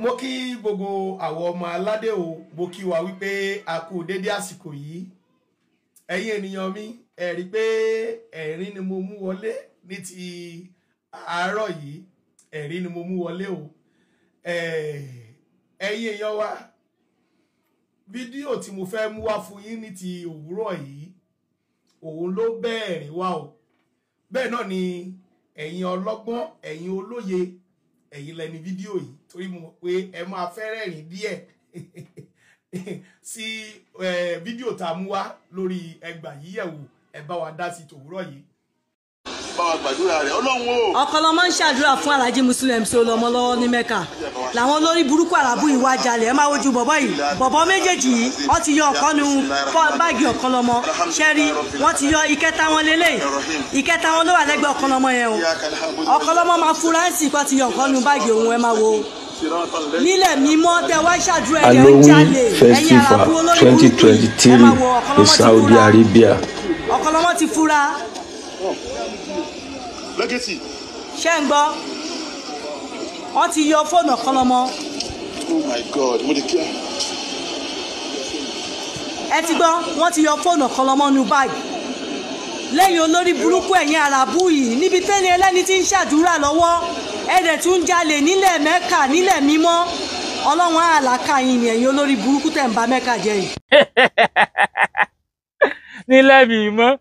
mo kí gbogbo àwọn ọmọ aládé o mo kí wa wípé a kú dédé àsìkò yìí ẹ̀yin ènìyàn mi ẹ rí pé ẹ̀rín ni mo mú wọlé ní ti àárọ̀ yìí ẹ̀rín ni mo mú wọlé o ẹ̀yin èèyàn wa fídíò tí mo fẹ́ mú wá fún yín ní ti òwúrọ̀ yìí òun ló bẹ́ẹ̀rín wá o bẹ́ẹ̀ náà ni ẹ̀yin ọlọ́gbọ́n ẹ̀yin olóye ẹ̀yin lẹni fídíò yìí torí mo mọ̀ pé ẹ máa fẹ́ rẹ́rìn díẹ̀ sí fídíò tá a mú wá lórí ẹgbà yíyẹ̀wò ẹ bá wa dá sí tòwúrọ̀ yìí bá wa gbàdúrà rẹ̀ ọkọ lọ máa ń ṣàdúrà fún alhaji muslim sí olọmọ lọ́wọ́ ní mẹ́ka làwọn olórí burúkú àràbù ìwà jalè ẹ máa wojú bọ̀bọ̀ yìí bọ̀bọ̀ méjèèjì yìí wọ́n ti yọ ọ̀kan nu báàgì ọ̀kan lọ́mọ ṣẹ́rí wọ́n ti yọ ìkẹta wọn lélẹ̀ ìkẹta wọn ló wà lẹ́gbẹ̀ẹ́ ọ̀kan lọ́mọ yẹn o ọ̀kan lọ́mọ máa fura ẹ̀sìn kan ti yọ ọ̀kan nu báàgì òun ẹ máa wo nílẹ̀ mímọ́ tẹ wá ṣàdúrà ẹ̀yẹ ń ẹ̀yìn àràbù olórí burúkú ẹ máa wo ọ̀kan lọ́mọ ti fura lọ́gẹ́tì. ṣé ń gbọ́ wọ́n ti yọ fóònù ọ̀kan lọ́mọ. oh my god mo ti kí ẹ. ẹ ti gbọ́ wọ́n ti yọ fóònù ọ̀kan lọ́mọ nu báyìí lẹ́yìn olórí burúkú ẹ̀yìn àràbù yìí níbi tẹ́lẹ̀ ẹlẹ́ni tí ń ṣàdúrà lọ́wọ́ ẹ̀rẹ̀ tún jalè nílẹ̀ mẹ́kà nílẹ̀ mímọ́ ọlọ́run àlàkà yìí ni ẹ̀yin olórí burúkú tẹ̀ ń ba mẹ́kà jẹ́ yìí. nílẹ̀ mímọ́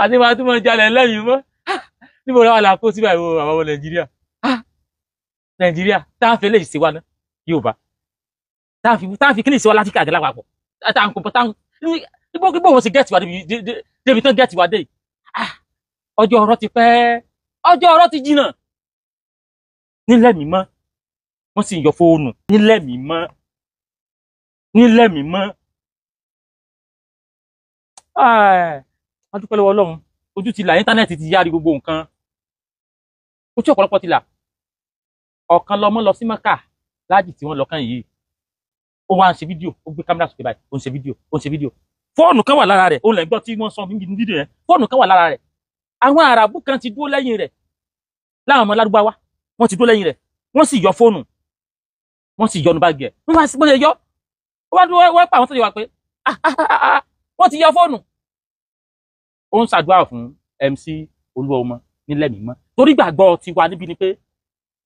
àti máa tún máa jalè lẹ́yìn mọ́ níbo làwọn àlàfo síbà ìwò àwọn ọmọ nàìjíríà nàìjíríà tá a fẹ́ lè ṣe wa ná yorùbá tá a fi kí ni ìṣe wa láti káàkiri lápapọ̀ tá a ń kópa tá a ń níbo níbo wọn sì gẹ́ẹ̀tì wa débi tán gẹ́ẹ̀tì wa dé ah, ọjọ́ ọ̀rọ̀ ti pẹ́ ọjọ́ ọ̀rọ̀ ti jìnnà nílẹ̀ mi mọ́ wọ́n sì ń yọ fóònù nílẹ̀ mi mọ́ nílẹ̀ mi mọ́. Ah, adúpẹ́ lọ́wọ́ ọlọ́run ojú ti là íńtánẹ́ẹ̀tì ti yára gbogbo nǹkan ojú ọ̀pọ̀lọpọ̀ ti là ọ̀kan lọmọ lọ sí mọ́kà láàjì tí wọ́n lọ kàn yìí ó wá ń ṣe fídíò ó gbé kámẹ́rà sókè báyìí ó ń ṣe fídíò ó ń ṣe fídíò fóònù kan wà lára rẹ̀ ó lẹ̀ gbọ́ tí wọ́n sọ níbi fídíò yẹn fóònù kan wà lára rẹ̀ àwọn àràbù kan ti dúró lẹ́yìn rẹ̀ láwọn ọmọ ládùúgbáwá wọ́n ti dúró lẹ́yìn rẹ̀ wọ́n sì yọ fóònù wọ́n sì yọnu báàgì ẹ̀ wọ́n bá ṣe yọ wọ́n bá dúró wọ́n pa àwọn tó yẹ wá pé ah, ah, ah, wọ́n ti yọ fóònù ó ń ṣàdúrà fún MC Olúọmọ nílẹ̀ mímọ́ torí gbàgbọ́ tiwa níbi ni pé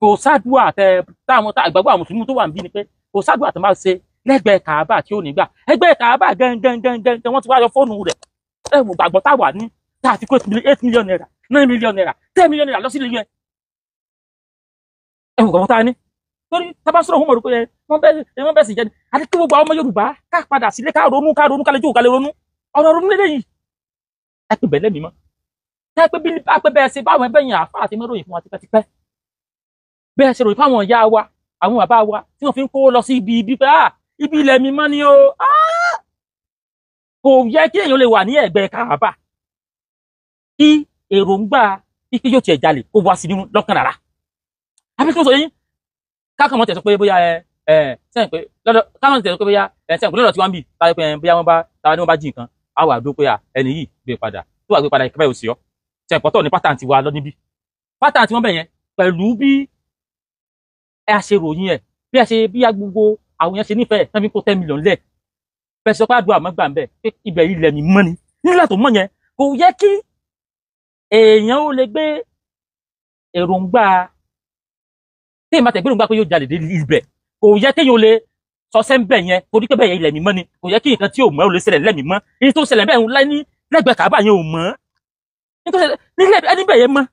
kò ṣàdúrà tẹ táwọn àgbàgbọ́ àwọn mùsùlùmí tó wà níbí ni pé kò ṣàdúrà tó máa ṣe lẹ́gbẹ̀ẹ́ kàábà tí ò ní gbà ẹgbẹ́ kàábà gẹ́ngẹ́ngẹ́ngẹ́ wọ́n ti wá yọ fóònù rẹ̀ ẹ wò gbàgbọ́ táwa ní tá a ti kó eight million naira nine million naira ten million naira lọ sí ilé yẹn ẹ wò gbàgbọ́ tá a ní torí tábà sọ̀rọ̀ fún mọ̀rùkú yẹn wọ́n bẹ́ẹ̀ wọ́n bẹ́ẹ̀ sì jẹ́ ni àti kí gbogbo àwọn ọmọ Yorùbá ká padà sílé ká ronú ká ronú ká lè jókòó ká lè ronú ọ̀rọ̀ ronú lélẹ́yìí ẹ pé bẹ́ẹ̀ lẹ́mìí mọ́ ẹ pé bí a pé bẹ́ẹ̀ ṣe báwọn ẹgbẹ́ yẹn àáfàá ti mẹ́ròyìn fún wa tipẹ́tipẹ́ bẹ́ẹ̀ ṣe ròyìn fáwọn ìyá wa àwọn bàbá wa tí wọ́n fi ń kó lọ sí ibi ibi pé ah ibi ilẹ̀ mi mọ́ ni o ah! kò yẹ kí èèyàn lè wà ní ẹ̀gbẹ́ Káàbà kí èròǹgbà ike yóò tiẹ̀ jalè kó wá sí nínú lọ́kàn rárá àbí sọ yín kákan mọ́ tẹ̀sán pé bóyá ẹ ẹ sẹ́yìn pé lọ́dọ̀ kákan mọ́ tẹ̀sán pé bóyá ẹ sẹ́yìn pé lọ́dọ̀ tí wọ́n ń bì táwọn bá jí nǹkan á wà dúpẹ́ à ẹni yìí gbé e padà tó wà gbé e padà ìkẹ́fẹ́ òsì ọ́ ṣe ìpọ́tọ̀ ní pátán ti wà lọ níbí pátán tí wọ́n bẹ̀ yẹn pẹ̀lú bí ẹ ṣe ròyìn ẹ̀ bí ẹ ṣe bí gbogbo àwọn yẹn ṣe nífẹ̀ẹ́ tán fi kó ten million lẹ̀ bẹ́ẹ̀ sọ pé àdúrà mọ́ gbà ń bẹ̀ pé ibẹ̀ ilẹ̀ mi mọ́ ni nílẹ̀ tó mọ́ yẹn kò yẹ kí èèyàn ó lè gbé èròǹgbà téèyàn bá tẹ̀ gbé èròǹgbà pé yóò jalè dé ibẹ̀ kò yẹ téèyàn ó lè sọsẹ́ ń bẹ̀ yẹn torí pé bẹ́ẹ̀ yẹn ilẹ̀ mímọ́ ni kò yẹ kí nǹkan tí ò mọ́ ò ṣẹlẹ̀ lẹ́mìí mọ́ èyí tó ṣẹlẹ̀ bẹ́ẹ̀ ńlá ní lẹ́gbẹ̀ẹ́ kàbá yẹn ò mọ́ nílẹ̀ ẹni bẹ́ẹ̀ mọ́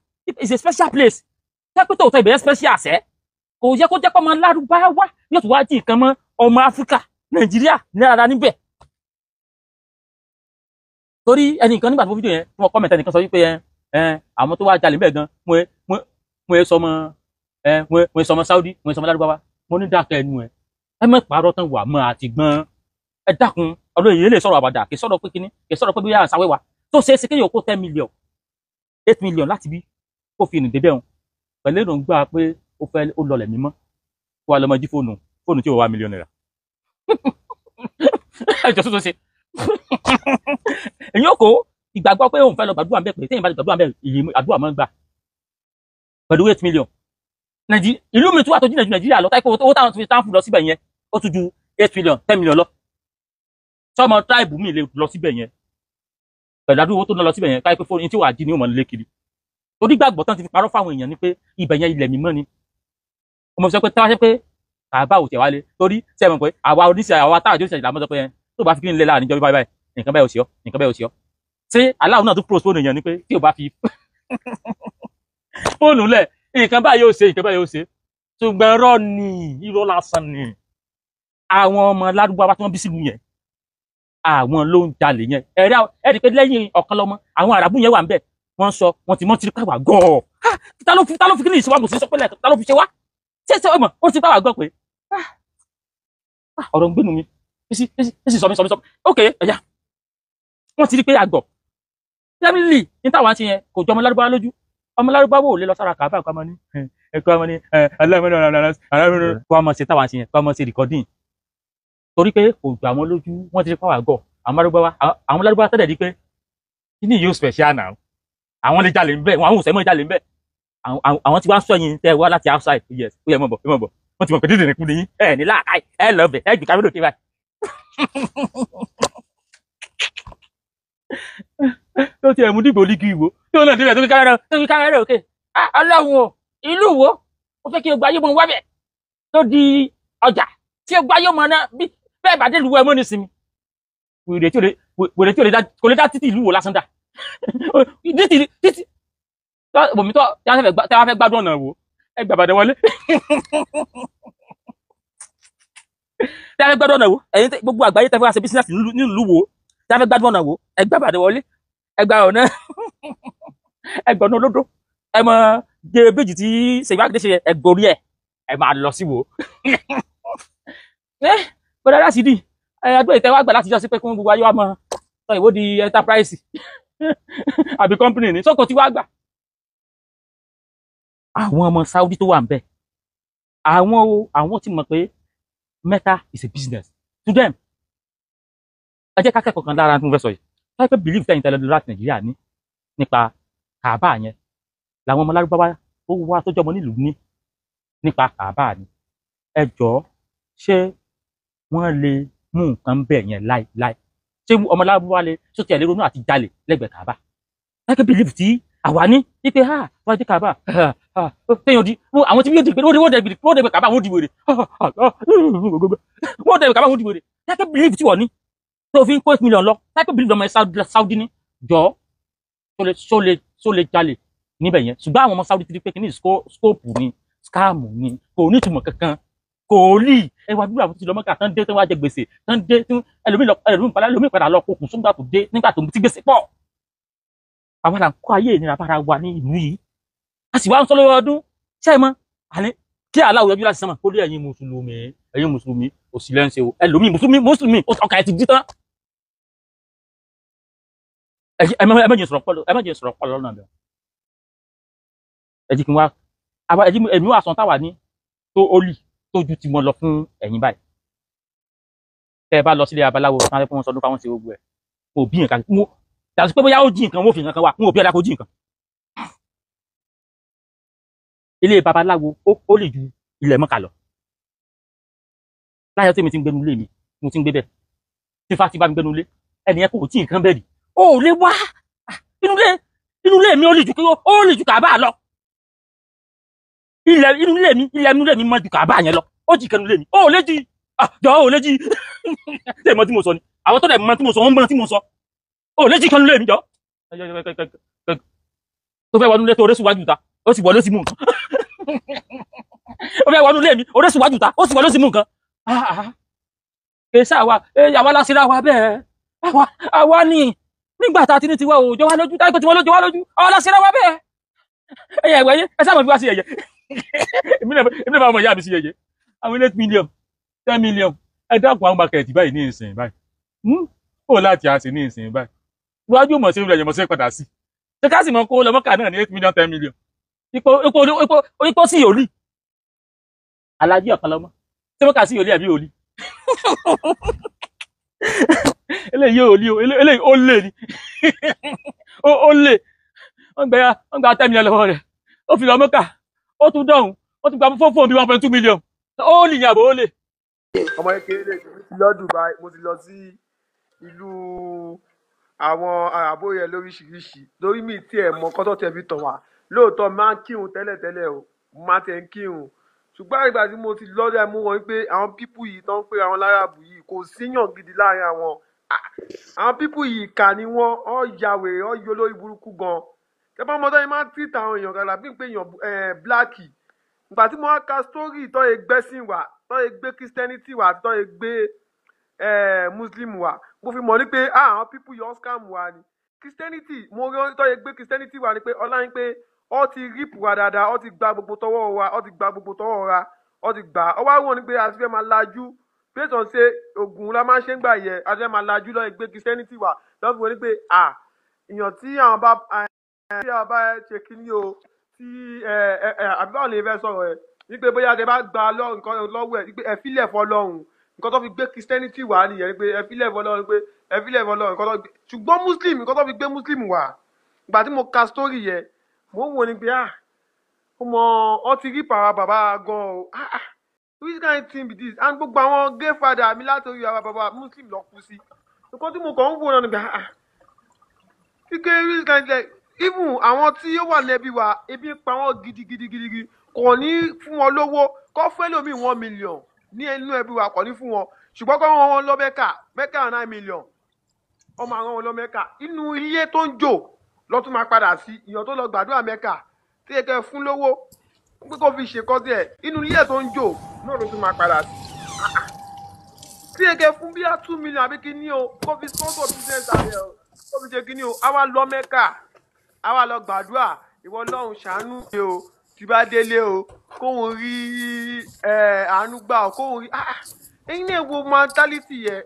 it's a special place kẹ́pítọ̀ òtọ́ ìbẹ̀yẹ special àṣẹ kò yẹ kó jẹ́ pọ́nmọ́ lárúbáwá yóò tún wá dín nǹkan mọ́ ọmọ áfíríkà nàìjíríà nílára níbẹ̀ torí ẹnì kan nígbà tó fídíò yẹn wọn kọ́mẹ̀tì ẹnì kan sọ wípé àwọn tó wá jalè níbẹ̀ gan wọn ẹ sọmọ ẹ wọn ẹ sọmọ Saudi wọn ẹ sọmọ lárúbáwá wọn ní dákẹ́ ẹnu ẹ ẹ mọ̀ pààrọ̀ tán wà mọ́ àti gbọ́n ẹ dákun ọlọ́run yìí lè sọ̀rọ̀ àbàdà kì í sọ̀rọ̀ pé kíní kì í sọ̀rọ̀ pé bí yàrá sáwẹ́wà tó ṣeé ṣe kéèyàn kó ten million eight million láti bí kó fi ìnù débẹ̀ hàn pẹ̀lú èròǹgbà pé ó fẹ́ ó lọlẹ̀ mímọ́ kó wa lọ́mọ jí fóònù fóònù tí ò wá mílíọ̀nù rà ẹjọ́ tó tó ṣe èyí ò kó ìgbàgbọ́ pé òun fẹ́ lọ gbàdúrà bẹ́ẹ̀ pé téèyàn bá ti gbàdúrà bẹ́ẹ̀ ìyè àdúrà máa ń gbà pẹ̀lú eight million ìlú mi tún wà tó jí nàìjíríà lọ táìpé owó táwọn ti fi táwọn fún lọ síbẹ̀ yẹn ó tún ju eight million ten million lọ sọmọ táìbù mi lè lọ síbẹ̀ yẹn pẹ̀lú àdúgbò tó ń lọ síbẹ̀ yẹn káyọ̀ pé fóònù tí wàá di ni ó mọ̀ nílé kiri torí gbàgbọ́ tán ti fi parọ́ fáwọn èèyàn ni pé ibẹ̀ yẹn ilẹ̀ mímọ́ ni ọmọ sọ pé táwọn ṣe pé àbá ò tẹ̀ wá lé torí ṣe mọ̀ pé àwa oníṣẹ́ àwa táwọn àjọ ìṣẹ̀lẹ̀ àmọ́ sọ pé yẹn tó bá fi kí n lé láàrin ìjọba báyìí nǹkan báyìí ò sí ọ nǹkan báyìí ò sí ọ ṣé aláwọ̀ náà tún postpone èèyàn ni pé tí ò bá fi fóònù lẹ̀ nǹkan báyìí ò ṣe nǹkan báyìí ò ṣe ṣùgbọ́n irọ́ irọ́ lásán ni àwọn ọmọ ládùúgbò tí wọ́n bí sílùú yẹn àwọn ló ń jalè yẹn ẹ̀rí ẹ̀rí pé lẹ́yìn ọ̀kan lọ́mọ àwọn àràbù yẹn wà ń bẹ̀ wọ́n sọ wọ́n ti mọ́tìrí káwà gọ́ọ̀ ah, ta ló fi ta ló fi kí ni ìṣe wa kò sí sọ pé lẹ́ẹ̀kan ta ló fi ṣe wá ṣé ṣe ọmọ wọ́n ti káwà gọ́ pé ah, ah, ọ̀rọ̀ ń gbénu mi èsì èsì sọmi sọmi sọmi ok ẹ̀yà wọ́n ti rí pé àgọ̀ tẹ́mílì ní táwọn ti yẹn kò jọ ọmọ lárúbáwá lójú ọmọ lárúbáwá ò lè lọ sára kàáfà kọ́ ọmọ ní ẹ̀kọ́ ọmọ ní aláàmọ́ torí pé kò gbà wọn lójú wọn ti rí pàwọ́ àgọ́ àwọn lárúbáwá àwọn lárúbáwá tẹ́lẹ̀ rí pé kíní yóò special now àwọn lè jalè nbẹ àwọn òsèmọ jalè nbẹ àwọn tí wàá sọ yín tẹ wá láti outside oh yes ó yẹ mọ bọ ẹ mọ bọ wọn ti mọ pé dídì nìkú ni ẹ ní láàkáì ẹ lọ bẹ ẹ jù kábí lòkè báyìí. tó tiẹ̀ mú dìbò lígi ìwò tí ó náà dìbò tó fi káyọ̀ tó fi káyọ̀ rẹ̀ òkè ah, ọlọ́run o ìlú wo ó fẹ́ kí o gba yóò mọ wá tó di ọjà tí o gba yóò mọ náà bí bẹ́ẹ̀ bá dé lu ẹmọ ní sinmi wèrè tí ò lè dá kò lè dá títì ìlú wò lásán dà títì títì bòmí tọ́ tí wọ́n fẹ́ gbádùn ọ̀nà wò ẹ gbà bàdẹ wọlé tí wọ́n fẹ́ gbádùn ọ̀nà wò ẹ̀yin gbogbo àgbáyé tẹ́fẹ́ wá ṣe bísínẹ́sì nílùú wò tí wọ́n fẹ́ gbádùn ọ̀nà wò ẹ gbà bàdẹ wọlé ẹ gbà ọ̀nà ẹ gbọ̀nà olódó ẹ mọ gé ẹgbòrí ẹ ẹ máa lọ sí wò. bọ́dá láti dì ẹgbẹ́ ìtẹ́wà gbà láti jọ sí pé kún gbogbo ayé wa mọ sọ ìwó di enterprise àbí company ní sọ́kò tí wá gbà. àwọn ọmọ Saudi tó wà ń bẹ àwọn o àwọn ti mọ̀ pé mẹ́ta is a business to them ẹ jẹ́ ká kẹ́kọ̀ọ́ kan lára tí mo fẹ́ sọ yìí láìpẹ́ believe tẹ́yìn tẹ́lẹ̀ lọ́la Nàìjíríà ní nípa kàbá yẹn làwọn ọmọ lárúbáwá tó wá tó jọmọ nílùú ní nípa kàbá ni ẹ jọ̀ọ́ ṣé wọ́n lè mú nǹkan bẹ́ẹ̀ yẹn láìláì ṣé ọmọ lárúbáwá lè ṣó tiẹ̀ lè ronú àti jalè lẹ́gbẹ̀ẹ́ kàbá lákẹ́ bìlíf tí àwa ní wípé ha wọ́n ti kàbá téèyàn di àwọn tí wọ́n dẹ̀ wọ́n dẹ̀ kàbá wọ́n di wèrè wọ́n dẹ̀ kàbá wọ́n di wèrè lákẹ́ bìlíf tí wọ́n ní tó fi ń kó mílíọ̀n lọ lákẹ́ bìlíf ọmọ Saudi ní jọ ṣó lè jalè níbẹ̀ yẹn ṣùgbọ́n àwọn ọmọ Saudi ti di pé kí ní skóòpù ni skáàmù ni kò ní ìtumọ̀ kankan kòólì ẹwà bíbí àwọn tó ti lọ mọ́kà tán dé tó wá jẹ gbèsè tán dé tó ẹlòmíì padà lọ pokùn sóńgbà tó dé nígbà tó ti gbèsè pọ̀ àwa là ń kó ayé ìnira bára wa ní ìlú yìí a sì wá ń sọ lórí ọdún ṣe mọ àní kí aláwọ yọjú láti sánmà kó lé ẹ̀yin mùsùlùmí ẹ̀yin mùsùlùmí òsì lẹ́ńsẹ̀ o ẹlòmíì mùsùlùmí mùsùlùmí ọkà ẹ ti dí tán ẹmẹjẹ sọ̀rọ̀ pọlọ ẹmẹjẹ sọ̀rọ̀ pọlọ lọnà bẹ ẹ jẹ́ kí n wá ẹmí wà sọ táwa ní tó ó lì tójú tí mo lọ fún ẹ̀yin báyìí tẹ ẹ bá lọ sílé abaláwo tí wọn fẹ́ wọn sọdún fáwọn ṣe gbogbo ẹ̀ kò bí nǹkan mo tàbí pé bóyá ó jí nǹkan wọn ò fi nǹkan kan wá wọn ò bí ọ̀dà kó jí nǹkan ilé babaláwo ó lè ju ilẹ̀ mọ́ka lọ láyọ̀ tí mi ti ń gbẹnu lé mi mo ti ń gbé bẹ́ẹ̀ tí fa ti bá mi gbẹnu lé ẹnìyẹn kò tí nǹkan bẹ́ẹ̀ rí o ò lè wá ah, inú lé inú lé mi ó lè ju kí ó lè ju kàbá lọ ilẹ̀ inú ilé mi ilẹ̀ inú ilé mi mọ́ ju kàbá yẹn lọ ó jì kẹnu ilé mi ó lé jì jọ ó lé jì ṣé ìmọ̀ tí mo sọ ni àwọn tó dẹ̀ mọ̀ tí mo sọ wọ́n mọ̀ tí mo sọ ó lé jì kẹnu ilé mi jọ tó fẹ́ wọnú ilé tó orésù wájú ta ó sì wọlé sí mú nǹkan ó fẹ́ wọnú ilé mi orésù wájú ta ó sì wọlé sí mú nǹkan kèsà ah, ah, ah. wa àwa lásìrà wa bẹ́ẹ̀ àwa ni nígbà tá a ti ní tiwa òòjọ́ wa lójú táyé pé tiwọn lójú wa lójú àwa lásìrà wa bẹ́ẹ̀ ẹ̀yẹ̀ ẹ̀wẹ̀ yé ẹ sáà mọ̀ fi wá sí ẹ̀yẹ̀ èmi náà bá ọmọ ìyá mi sí yẹyẹ àwọn eight million ten million ẹ dákun àwọn mákẹ́tì báyìí ní ìsìn báyìí hmm? ó láti àṣẹ ní ìsìn báyìí iwájú mọ̀ sí ìrẹ̀yẹ̀mọ̀ sí padà sí ṣé ká sì mọ̀ kó lọ mọ́kà náà ní eight million ten million ipò ipò ipò ipò sí òlì alájí ọ̀kanlọ́mọ ṣé mọ́kà sí òlì àbí òlì eléyìí òlì o eléyìí ó lè ni ó lè wọ́n gba ten million lọ́wọ́ rẹ̀ ó fi lọ mọ́kà ó tún dọ̀hún ó tún gba fún fóònù bí one point two million ó lì ní àbò lè. ọmọ kékeré mi ti lọ Dubai mo ti lọ sí ìlú àwọn àràbò yẹn lóríṣiríṣi lórí mi tiẹ̀ mọ kọ́tọ́ tẹ̀ fi tàn wá lóòótọ́ máa ń kírun tẹ́lẹ̀tẹ́lẹ̀ o máa tẹ̀ ń kírun ṣùgbọ́n àgbà tí mo ti lọ́dọ̀ ẹ̀ mú wọn pé àwọn pípù yìí tán pé àwọn láràbù yìí kò síyàn gidi láàrin àwọn ah, àwọn pípù yìí kà ní wọn ọ yàwèrè ọ yọ lórí burúkú gan-an tẹ bá mọtọ́ yẹn máa ń tìta àwọn èèyàn kàlà bí n pé èèyàn bíláàkì ìgbà tí mo wá ka sítórì tọ́ ye gbẹ́ sí wa tọ́ ye gbé christianity wa tọ́ ye gbé muslim wa mo fi mọ̀ ní pé ah, àwọn pípù yọ scam wa ni christianity mo rí tọ́ ye gbé christianity wa ni pé ọlá yín pé ọ ti rip wa dáadáa ọ ti gba gbogbo tọwọ́ wa ọ ti gba gbogbo tọwọ́ wa ọ ti gbà ọ wá wọ̀ ni pé a ti fẹ́ máa lajú based on say ogun la máa ṣe ń gbà yẹ a ti fẹ́ máa lajú lọ́ọ́ gbé christianity wa lọ́ọ́ fi wọ́n ní pé à ah, èèyàn tí àwọn bá tí a bá ṣe kíní o tí àbí báwo lè fẹ́ sọ̀rọ̀ ẹ̀ wípé bóyá ẹ bá gba nǹkan lọ́wọ́ ẹ̀ wípé ẹ fílẹ̀ fọlọ́run nǹkan tó fi gbé christianity wá nìyẹn wípé ẹ fílẹ̀ fọlọ́run pé ẹ fílẹ̀ fọlọ́run nǹkan tó fi ṣùgbọ́n muslim nǹkan tó fi gbé muslim wá ìgbà tí mo ka story yẹn mo ń wò ni pé ah ọmọ ọ ti rí pàrọ̀ bàbá gan o ah, ah which kind thing be this and gbogbo àwọn gay father mi látòrí àwọn bàbá muslim lọ kú sí nǹkan tí mo kàn ń wò náà ni pé ah ah which kind thing even àwọn tí ó wà lẹ́bí wa ebi pa wọ́n gidigidigidi kò ní fún wọn lówó kó fún ẹlòmíì one million ní inú ẹbí wa kò ní fún wọn ṣùgbọ́n kó wọn wọn lọ mẹ́kà mẹ́kà nine million ọmọ àwọn wọn lọ mẹ́kà inú iye tó ń jò lọ́tún máa padà sí ìyàn tó lọ gbàdúrà mẹ́kà tí ẹ kẹ́ fún lówó pé kó fi ṣe kọ́sí ẹ̀ inú iye tó ń jò náà ló tún máa padà sí tí ẹ kẹ́ fún bíyà two million àbí kí ni o kó fi sponsor business ààrẹ o kó fi ṣe kí ni o àwa lọ mẹ́kà a wá lọ gbàdúrà ìwọ ọlọ́run ṣàánú mi o tí bá délé o kóun rí àánú gbà o kóun rí ah, ah. ẹyin náà wo mentality yẹ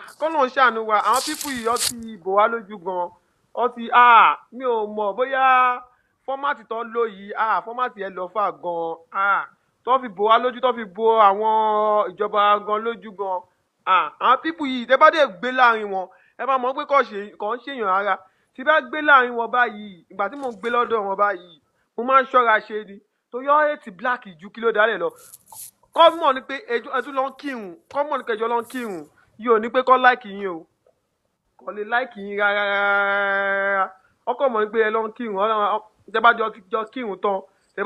ah, kọ́nà ṣàánú wa àwọn pípù yìí ọtí ìbò wa lójú gan ọtí mi ò mọ̀ bóyá fọ́mátì tó ń lò yìí fọ́mátì ẹ lọ fà gan tó fi bò wá lójú tó fi bò àwọn ìjọba gan lójú gan àwọn pípù yìí tẹ bá dé gbé láàrin wọn ẹ máa mọ̀ pé kò ń ṣèyàn ara tí bá gbé láàrin wọn báyìí ìgbà tí mò ń gbé lọ́dọ̀ wọn báyìí mo máa ń ṣọ́ra ṣe ni tó yọ ètì black ju kí ló dálẹ̀ lọ kọ́ ni pé ẹjú lọ́n kírun kọ́ ni pé ẹjọ́ lọ́n kírun yìí ní pé kọ́ láìkì yín o kọ́ lè láìkì yín rárá ọkọ̀ mọ̀ ni pé ẹ lọ́n kírun tẹ kírun tán tẹ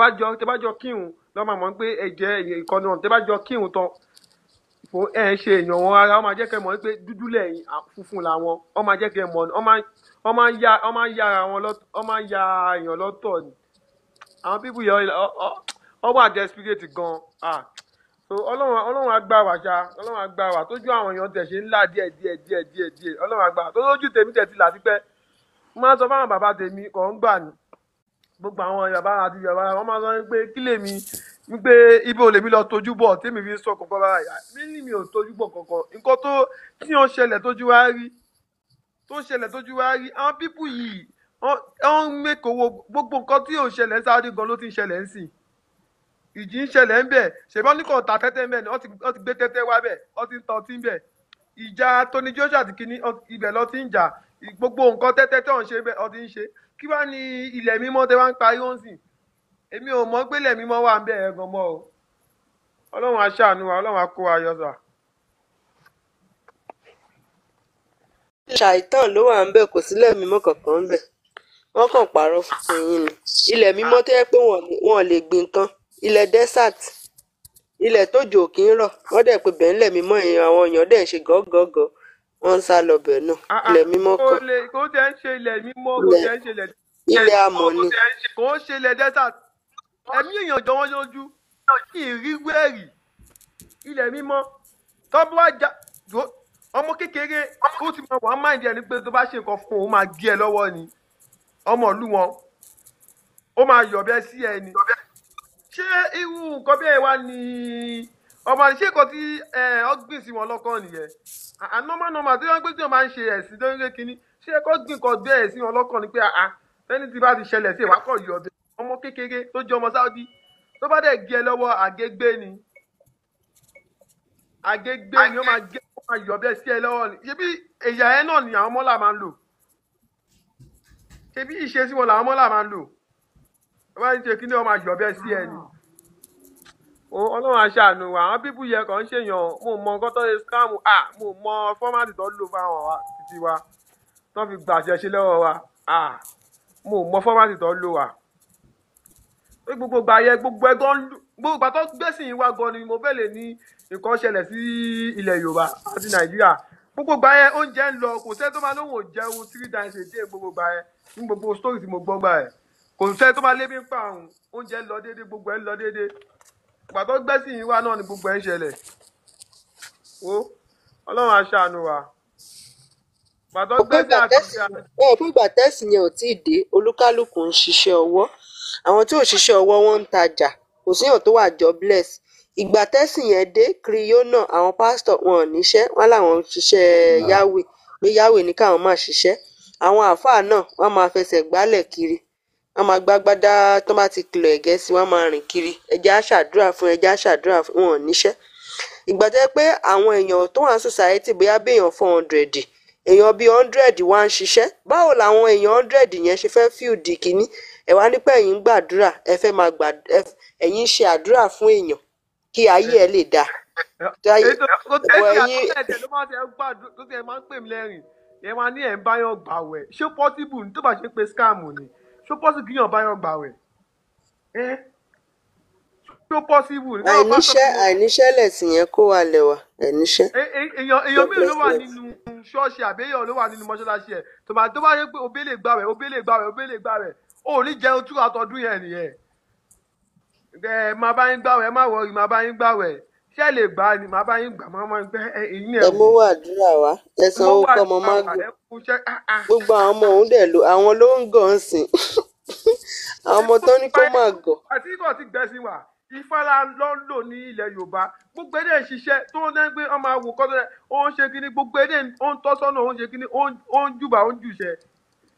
kírun lọ́ mọ̀ ni pé ẹ̀jẹ̀ ìkọ́ni tẹ bá kírun tán fò ẹ ń ṣe èèyàn wọn ara wọn máa jẹ́ kẹ́ mọ̀ pé dúdú lẹ́yìn funfun làwọn wọn máa jẹ́ kẹ́ mọ̀ wọn máa ń ya wọn máa ń ya ara wọn lọ́tọ̀ wọn máa ń ya èèyàn lọ́tọ̀ ni àwọn bíbù yẹn ọ wà desperate gan ah so ọlọ́run ọlọ́run agbára ṣá ọlọ́run agbára tójú àwọn èèyàn tẹ̀ ṣe ńlá díẹ̀ díẹ̀ díẹ̀ díẹ̀ díẹ̀ ọlọ́run agbára tó lójú tèmi tẹ̀ ti là ti pẹ́ mo máa ń sọ fáwọn bàbá tèmi kò ń gbà ní gbogbo àwọn bàbá àti bàbá wọn máa ń sọ pé kí lèmi ń gbé ibo lèmi lọ tójú bọ̀ tèmi fi sọ kọ̀ọ̀kan báyà mí ni mi ò tójú bọ̀ kankan nǹkan tó tí ó ṣẹlẹ̀ tójú wá rí tó ṣẹlẹ̀ tójú wá rí àwọn pípù yìí wọ́n ń mẹ́kọ̀ọ́ gbogbo nǹkan tí ò ṣẹlẹ̀ ń sáré gan ló ti ń ṣẹlẹ̀ ń sìn ìjì ń ṣẹlẹ̀ ń bẹ̀ ṣèbọn ní kò ta tẹ́tẹ́ mẹ́ni wọ́n ti gbé tẹ́tẹ́ wá bẹ̀ wọ́n ti ń tọ́ tí ń bẹ̀ ìjà Tony Joshua àti kínní ibẹ̀ lọ ti ń jà gbogbo nǹkan tẹ́tẹ́ tó ń ṣe bẹ́ẹ̀ ọtí ń ṣe kí wàá ní ilẹ̀ mímọ́ tẹ́ wá ń parí ó ń sìn èmi ò mọ̀ pé lẹ́mí mọ́ wà ń bẹ̀ ẹ̀gàn mọ́ o ọlọ́run aṣáàánú wa ọlọ́run akó wa yọ sà. ṣàìtàn ló wà ń bẹ̀ kò sí lẹ́mí mọ́ kankan ń bẹ̀ wọ́n kàn pààrọ̀ fún yín ni ilẹ̀ mímọ́ tó yẹ pé wọ́n lè gbìn tán ilẹ̀ desert ilẹ̀ tójò kì í rọ̀ wọ́n dẹ̀ pé bẹ́ẹ̀ ńlẹ̀ mímọ́ èèyàn àwọn èèyàn dẹ̀ ń ṣe gọ́gọ́gọ́ wọ́n ń sá lọ bẹ̀ náà ah, ah, ilẹ̀ mímọ́ kan. kò tẹ̀ ń ni kò ń ṣe ilẹ̀ desert ẹ̀mí èèyàn jọ wọ́n lójú kí ìrírú ẹ̀rì ilẹ̀ mímọ́ tọ́bú àjà ọmọ kékeré ó ti mọ wàá máìndì ẹni pé tó bá ṣe nǹkan fún òun máa gé ẹ lọ́wọ́ ni ọmọ ìlú wọn ó máa yọ̀bẹ sí ẹ ni ṣé irú nǹkan bẹ́ẹ̀ wá ní ọmọ àṣìṣe kan tí ọ gbìn sí wọn lọ́kàn nìyẹn ànọ́mọ́ nọ́mọ́ àti wọn pé tí wọn máa ń ṣe ẹ̀sìn lórí kíní ṣé ẹ kọ́ gbìn kan bẹ́ẹ̀ sí wọn lọ́kàn ni pé àá fẹ́ni tí bá ti ṣẹlẹ̀ sí ìwákọ̀ yọ̀bẹ ọmọ kékeré tó jẹ́ ọmọ Saudi tó bá dẹ̀ gé ẹ lọ́wọ́ àgégbé ni àgégbé ni ó máa gé ó máa yọ̀ bẹ́ẹ̀ sí ẹ lọ́wọ́ ni ṣebí ẹ̀yà ẹ náà ni àwọn mọ́là máa ń lò ṣebí ìṣesí wọn làwọn mọ́là máa ń lò ó bá ń ṣe kí ni ó máa yọ̀ bẹ́ẹ̀ sí ẹ ni ọlọ́run aṣàánú wa àwọn bíbú yẹn kàn ń ṣèyàn mo mọ nǹkan tó ṣe scam à mo mọ fọ́mátì tó lò fáwọn wa títí wa tó fi gbàṣẹ ṣe lọ́wọ́ wa à mo mọ fọ́mátì tó lò wa pé gbogbo ìgbà yẹn gbogbo ẹ tó ń gbogbo ìgbà tó gbèsè yín wá gan ni mo fẹ́ lè ní nǹkan ṣẹlẹ̀ sí ilẹ̀ yorùbá àti nàìjíríà gbogbo ìgbà yẹn oúnjẹ ń lọ kò sẹ́ tó máa lóun ò jẹun three times a day gbogbo ìgbà yẹn ní gbogbo story tí mo gbọ́ gbà yẹn kò sẹ́ tó máa lébi ń pa àrùn oúnjẹ ń lọ déédéé gbogbo ẹ ń lọ déédéé ìgbà tó gbèsè yín wá náà ni gbogbo ẹ ń ṣẹlẹ̀ o ọlọ́run aṣàánú wa gbàtọ́ gbèsè àti ìgbà tẹ́sì yẹn ò tí ì dé olúkálùkù ń àwọn tí ò ṣiṣẹ́ ọwọ́ wọn ń tajà kò síyàn tó wà jobless ìgbà tẹ́sìn yẹn dé kiriyónà àwọn pásítọ̀ wọn ò níṣẹ́ wọn làwọn ń ṣiṣẹ́ yahweh pé yahweh ní káwọn máa ṣiṣẹ́ àwọn àáfàá náà wọn máa fẹsẹ̀ gbálẹ̀ kiri wọn máa gbágbádá tó bá ti kìlọ̀ ẹ̀gẹ́ sí wọn máa rìn kiri ẹjẹ́ á fún ẹjẹ́ á fún wọn ò níṣẹ́ ìgbà tẹ́ pé àwọn èèyàn tó wà ní society bóyá bí èèyàn four hundred èèyàn bíi hundred wá ń ṣiṣẹ́ báwo làwọn èèyàn hundred yẹn ṣe fẹ́ fíìdì kínní ẹ wá ní pé ẹ̀yin ń gbàdúrà ẹ fẹ́ máa gbà ẹ̀yin ń ṣe àdúrà fún èèyàn kí ayé ẹ lè dáa. tó tẹ́ ẹ ẹ̀yin ló máa tẹ gbàdúrà tó tẹ ẹ máa ń pè mí lẹ́rìn ẹ máa ní ẹ̀ ń báyọ̀ gbàwẹ̀ ṣé pọ́sibù tó bá ṣe pé scam ni ṣé pọ́sibù kíyàn báyọ̀ gbàwẹ̀ ẹ ṣó pọ́sibù. àìníṣẹ́ àìníṣẹ́ lẹ̀sìn yẹn kó wa lẹ̀ wá àìníṣẹ́. èèyàn mi ló wà nínú ṣọ́ọ̀ṣì àbẹ́yẹ̀ ló wà nínú mọ́ṣáláṣí ẹ̀ tó bá yẹ pé obélè gbàwẹ̀ obélè gbàwẹ̀ obélè gbàwẹ̀ ò ní jẹun túra tọdún yẹn nìyẹn ẹ máa bá yín gbàwẹ̀ ẹ má wọrí máa bá yín gbàwẹ̀ ṣé lè gbà ni máa bá yín gbà máa máa gbẹ ẹyin ẹ. ẹ mú wàdúrà wá ẹ san owó kọ́ ọmọ máa gbọ́ gbogbo àwọn ọmọ òun dẹ̀ lo àwọn ló ń gàn sìn àwọn ọmọ tó ní kó máa gàn. àti kò ti gbẹ̀sìn wà ìfọ́lá ló ń lò ní ilẹ̀ yorùbá gbogbo èdè ń tó ń dẹ́ pé ọmọ àwòkọ́ tó ń ṣe kíní gbogbo èdè ń tọ́sọ́nà ó ń ṣe kíní ó ń jùbà ó ń jùṣẹ́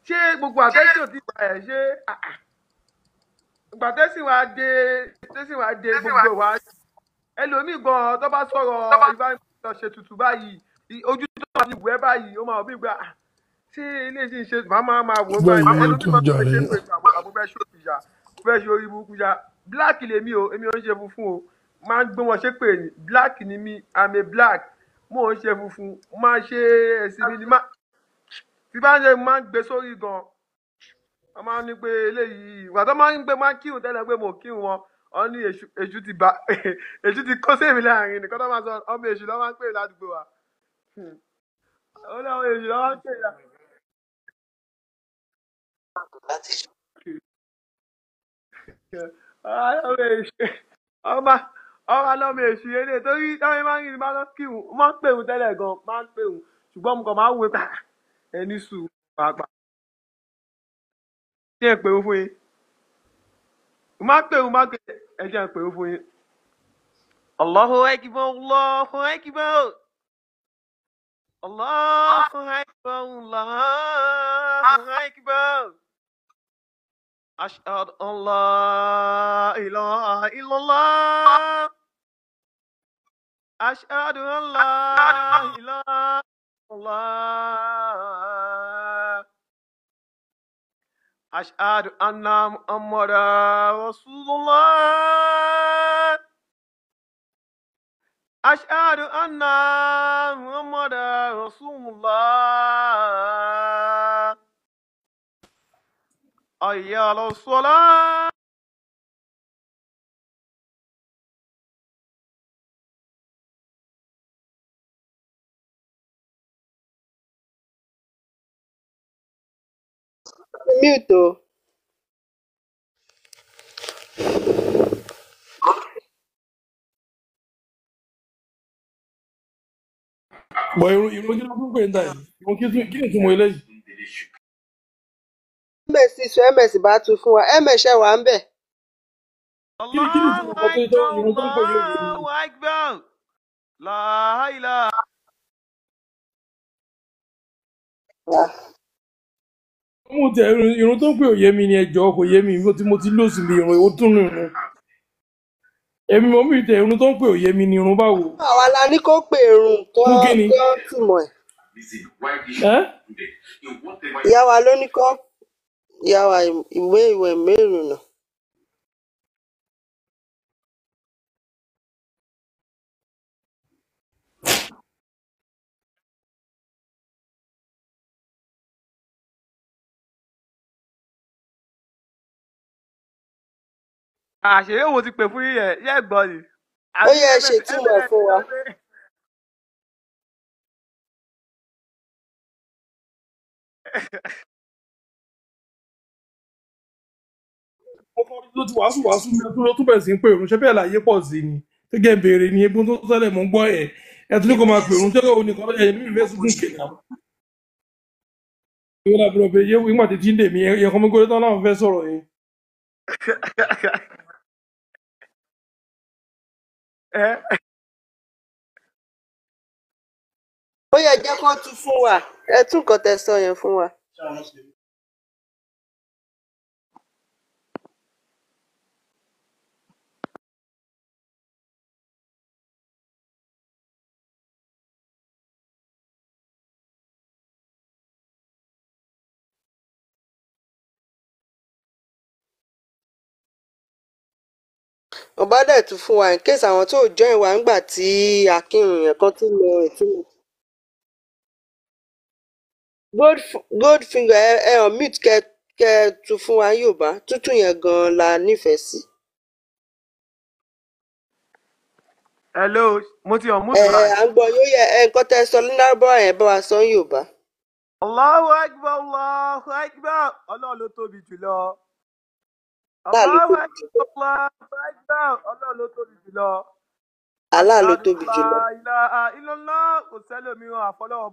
ṣé gbogbo àtẹ́sìn ò ti gbà ẹ̀ ṣé ìgbà ah, ah. wa dé tẹ́sìn wa dé gbogbo wa ẹlòmíì gan tó bá sọ̀rọ̀ ìbánisọ̀ ṣe tutù báyìí ojú tó bá ti wẹ́ báyìí ó máa bí gbà ah, ṣé ilé ṣì ṣe màmá máa wò báyìí màmá ló ti máa ṣe pé àwọn bẹ́ẹ̀ ṣe òkú ya bẹ́ẹ̀ ṣe orí burúkú ya black lèmi o èmi ò ń ṣe funfun o máa ń gbé wọn ṣe pé black ni mi àmì black mo ń ṣe funfun máa ṣe ẹ̀sìn mi ni máa tí bá ń ṣe máa ń gbé sórí gan wọn máa ń ní pé eléyìí ìwà tó máa ń gbé máa ń kírun tẹ́lẹ̀ pé mo kírun wọn wọn ní èṣù ti bá èṣù ti kó sèmi láàrin nìkan tó máa sọ ọmọ èṣù ló máa ládùúgbò wa ó ní èṣù ló máa ń pè ládùúgbò wa. ọmọ alọ́mọ èṣù torí táwọn máa ń rìn máa ń pè wù tẹ́lẹ̀ gan máa ń pè wù ṣùgbọ́n mo kàn máa ń wé pàrà ẹ ní pàápàá ṣé ẹ pè ó fún yín mo máa pè mo máa pè ẹ jẹ́ ẹ pè ó fún yín. Allahu akbar Allahu akbar Allahu akbar Allahu akbar. أشهد Allah لا illallah, إلا Allah أشهد الله أشهد أن محمدا رسول الله أشهد أن محمدا رسول الله أيها الصلاة Milton bọ̀ irun irun kí ló tún pè ń ta yìí irun kí tún- kí ni ìtumọ̀ eléyìí. ms sísọ ms bá tu fún wa ms ṣe wà ń bẹ̀ mo tẹ irun tó ń pè òye mi ni ẹjọ kò yé mi mo ti mo ti lóòsì mi irun ó tún irun èmi mo mi tẹ irun tó ń pè òye mi ni irun báwo. àwa la ní kó pe irun tó ń tì mọ́ ẹ̀. ìyá wa ló ní kó ìyá wa ìwé ìwẹ̀ mẹ́rin náà. àṣeyẹ wo ti pè fún yíyẹ yẹ gbọ́ ni. ó yẹ ẹ ṣètúmọ̀ fún wa. ló ti wàásù wàásù ní ọdún ló bẹ̀rẹ̀ sí ń pè òun bẹ́ẹ̀ láyé pọ̀ sí ni tó gẹ̀ béèrè ní egun tó tẹ́lẹ̀ mọ́ gbọ́ ẹ̀ ẹ̀ tó ní kó máa pè òun tẹ́lẹ̀ òun nìkan ẹ̀ mímú fẹ́ sunkún kìlà. ìwé làbúrò pé yẹ́wò ìgbà tí tí ń dè mí ẹ̀kọ́ mi gbọ́dọ̀ tán láwọn fẹ́ sọ̀rọ̀ yẹn. Ẹ. Ó yá, jẹ́ fún wa, ẹ fún wa. ọba dẹ̀ fún wa in case àwọn tó join wa ńgbà tí akínrun yẹn tún lọ goldfinger ẹ ẹ unmute kẹ fún wa yorùbá tútù yẹn gan la nífẹ̀ẹ́ sí. hello mo ti ẹ yóò yẹ ẹ nǹkan sọ lárúbáwá yẹn bá wa sọ yorùbá. aláàlú tóbi jùlọ. ọlọ́run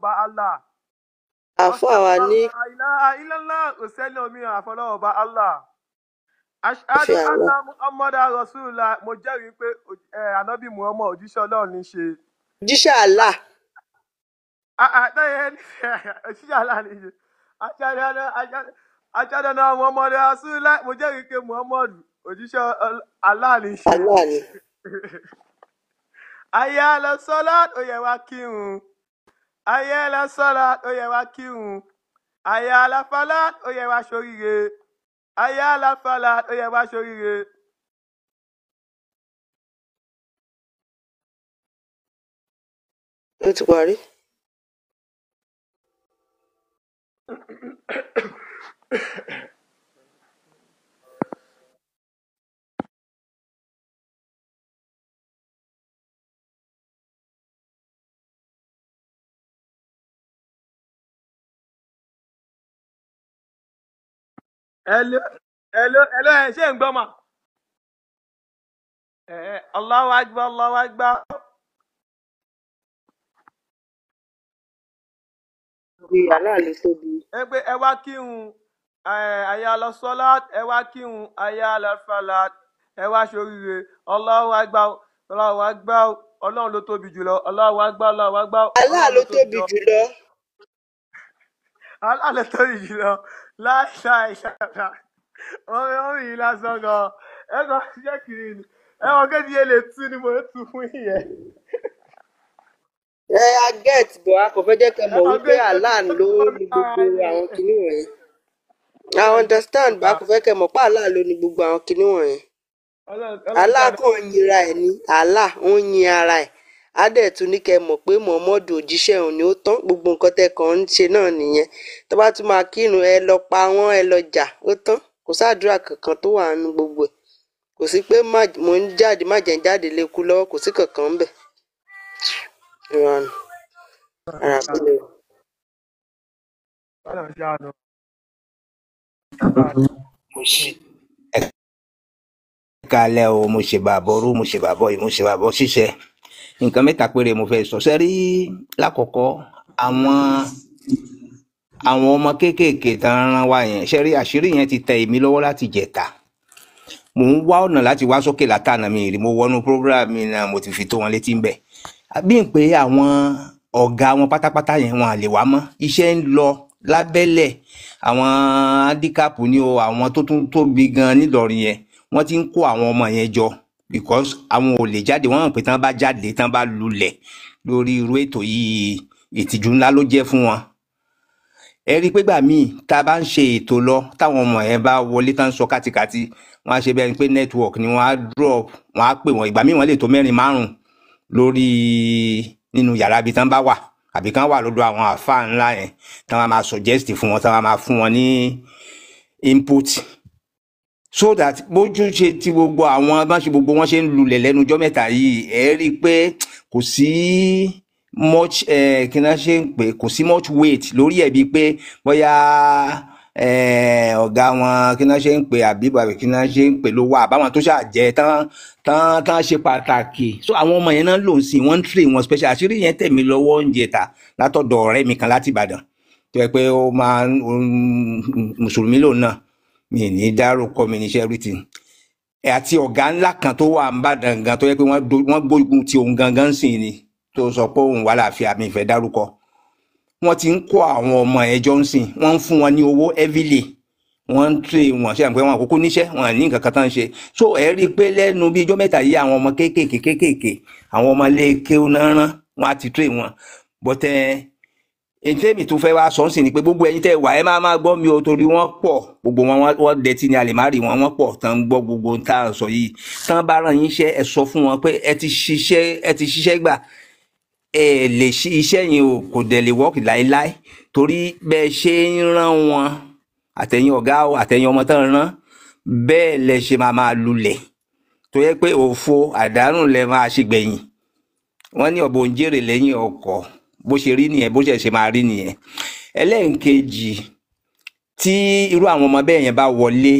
Allah. àfọ́ àwa ní. ìlọ́lá kò sẹ́lòmíràn àfọlọ́wọ́ Allah. muhammad rasulullah mo pé muhammad ọlọ́run ní ṣe. òjíṣẹ́ Allah. òjíṣẹ́ ṣe. aṣáájú aṣáájáná muhammadu rasulillah mo jẹ́rìí pé muhammadu òjíṣẹ́ aláàní. aláàní. ayé lọ sọ́lá ó yẹ wá kírun ayé lọ sọ́lá ó yẹ wá kírun ayé aláfàlà ó yẹ wá ṣoríire ayé aláfàlà ó yẹ wá ṣoríire. ó ti parí. hello hello hello ẹ ṣe ń gbọ́ mà ẹ ẹ Allahu Akbar Allahu Akbar. ẹ pé ẹ wá kírun àyà eh, lọ sọ́lá ẹ wá kírun àyà lọ fàlà ẹ wá ṣoríire ọlọ́run àgbà ọlọ́run àgbà ọlọ́run ló tóbi jùlọ ọlọ́run àgbà ọlọ́run àgbà. Allah ló tóbi jùlọ. Allah ló tóbi jùlọ láìsá ìṣàkà orin orin yìí lásán gan ẹ kàn ṣiṣẹ́ kiri ni ẹ wọn kéde yẹn lè tú ni mo tú fún ìyẹn. ẹ a get bọ̀ a kò fẹ́ jẹ́ kẹ́ mọ̀ wípé Allah ló ní gbogbo àwọn kìnìún yẹn i understand bá kò fẹ́ kẹ́ mọ̀ pa Allah ló ní gbogbo àwọn kinní wọ̀nyẹn Allah kàn ń yinra ẹ̀ ní Allah ń yin ara ẹ̀ á ní kẹ́ mọ̀ pé Muhammadu òjíṣẹ́ òun ni ó tán gbogbo nǹkan tẹ́ kàn ń ṣe náà nìyẹn tó bá tún máa kírun ẹ lọ pa wọ́n ẹ lọ jà ó tán kò sáàdúrà kankan tó wà nínú gbogbo ẹ̀ kò sí pé mò ń jáde má jẹ́ ń jáde lékú lọ́wọ́ kò sí kankan ń bẹ̀. ara mi mo ṣe o mo ṣe bàbọ̀ rú mo ṣe bàbọ̀ yìí mo ṣe bàbọ̀ ṣiṣẹ́ nǹkan mẹ́ta péré mo fẹ́ sọ sẹ́rí lákọ̀ọ́kọ́ àwọn àwọn ọmọ kéékèèké tán rán wa yẹn sẹ́rí àṣírí yẹn ti tẹ èmi lọ́wọ́ láti jẹ̀ta mò ń wá ọ̀nà láti wá sókè látànà mi rí mo wọnú program mi náà mo ti fi tó wọn létí ńbẹ̀ bí n pé àwọn ọ̀gá wọn pátápátá yẹn wọn à wá mọ́ iṣẹ́ ń lọ lábẹ́lẹ̀ àwọn handicap ni o àwọn tó tún tóbi gan nílọrin yẹn wọ́n ti ń kó àwọn ọmọ yẹn jọ because àwọn ò lè jáde wọ́n mọ̀ pé tán bá jáde tán bá lulẹ̀ lórí irú ètò yìí ìtìjú ńlá ló jẹ́ fún wọn ẹ rí i pé gbà míì tá a bá ń ṣe ètò lọ táwọn ọmọ yẹn bá wọlé tán sọ kátikati wọ́n á ṣe bẹ́ẹ̀ pé network ni wọ́n á drop wọ́n á pè wọ́n ìgbà míì wọ́n lè tó mẹ́rin márùn-ún lórí nínú yàrá ibi tán bá wà àbí kán wà lọ́dọ̀ àwọn àfáà ńlá yẹn tán máa máa suggest fún wọn tán máa máa fún wọn ní input so that bójú ṣe ti gbogbo àwọn bá ṣe gbogbo wọn ṣe ń lulẹ̀ lẹ́nu ọjọ́ mẹ́ta yìí ẹ rí i pé kò sí much eh, kí n ṣe ń pè kò sí much weight lórí ẹ̀ bíi pé bóyá. Eh, ọ̀gá wọn kí náà ṣe ń pè àbíbọ àbí kí náà ṣe ń pè ló wà àbáwọn tó ṣàjẹ tán tán tán ṣe pàtàkì so àwọn ọmọ yẹn náà lò ń sìn wọ́n ń tìrì wọn special àṣírí yẹn tẹ̀mí lọ́wọ́ oúnjẹ ta látọ̀dọ̀ ọ̀rẹ́ mi kan láti Ìbàdàn tó yẹ pé ó máa mùsùlùmí lòun náà mi ní dárúkọ mi níṣẹ́ everything àti ọ̀gá ńlá kan tó wà n'Íbàdàn gan tó yẹ pé wọ́n gbógun ti òun gangan sìn ni tó sọ pé òun wà láàfin àmì ìfẹ́ dárúkọ wọ́n ti ń kó àwọn ọmọ ẹjọ́ ń sìn wọ́n ń fún wọn ní owó heavily wọ́n ń tún wọn ṣe àgbẹ̀ wọn àkókò níṣẹ́ wọn ní nǹkan kan tán ṣe so ẹ rí i pé lẹ́nu bíi ijọ́ mẹ́ta yìí àwọn ọmọ kéékèèké kéékèèké àwọn ọmọ ilé kéwú náà rán wọn á ti tún wọn bọ́tẹ́ eh, ètèmi tó fẹ́ wá sọ sí ni pé gbogbo ẹ̀yin tẹ́ wà ẹ máa máa gbọ́ mi ò torí wọ́n pọ̀ gbogbo wọn wọ́n dẹtí ni àlèmárì wọn wọ́n pọ̀ tán gbọ́ gbogbo tá à ń sọ yìí tán bá ràn yín iṣẹ́ ẹ sọ fún wọn pé ẹ ti ṣiṣẹ́ ẹ ti ṣiṣẹ́ gbà ẹ lè ṣe iṣẹ́ yẹn o kò dẹ̀ lè wọ́ọ̀kì láéláé torí bẹ́ ẹ ṣe ń rán wọn àtẹ̀yìn ọ̀gá o àtẹ̀yìn ọmọ tán rán bẹ́ẹ̀ lẹ ṣe máa máa lulẹ̀ tó yẹ pé òfo àdánù lẹ máa ṣe gbẹ̀yìn wọ́n ní ọ̀bọ̀ ń jèrè lẹ́yìn ọkọ̀ bó ṣe rí nìyẹn bó ṣe ṣe máa rí nìyẹn ẹlẹ́ǹkejì tí irú àwọn ọmọ bẹ́ẹ̀ yẹn bá wọlé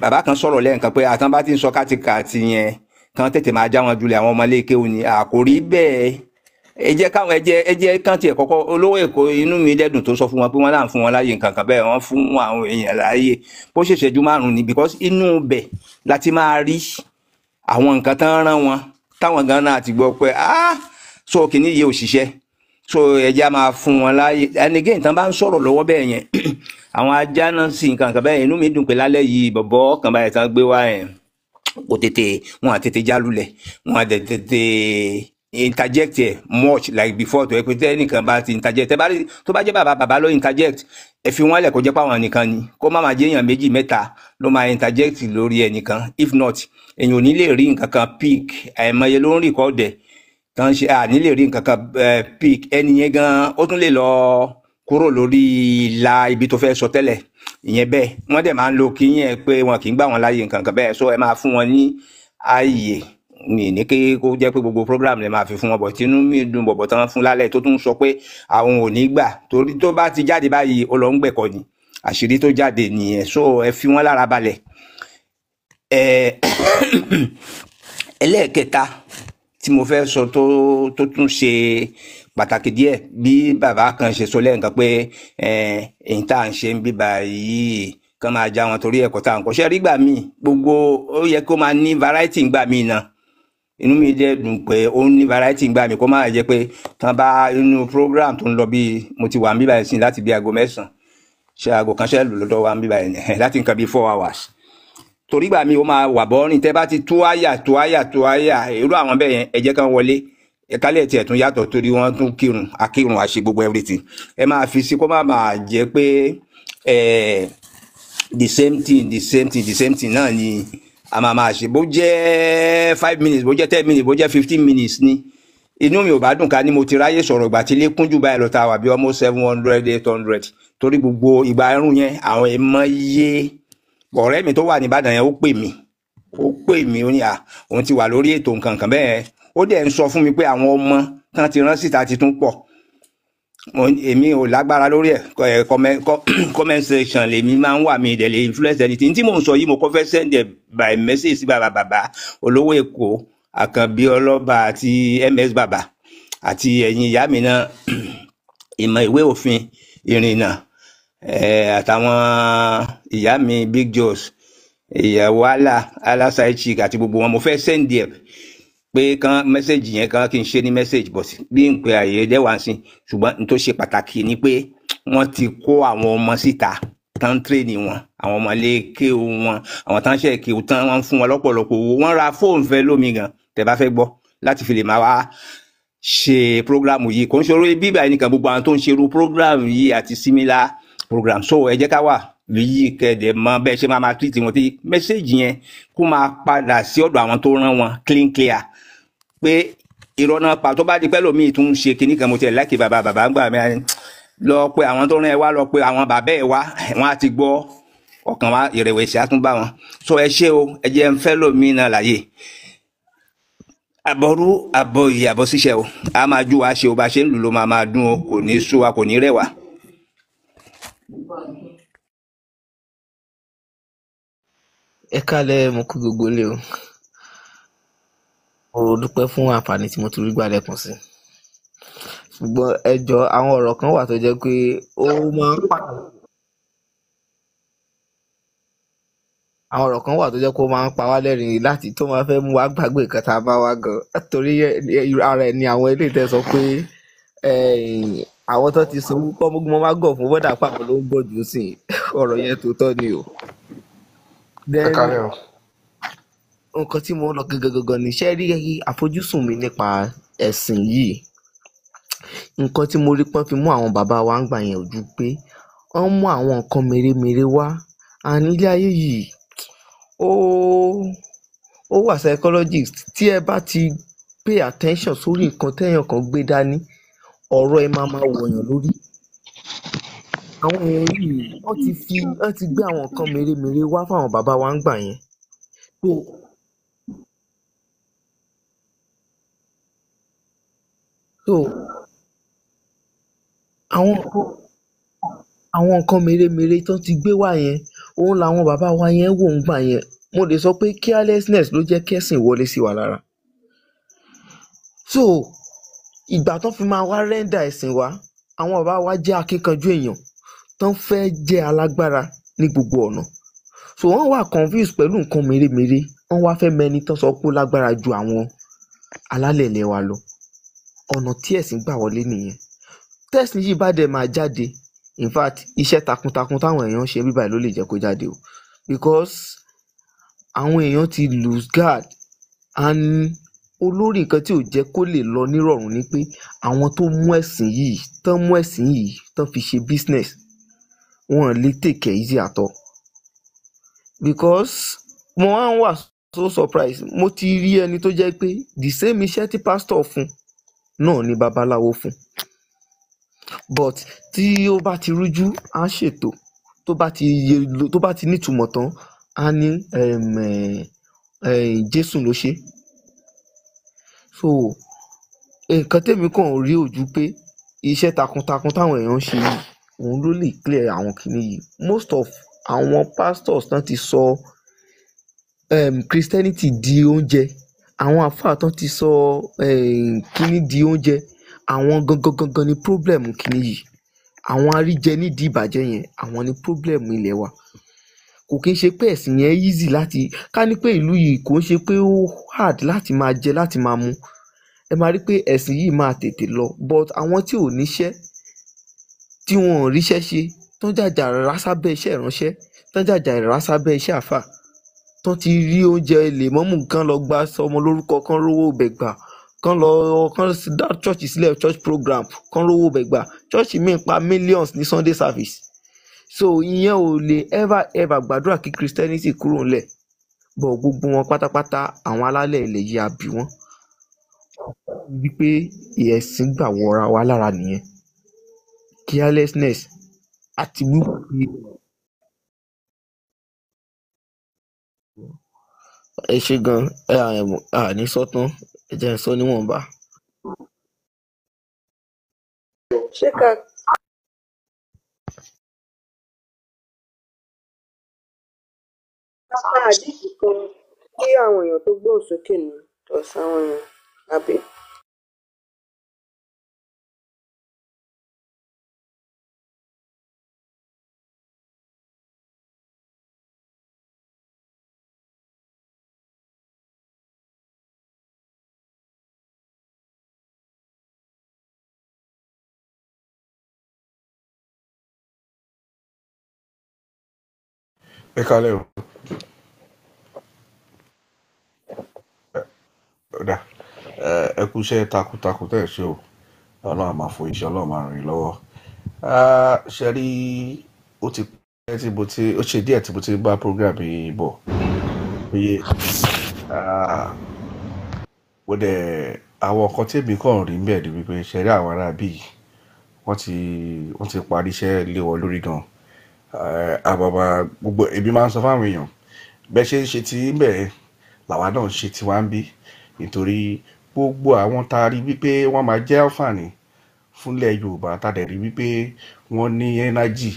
bàbá kan sọ̀rọ̀ lẹ́ǹkan pé àtàn bá ti ń sọ kátikàti yẹn kan tètè máa já wọn julẹ̀ àwọn ọmọ ilé kéwù ni àkórí bẹ́ẹ̀ ẹ jẹ́ káwọn ẹ jẹ́ ẹ jẹ́ kán tiẹ̀ kọ́kọ́ olówó èkó inú mi dẹ́dùn tó sọ fún wọn pé wọ́n láǹfún wọn láàyè nǹkan kan bẹ́ẹ̀ wọ́n fún àwọn èèyàn láàyè bó ṣe ṣẹ́jú márùn ni because inú bẹ̀ láti máa rí àwọn nǹkan tán rán wọn táwọn gan náà ti gbọ́ pé ah so kìíní yìí ò ṣiṣẹ́ so ẹ jẹ́ máa fún wọn láàyè and again tán bá ń sọ̀rọ̀ lọ́wọ́ bẹ́ẹ̀ yẹn àwọn ajá náà sì nǹkan kan bẹ́ẹ̀ inú mi dùn pé lálẹ́ yìí bọ̀bọ́ kan báyìí tán gbé wá yẹn kò tètè wọn à tètè jálulẹ̀ wọn à tètè interject ẹ much like before tó yẹ pé tẹ́nìkan bá ti interject ẹ bá rí tó bá jẹ́ bàbá bàbá ló interject ẹ fi wọn lẹ̀ kó jẹ́ pé àwọn nìkan ni kó má máa jẹ́ èèyàn méjì mẹ́ta ló máa interject lórí ẹnìkan if not èèyàn ò ní lè rí nǹkan kan pick àìmọye ló ń record ẹ̀ tán ṣe àní lè rí nǹkan kan pick ẹni yẹn gan ó tún lè lọ kúrò lórí ìlà ibi tó fẹ́ sọ tẹ́lẹ̀ ìyẹn bẹ́ẹ̀ wọ́n dẹ̀ máa ń lo kíyìn ẹ̀ pé wọn kì í gbà wọn láàyè nǹkan kan bẹ́ẹ̀ so ẹ máa fún wọn ní ààyè ní ní kí kó jẹ́ pé gbogbo program lè máa fi fún wọn bọ̀ tínú mi dùn bọ̀bọ̀ tán fún lálẹ́ tó tún sọ pé àwọn ò ní gbà torí tó bá ti jáde báyìí ó lọ ń gbẹ̀kọ́ ni àṣírí tó jáde nìyẹn so ẹ fi wọn lára balẹ̀ ẹlẹ́ẹ̀kẹta tí mo fẹ́ sọ tó tún ṣe pàtàkì díẹ̀ bí bàbá kan ṣe sọ lẹ́ǹkan pé ẹ̀yìn tá à ń ṣe ń bíbà yìí kán máa já wọn torí ẹ̀kọ́ tá à ń kọ́ṣẹ́ rí gbà míì gbogbo ó yẹ kó máa ní variety gbà míì náà inú mi dẹ̀ dùn pé ó ní variety gbà míì kó máa jẹ́ pé tán bá inú program tó ń lọ bíi mo ti wà ń bíbà yìí sí láti bí aago mẹ́sàn-án ṣe aago kan ṣe lò lọ́dọ̀ wa ń bíbà yìí láti nǹkan bíi four hours torí gbà míì ó máa wà bọ́ọ̀rìn tẹ́ bá ti tó àyà tó àyà tó àyà irú àwọn bẹ́ẹ̀ yẹn ẹ jẹ́ wọlé kálẹ̀ tiẹ̀ tún yàtọ̀ torí wọ́n tún kírun akírun àṣe gbogbo everything ẹ máa fi sí kó má bàa jẹ́ pé the same thing the same thing the same thing náà ni a máa máa ṣe bó jẹ́ five minutes bó jẹ́ ten minutes bó jẹ́ fifteen minutes ni inú mi ò bá dùn ká ní mo ti ráyè sọ̀rọ̀ ìgbà tí ilé kúnjú báyìí lọ́ta wà bí almost seven hundred eight hundred torí gbogbo ìgbà irun yẹn àwọn ẹ̀mọ́ yé ọ̀rẹ́ mi tó wà ní Ìbàdàn yẹn ó pè mí ó pè mí ó ní à òun ti wà lórí ètò nǹkan kan bẹ́ẹ̀ ó dẹ̀ ń sọ fún mi pé àwọn ọmọ tán ti rán síta ti tún pọ̀ èmi ò lágbára lórí ẹ̀ eh, comment section lèmi máa ń wà mí ìdẹ̀lẹ̀ influence editing tí mò ń sọ yìí mo kọ́ fẹ́ send ẹ̀ by message sí bàbá bàbá olówó èkó àkànbí ọlọ́ba àti ms bàbá àti ẹ̀yin ìyá mi náà ìmọ̀ ìwé òfin ìrìnnà eh, àtàwọn ìyá mi big jos ìyàwó ala alasai chick àti gbogbo wọn mo fẹ́ send ẹ̀ pé kan mẹ́sẹ̀gì yẹn kan kí n ṣe ní mẹ́sẹ̀gì bọ̀ sí bí n pe àyè dẹ́wà sí ṣùgbọ́n n tó ṣe pàtàkì ni pé wọ́n ti kó àwọn ọmọ síta tán tírèèdì wọn àwọn ọmọ ilé kéwu wọn àwọn tán ṣe kéwu tán wọ́n fún wọn lọ́pọ̀lọpọ̀ owó wọ́n ra fóònù fẹ́ lómi gan tẹ́ bá fẹ́ gbọ́ láti fi lè máa wá ṣe prógrámù yìí kò ń ṣòro bíbá ẹnì kan gbogbo àwọn tó ń ṣerú prógrámù yìí àti similar program so ẹ jẹ́ ká wà lóyí kẹdẹ mọ bẹ́ẹ̀ ṣe máa máa tírèèdì wọn tí mẹ́sẹ̀gì yẹn kó máa padà sí ọ̀dọ̀ àwọn tó rán wọn clean clear pé irọ́ náà pa tó bá di pẹ́ lómi tún ṣe kinní kan mo tiẹ̀ láìkí bàbá bàbá ń gbà mí lọ pé àwọn tó rán ẹ wá lọ pé àwọn bàbá ẹ wá wọn á ti gbọ́ ọkàn wa ìrẹ̀wẹ̀sì á tún bá wọn so ẹ ṣe o ẹ jẹ́ ń fẹ́ lómi náà láàyè àbọ̀rú àbọ̀ yìí àbọ̀ ṣíṣe o a máa ju wa ṣe o bá ṣe ń lù ló máa máa dún o kò ní sú wa kò ní rẹwà. ẹ kálẹ̀ mo kú gbogbo lé o mo dúpẹ́ fún àǹfààní tí mo ti rí gbà lẹ́kùn sí ṣùgbọ́n ẹ jọ àwọn ọ̀rọ̀ kan wà tó jẹ́ pé ó máa ń pà àwọn ọ̀rọ̀ kan wà tó jẹ́ pé ó máa ń pa wá lẹ́rìn-ín láti tó máa fẹ́ mú wa gbàgbé nǹkan tá a bá wá gan torí ara ẹ̀ ni àwọn ilé ìtẹ́ sọ pé àwọn tó ti sanwó kọ́ mọ́ má gọ̀ fún bọ́dà pàpọ̀ ló ń gbọ̀ jù sí ọ̀rọ̀ yẹn tó tọ́ ni o. ẹ kálẹ̀ o nǹkan tí mo lọ gangan gangan ní ṣe rí àfojúsùn mi nípa ẹ̀sìn yìí nǹkan tí mo rí pọ́n fi mú àwọn bàbá wa ń gbà yẹn ojú pé wọ́n mú àwọn nǹkan mèremère wá àní ayé yìí ó ó wà psychologist tí ẹ bá ti pay attention sórí nǹkan téèyàn kan gbé dání ọ̀rọ̀ ẹ máa máa wọ̀yàn lórí àwọn èèyàn yìí wọ́n ti fi wọ́n ti gbé àwọn nǹkan mèremère wá fáwọn bàbá wa ń gbà yẹn So àwọn nǹkan àwọn nǹkan mèremère tán ti gbé wá yẹn òun làwọn bàbá wa yẹn wò ńgbà yẹn mo lè sọ pé carelessness ló jẹ́ kẹ́sìn wọlé sí wa lára so ìgbà tán fi máa wá rẹ́ńdà ẹ̀sìn wa àwọn bàbá wa jẹ́ akíkanjú èèyàn tán fẹ́ jẹ́ alágbára ní gbogbo ọ̀nà so wọ́n wà confused pẹ̀lú nǹkan mèremère wọ́n wá fẹ́ mẹni tán sọ pé ó lágbára ju àwọn alálẹ̀ ilẹ̀ wa lọ ọ̀nà tí ẹ̀sìn gbà wọlé nìyẹn tẹ́sìn yìí bá dẹ̀ máa jáde in fact iṣẹ́ takuntakun táwọn èèyàn ń ṣe bíbá ló lè jẹ́ kó jáde o because àwọn èèyàn ti lose guard and olórí nǹkan tí ò jẹ́ kó lè lọ nírọ̀rùn ni pé àwọn tó mú ẹ̀sìn yìí tán mú ẹ̀sìn yìí tán fi ṣe business wọn lè tèkẹ́ easy at all because mo wá ń wà so surprise mo ti rí ẹni tó jẹ́ pé the same iṣẹ́ tí pastor fún náà ni babaláwo fún but tí ó bá ti rújú á ṣètò tó bá ti yé tó bá ti nítumọ̀ tán á ní eh, eh, jésù ló ṣe so nǹkan tèmi kàn rí ojú pé iṣẹ́ takuntakun táwọn èèyàn ń ṣe yìí òun ló lè clear àwọn kìíní yìí most of àwọn pastors náà ti sọ christianity di oúnjẹ àwọn àfáà tán ti sọ eh, kínní di oúnjẹ àwọn gangan gangan ni problem kínní yìí àwọn aríjẹ nídìí ìbàjẹ́ yẹn àwọn ni problem ilẹ̀ wa kò kí n ṣe pé ẹ̀sìn yẹn easy láti ká ní pé ìlú yìí kò ń ṣe pé ó hard láti máa jẹ láti máa mu ẹ máa rí pé ẹ̀sìn yìí máa tètè lọ but àwọn tí ò níṣẹ́ tí wọn ò ríṣẹ́ ṣe tán jàjà rárá sábẹ́ iṣẹ́ tán jàjà rárá sábẹ́ iṣẹ́ tán ti rí oúnjẹ lèmọ́mù kán lọ gba sọmọ lórúkọ kán rówó bẹ̀ gbà kán lọ kán dá church sílẹ̀ church program kán rówó bẹ̀ gbà church mi pa millions ní sunday service so ìyẹn ò lè ever ever gbàdúrà kí christianity kúrò ńlẹ̀ bọ̀ gbogbo wọn pátápátá àwọn alálẹ̀ ilẹ̀ yìí àbí wọn wípé ẹ̀sìn gbà wọra wa lára nìyẹn carelessness àti wípé ẹ ṣe gan ẹ àní sọtán ẹ jẹ́ n sọ níwọ̀nba. ṣé ká ká àdìsí kan kí àwọn èèyàn tó gbóhùn sókè ní ọ̀sán àwọn èèyàn àbí. Ẹ káalẹ́ o. Ó dáa. Ẹ̀, ẹ kú iṣẹ́ takuntakun tẹ̀ ṣe o. Ọlọ́run a máa fún yin ṣe, Ọlọ́run máa ràn yín lọ́wọ́. Ah, ṣé ẹ rí, ó ti pẹ́ tí mo ti, ó ṣe díẹ̀ tí mo ti ń bá program yìí bọ̀. Oyè, ah, mo dẹ̀, àwọn nǹkan tí èmi kàn rí bẹ́ẹ̀ ni wípé ṣé ẹ rí àwọn ará bí yìí, wọ́n ti, wọ́n ti parí iṣẹ́ lé wọn lórí gan-an. Ababa, eh, gbogbo èmi máa ń sọ fáwọn èèyàn bẹ́ẹ̀ ṣe ń ṣe ti bẹ́ẹ̀ làwa náà ń ṣe tiwa ń bí nítorí gbogbo àwọn tá a rí wípé wọ́n máa jẹ́ àǹfààní fúnlẹ̀ Yorùbá tá a dẹ̀ rí wípé wọ́n ní ẹ́nájì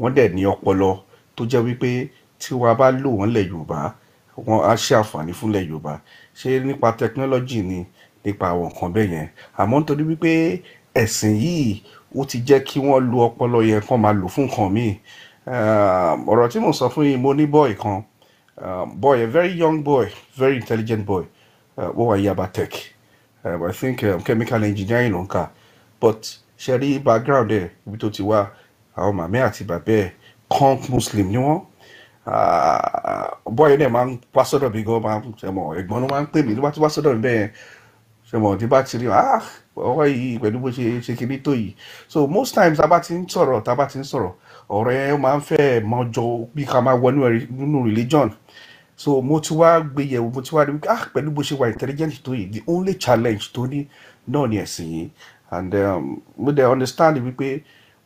wọ́n dẹ̀ ní ọpọlọ tó jẹ́ wípé tí wọ́n bá lò wọ́n lẹ̀ Yorùbá wọ́n á ṣe àǹfààní fúnlẹ̀ Yorùbá ṣé nípa tẹkinọ́lọ́jì ni nípa àwọn nǹkan bẹ́ẹ̀ yẹn àmọ́ nítorí wípé ẹ̀sìn yìí ó ti jẹ́ kí wọ́n lo ọpọlọ yẹn kán máa lò fún nǹkan míì Um, ọ̀rọ̀ tí mo sọ fún yín mo ní boy kan uh, boy a very young boy very intelligent boy uh, ó wà Yaba Tech um, I think um, chemical engineering ló ń kà but ṣe rí background ẹ̀ ibi tó ti wá àwọn màmí àti bàbá ẹ̀ conk muslim ni wọ́n uh, boy náà máa ń wá sọ́dọ̀ mi gan máa ń ṣẹ̀mọ̀ ẹ̀gbọ́n ló máa ń pè mí ló bá ti wá sọ́dọ̀ mi bẹ́ẹ̀ ṣẹ̀mọ̀ tí bá ti rí ah ọwọ́ yìí pẹ̀lú bó ṣe ṣe kiri tó yìí so most times tá a bá ti ń sọ̀rọ̀ tá a bá ti ń sọ̀rọ̀ ọ̀rọ̀ yẹn máa ń fẹ́ mọ́jọ bí ká máa wọ nínú religion so mo ti wá gbéyẹ̀wò mo ti wá rí wípé ah pẹ̀lú bó ṣe wà intelligent tó yìí the only challenge tó ní náà ni ẹ̀sìn yìí and um, mo dey understand wípé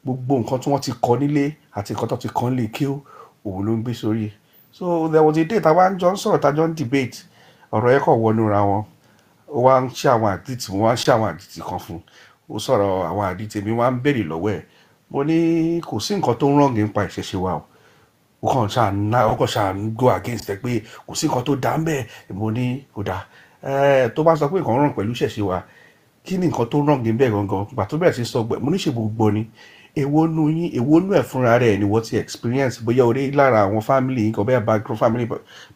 gbogbo nǹkan tí wọ́n ti kọ́ nílé àti nǹkan tó ti kọ́ nílé kí òun ló ń gbé sórí so there was a day táwa ń jọ ń sọ̀rọ̀ tájọ́ ń debate ọ̀rọ̀ ẹ̀kọ́ wọnú ra wọn ó wá ń ṣe àwọn àdìtì mo wá ń ṣe àwọn àdìtì kan fún un ó sọ̀rọ̀ àwọn àdìtì mi wá ń béèrè lọ́wọ́ ẹ̀ mo ní kò sí nǹkan tó ń rọ̀ǹgì nípa ìṣẹ̀ṣe wa o ó kàn ṣáà ná go against ẹ pé kò sí nǹkan tó dá ń bẹ̀ mo ní kò dá eh, tó bá sọ pé nǹkan rọ̀ǹ pẹ̀lú ìṣẹ̀ṣe wa kí ni nǹkan tó rọ̀ǹgì bẹ́ẹ̀ gangan gbà tó bẹ̀rẹ̀ sí sọ gbẹ̀ mo ní ṣe gbogbo ni èwo nu yín èwo nu ẹ̀ fúnra rẹ̀ ni wọ́n ti experience bóyá orí lára àwọn family yín kan bóyá background family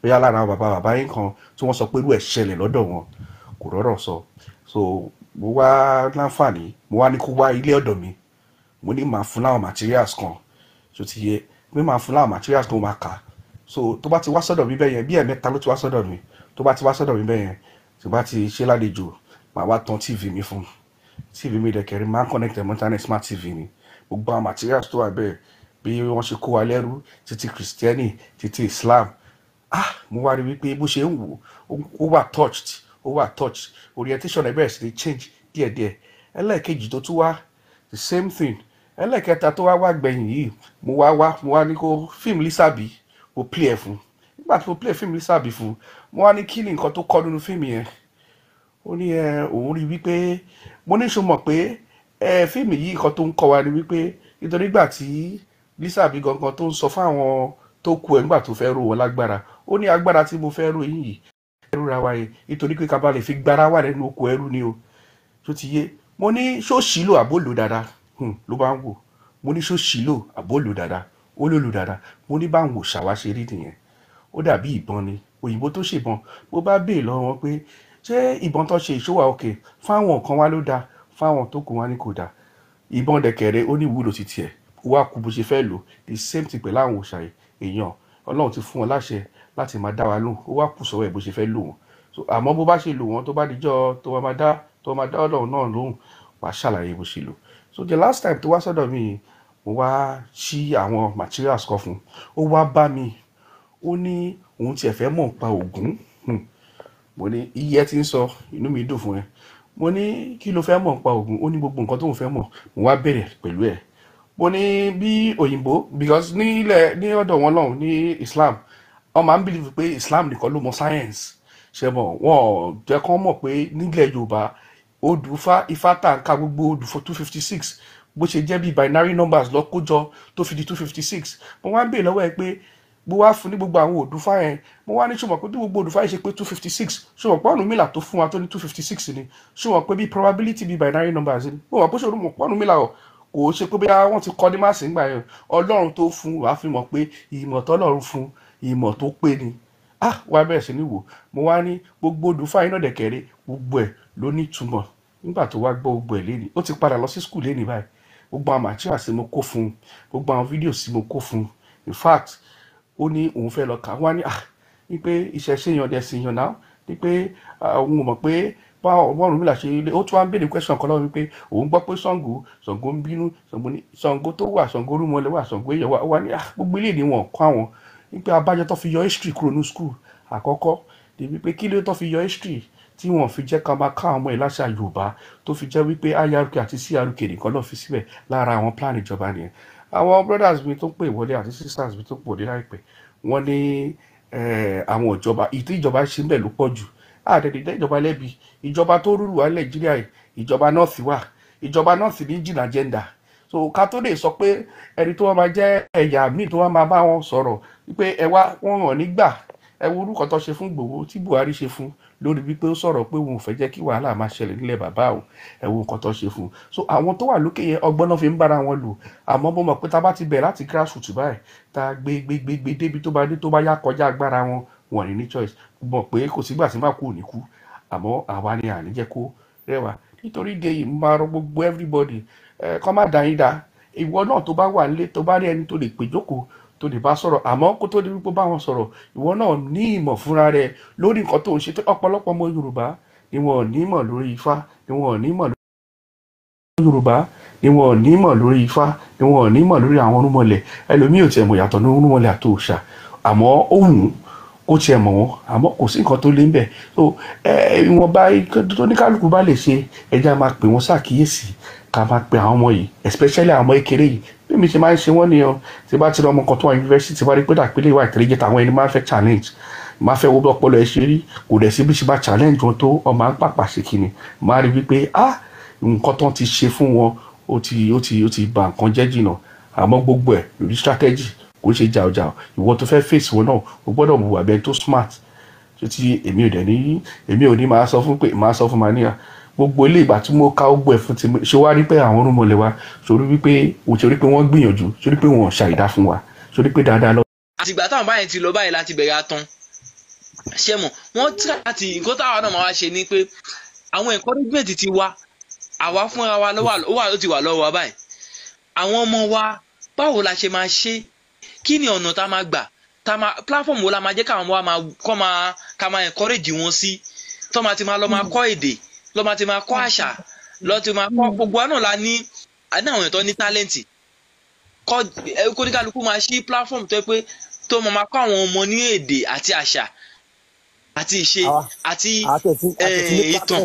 bóyá lára àwọn bàbá bàbá yín kan tí wọ́n sọ pé irú ẹ̀ ṣẹlẹ̀ lọ́dọ̀ wọn kò rọ́rọ̀ sọ so mo wá láǹfààní mo wá ní kó wá ilé ọ̀dọ̀ mi mo ní màá fún láwọn materials kan tó ti yẹ pé màá fún láwọn materials tó máa kà so tó bá ti wá sọ́dọ̀ mi bẹ́yẹn bí ẹ̀mẹ́ta ló ti wá sọ́dọ̀ mi tó bá ti wá sọ́dọ̀ mi bẹ́yẹn tó bá ti ṣe lálejò màá wá tan tv mi fún tv mi dẹ̀kẹ̀rẹ̀ máa ń connect ẹ̀ mọ́ smart tv ni gbogbo àwọn materials tó wà bẹ́ẹ̀ bí wọ́n ṣe kó wa lẹ́rú títí christianity títí islam ah mo wá rí wípé bó ṣe ń wò ó wà touched ó wà touched orientation ẹ̀ bẹ̀rẹ̀ sí ní change díẹ̀díẹ̀ ẹlẹ́ẹ̀kejì tó tún wá the same thing ẹlẹ́kẹta tó wá wá gbẹ̀yìn yìí mo wá wá mo wá ní kó fíìmù Lísàbí mo play ẹ̀ fún nígbà tí mo play fíìmù Lísàbí fún mo wá ní kí ni nǹkan tó kọ́ nínú fíìmù yẹn ó ní ẹ òun rí wípé mo ní sọ mọ̀ pé fíìmù yìí nǹkan tó ń kọ́ wa ni wípé nítorí gbà tí Lísàbí gangan tó ń sọ fáwọn tó kú ẹ nígbà tó fẹ́ rò wọ́n lágbára ó ní agbára tí mo fẹ́ rò yìí ẹrú ra wa yẹn nítorí pé ká fi gbára wà nínú oko ẹrú ni o tó ti yé mo ní ṣó ṣìlò àbólò dáadáa Hmm, ló bá ń wò mo ní ṣóṣì lò àbó lò dáadáa ó lò lò dáadáa mo ní báwọn ò ṣàwá ṣe nìyẹn ó dàbí ìbọn ni òyìnbó tó ṣèbọn mo bá béè lọ́wọ́ wọn pé ṣé ìbọn tó ṣe ìṣòwà òkè fáwọn kan wá ló dáa fáwọn tó kù wá ní kò dáa ìbọn dẹ̀kẹ̀rẹ̀ ó ní ìwúlò sí tiẹ̀ wá kú bó ṣe fẹ́ lò the same thing pẹ̀lú àwọn òṣàyè èèyàn ọlọ́run ti fún wọn láṣẹ láti máa dá wa lóhùn ó wá kù sọ́wọ́ ẹ̀ bó ṣe fẹ́ lò wọ́n so àmọ́ bó bá ṣe lò wọ́n tó bá dijọ́ tó máa dá tó máa dá ọlọ́run náà lóhùn wàá ṣàlàyé bó ṣe lò so the last time tó wá sọ́dọ̀ mi mo wá ṣí àwọn materials kan fún ó wá bá mi ó ní òun tiẹ̀ fẹ́ mọ̀ pa Ògún hmm. mo ní iye tí ń sọ inú mi dùn fún ẹ mo ní kí ló fẹ́ mọ̀ pa Ògún ó ní gbogbo nǹkan tóun fẹ́ mọ̀ mo wá bẹ̀rẹ̀ pẹ̀lú ẹ̀ mo ní bí òyìnbó because nílẹ̀ ní ọ̀dọ̀ wọn lọ́hùn ní Islam wọn máa ń believe pé Islam nìkan ló mọ science ṣe mọ̀ wọn ò jẹ́ kán mọ̀ pé nílẹ̀ Yorùbá odùfá ifá tàǹkà gbogbo odù for two fifty six bó ṣe jẹ́ bíi binary numbers lọ kójọ tó fi di two fifty six mo wá ń bèè lọ́wọ́ ẹ pé mo wá fún ní gbogbo àwọn òdùfá yẹn mo wá ní ṣùgbọ́n pé bí gbogbo òdùfá yẹn ṣe pé two fifty six ṣùgbọ́n pé Ọ̀rúnmìlà tó fún wa tó ní two fifty six ni ṣùgbọ́n pé bí probability bí binary numbers ni mo wà pé ṣe Ọ̀rúnmìlà ọ̀ kò ṣe pé bóyá wọ́n ti kọ́ ní màsí ńgbà yẹn ọlọ́run tó fún wàá fi mọ̀ pé ìmọ̀ tọ́lọ́run fún ìmọ̀ tó pé ni ah wàá bẹ̀rẹ̀ sí ní wò mo wá ní gbogbo òdùfá yẹn náà dẹ̀kẹ̀rẹ̀ gbogbo ẹ̀ ló ní ìtumọ̀ nígbà tó wá gbọ́ gbogbo ẹ̀ léni ó ti padà lọ sí skul léni báyìí gbogbo àwọn màtíwà sí mo kó fún un gbogbo àwọn fídíò sí mo kó fún un in fact ó ní òun fẹ́ lọ kà wá ní à ah, ní pé iṣẹ́ ṣe yan ẹ̀sìn yan náà ní pé òun mọ̀ pé bá ọlọ́run mi là ṣe ilé ó tún wá ń béèrè question kan lọ́wọ́ wípé òun gbọ́ pé Ṣàngó Ṣàngó ń bínú Ṣàngó tó wà Ṣàngó rúmọlẹ̀ wà Ṣàngó èèyàn wà ní ah, gbogbo ilé ìdí wọn kọ́ àwọn wípé abájọ tó fi yọ history kúrò ní school àkọ́kọ́ débi pé kí ló tó fi yọ history tí wọ́n fi jẹ́ ká máa ká àwọn ọmọ yìí láṣà Yorùbá tó fi jẹ́ wípé IRK àti CRK nìkan náà fi síbẹ̀ lára àwọn plan ìjọba nìyẹn àwọn brothers mi tó ń pè wọlé àti sisters mi tó ń pò dé láìpẹ́ wọ́n ní eh, àwọn ìjọba ìtí ìjọba ṣe ń bẹ̀ ló pọ̀ jù àdẹ̀dẹ̀dẹ̀ ìjọba lẹ́bi ìjọba tó rúrù wá Nàìjíríà ìjọba north wà ìjọba north ní jìnnà agenda so ká tó lè sọ pé ẹni tó wọ́n máa jẹ́ ẹ̀yà míì tó wọ́n máa bá wọn sọ̀rọ̀ wípé ẹ wọn hàn nígbà ẹ orúkọ tó ṣe fún Ìgbòho tí Buhari ṣe fún lórí wípé ó sọ̀rọ̀ pé òun ò fẹ́ jẹ́ kí wàhálà máa ṣẹlẹ̀ nílẹ̀ bàbá o ẹ̀wọ̀n nǹkan tó ṣe fún un so àwọn tó wà lókè yẹn ọgbọ́n náà fi ń bára wọn lò àmọ́ mo mọ̀ pé tá a bá ti bẹ̀rẹ̀ láti grassroots báyìí tá a gbé gbé gbé gbé débi tó bá dé tó bá yá kọjá agbára wọn wọn ní ní choice mọ̀ pé kò sígbà tí má kú ò ní kú àmọ́ àwa ni à ní jẹ́ kó rẹwà nítorí de yìí máa everybody kọ́ má dá yín dá ìwọ náà tó bá wà nílé tó tó lè bá sọ̀rọ̀ àmọ́ kó tó di wípé bá wọn sọ̀rọ̀ ìwọ náà ní ìmọ̀ fúnra rẹ lórí nǹkan tó ń ṣe ọ̀pọ̀lọpọ̀ ọmọ Yorùbá ni wọn ò ní mọ̀ lórí Ifá ni wọn ò ní mọ̀ lórí Yorùbá ni wọn ò ní mọ̀ lórí Ifá ni wọn ò ní mọ̀ lórí àwọn orúnmọlẹ̀ ẹlòmíì ò tiẹ̀ mọ̀ yàtọ̀ ní orúnmọlẹ̀ àti òòṣà àmọ́ òun kó tiẹ̀ mọ̀ wọ́n àmọ́ kò sí nǹkan tó lé ńbẹ̀ so ìwọ̀n bá bá lè ṣe ẹja máa pè wọ́n ṣàkíyèsí ká máa pe àwọn ọmọ yìí especially àwọn ọmọ kékeré yìí mi ṣe máa ń ṣe wọ́n nìyẹn o tí bá ti rọ ọmọ kan tó wà yunifásitì tí bá rí pé dàpélé ìwà ìtẹ̀lẹ́jẹ́ tàwọn ẹni máa ń fẹ́ challenge máa fẹ́ wo bí ọpọlọ ẹ ṣe rí kò dẹ̀ sí bí ṣe bá challenge wọn tó ọmọ à ń pàpà ṣe kìnnì máa rí wípé ah nǹkan tán ti ṣe fún wọn ó ti ó ti ó ti bà nǹkan jẹ́ jìnnà àmọ́ gbogbo ẹ̀ lórí strategy kò ṣe jàọjà ìwọ tó fẹ́ face wọn náà o gbọ́dọ̀ mú wà tó smart tó ti èmi ò dẹ̀ ní èmi ò ní máa sọ fún pé máa sọ fún mania gbogbo ilé ìgbà tí mo ká gbogbo ẹ̀ fún ti ṣe wá rí pé àwọn orúnmọlẹ̀ wa sórí wípé o ti rí pé wọ́n gbìyànjú sórí pé wọ́n ṣàìdá fún wa sórí pé dáadáa lọ. àtìgbà táwọn báyìí ti lọ báyìí láti bẹ̀rẹ̀ atán ṣé mọ̀ wọ́n tí láti nǹkan táwa náà máa wá ṣe ni pé àwọn encouragement ti wa àwa fúnra wa ló wà ló ti wà lọ́wọ́ wa báyìí àwọn ọmọ wa báwo la ṣe máa ṣe kí ni ọ̀nà tá máa gbà tá máa platform wo la máa jẹ́ káwọn ọmọ wa máa kọ́ máa ká máa encourage wọn sí tó máa ti máa lọ máa kọ́ èdè. Mm -hmm ló máa ti máa kọ́ mm. àṣà ló ti máa kọ́ mm. gbogbo àná la ní àní àwọn ètò ní tálẹ́ǹtì kọ́ kóníkálukú máa ṣí platform tó yẹ pé tó máa máa kọ́ àwọn ọmọ ní èdè àti àṣà àti ìṣe àti eh, ìtàn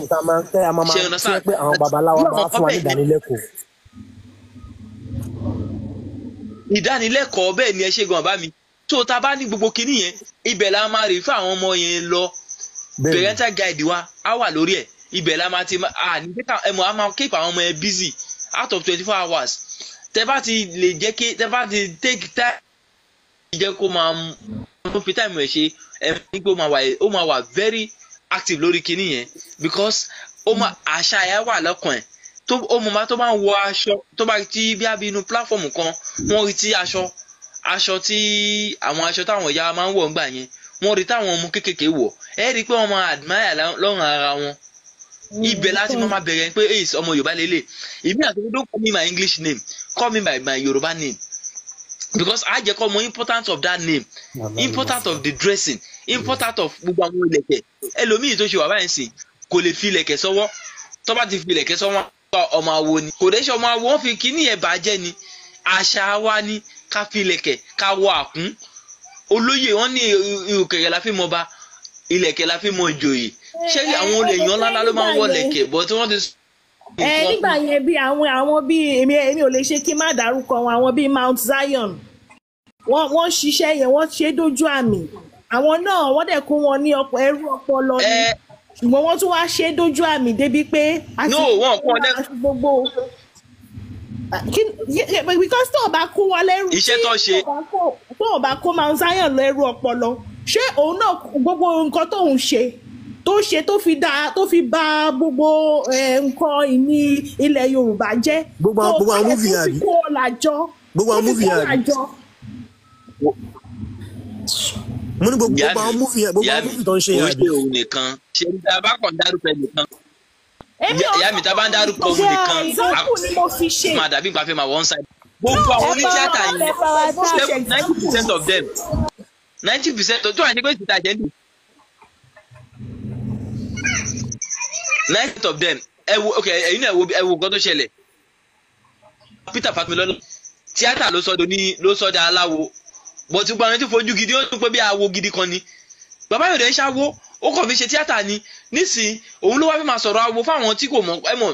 ṣe ọ̀nà sáà pé àwọn babaláwo máa fún wa ní ìdánilẹ́kọ̀ọ́. ìdánilẹ́kọ̀ọ́ bẹ́ẹ̀ ni ẹ ṣe gan bá mi tó ta bá ní gbogbo kinní yẹn ibẹ̀ la máa rí fún àwọn ọmọ yẹn lọ parental guide wa á wà lórí ẹ̀ ibẹ̀ la máa ti à ní pé ẹ mọ̀ a máa keep àwọn ọmọ ẹ busy out of twenty four hours tẹ bá ti lè jẹ́ kí tẹ bá ti take time jẹ́ kó máa mú fi time rẹ̀ ṣe ẹ ní pé ó máa wà very active lórí kinní yẹn because ó máa àṣà ẹ̀ wà lọ́kàn ẹ̀ tó ọmọọba tó bá ń wọ aṣọ tó bá ti bí abinú platform kan wọ́n rí ti aṣọ aṣọ tí àwọn aṣọ táwọn ìyá máa ń wọ̀ ńgbà yẹn wọ́n rí táwọn ọmọ kéékèèké wọ̀ ẹ rí i pé wọ́n máa admire lọ́rùn ara wọn ibẹ̀ mm, láti mọ́ máa bẹ̀rẹ̀ pé èyí ọmọ yorùbá lélẹ̀ èmi àti ọmọdé don't call me my english name call me by my yorùbá name because a jẹ́ kọ́ mọ important of that name important of the dressing important of gbogbo àwọn ìlẹ̀kẹ̀ ẹlòmíì tó ṣe wà báyìí sìn kò lè fi ìlẹ̀kẹ̀ sọ́wọ́ tó bá ti fi ìlẹ̀kẹ̀ sọ́wọ́ ọmọ awo ni kò dé ṣe ọmọ awo wọn fi kíní ẹ̀ bàjẹ́ ni àṣà wa ni ká fi ìlẹ̀kẹ̀ ká wọ àkún olóyè wọn ní ìrùkẹ̀rẹ̀ la fi mọ ba ìlẹ̀kẹ̀ la fi mọ ìjòyè ṣé àwọn olè eh, yan lálá ló máa ń wọlé kè bọ́ tí wọ́n ti. ẹ eh, nígbà yẹn bí àwọn àwọn bíi èmi èmi ò lè ṣe kí n má dárúkọ wọn àwọn bíi Mount Zion wọ́n wọ́n ṣiṣẹ́ yẹn wọ́n ṣe dójú àmì àwọn náà wọ́n dẹ̀ kó wọn ní ọ̀pọ̀ ẹrú ọpọlọ ni eh. ṣùgbọ́n wọ́n tún wá ṣe dójú àmì débi pé àti gbogbo because tó o bá kó wọn lẹ́rú iṣẹ́ tó ṣe tó o bá kó Mount Zion lẹ́rú ọpọlọ ṣé òun náà gbogbo nǹkan tóun ṣe tó ṣe tó fi dá tó fi bà gbogbo nǹkan ìní ilẹ̀ Yorùbá jẹ́ gbogbo àwọn múfì yàrá tó fi kó làjọ gbogbo àwọn múfì yàrá mo ní gbogbo àwọn múfì yàrá gbogbo àwọn múfì tó ń ṣe yàrá. ìyá mi òun nìkan ṣe ní tá a bá kàn dárúkọ nìkan ìyá mi tá a bá ń dárúkọ òun nìkan máa dàbí ìgbà fẹ́ máa wọ́n ṣáà gbogbo àwọn oníṣẹ́ àtàyè ninety percent of them ninety percent ojú àyẹ̀kọ́ ìṣètàjẹ́ nìkan. ninth of them ẹ wo ok ẹyin náà ẹ wo nǹkan tó ṣẹlẹ̀ Peter Fatimilọ́lá tíátà ló sọdọ̀ ní ló sọdọ̀ aláwo bọ̀tú gba àwọn tí fojú gidi ó tún pé bí awo gidi kan ni bàbá yòdò ẹ ṣáwó ó kàn fi ṣe tíátà ni nísìnyí òun ló wá fi máa sọ̀rọ̀ awo fáwọn tí kò mọ̀ ẹ mọ̀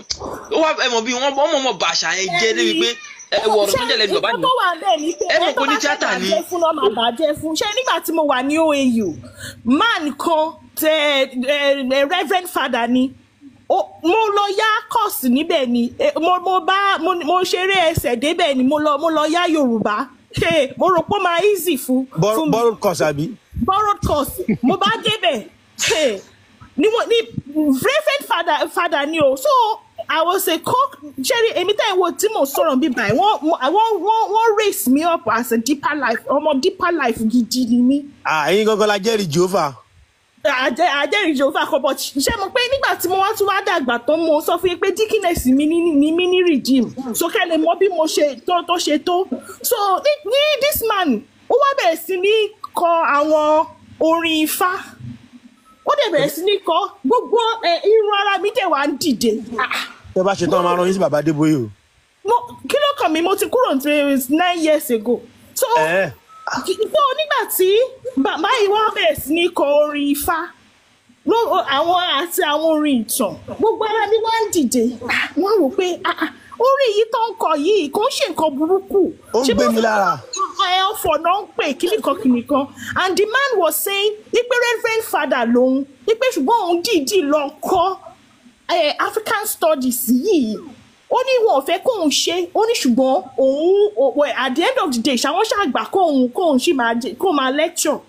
ó wá ẹ mọ̀ bí wọ́n mọ̀ mọ̀ bàṣà yẹn jẹ́ débi pé ẹ wọ ọ̀rọ̀ tó jẹ́ lẹ́nu bàbá mi ẹ mọ̀ kó ní tíátà ni. ṣé nígbà tí mo wà ní OAU man kan eh, eh, eh, reverend father ni mo lọ yá kọ́ọ̀sì níbẹ̀ ni e, mo bá mo ṣeré ẹsẹ̀ débẹ̀ ni mo lọ mo lọ yá Yorùbá mo rò pé ó máa easy fún mi borrowed course àbí. borrowed course mo bá débẹ̀ ni wọn ni reverend father father ni o so i was a cock jerry èmi tẹ́ ẹ wo tí mo sọ̀rọ̀ bí báyìí wọ́n wọ́n wọ́n wọ́n raise me up as a deeper life ọmọ deeper life gidi ni mí. àyìn ah, gangan la jẹ́rìí Jehovah àjẹ àjẹ ìjòfà kọbọ ṣe mọ̀ pé nígbà tí mo wá tún wá dàgbà tán mo sọ fún yín pé díkínẹsì mi ní mi ní rìjìm so kẹlẹ mọ̀ bí mo ṣe tó tó ṣe tó so ní this man ó wá bẹ̀rẹ̀ sí ní kọ àwọn orin ifá ó dẹ̀ bẹ̀rẹ̀ sí ní kọ gbogbo irun ara mi dẹ̀ wá ń dìde. tẹ bá ṣe tán máa rán yín sí bàbá adébóyè o. kí ló kàn mí mo ti kúrò nine years ago. so. Eh so nígbà tí bàbá yìí wá bẹ̀rẹ̀ sí ní kọ orin ifá àwọn àti àwọn orin ìtàn gbogbo ara mi wá ń dìde wọ́n wò pé ah, ah, orí yìí tó ń kọ yìí kò ń ṣe nǹkan burúkú. ó ń gbé mi lára. ẹ ọ̀fọ̀ náà ń pè kíníkan kíníkan and the man was saying ipe reverend father lòun ipe ṣùgbọ́n òun dìídì lọ kọ́ eh, African studies yìí ó ní wọn ò fẹ́ kóun ṣe ó ní ṣùgbọ́n òun at the end of the day ṣàwọn ṣàgbà kóun kóun ṣì máa kóun máa lecture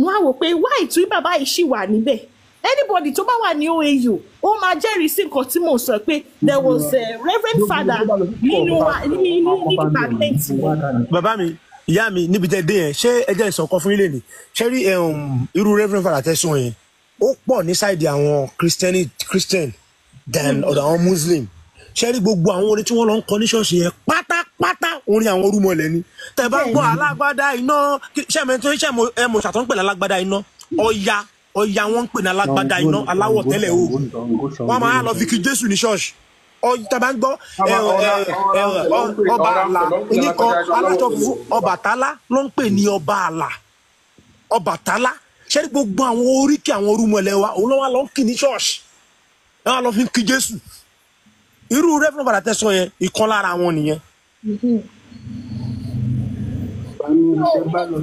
wọn á wò pé wá ìtúrí bàbá yìí ṣì wà níbẹ̀ anybody tó bá wà ní OAU ó máa jẹ́rìí sí nǹkan tí mò ń sọ pé there was a reverend father nínú nínú department. bàbá mi ìyá mi níbi tẹ́ dé yẹn ṣé ẹ jẹ́ ìsọ̀kan fún ilé ni ṣé rí um, irú reverend father tẹ̀sùn yẹn ó pọ̀ ní sáìdì àwọn christian than ọ̀dọ̀ àwọn muslim ṣẹ́rí gbogbo àwọn orin tí wọ́n lọ ń kọ ní ṣọ́ọ̀ṣì yẹn pátápátá orin àwọn orúmọlẹ̀ ni tẹ́ bá gbọ́ alágbádá iná ṣẹ́mi tó ṣẹ́ mo ṣàtọ́ ń pè ní alágbádá iná ọya ọya wọn ń pè ní alágbádá iná aláwọ̀ tẹ́lẹ̀ oògùn wọ́n máa lọ fi kí jésù ní ṣọ́ọ̀ṣì tàbá ń gbọ́ ọba àlà oníkan aláṣọ funfun Ọbàtálá ló ń pè ní ọba àlà Ọbàtálá ṣẹ́rí gbogbo àwọn oríkì àwọn orúmọlẹ̀ wa òun lọ́wọ́ lọ́ ń kì ní ṣọ́ọ̀ṣì náà lọ fi ń kí jésù irú rẹ́fúnù padà tẹ̀sán yẹn ìkan lára wọn nìyẹn.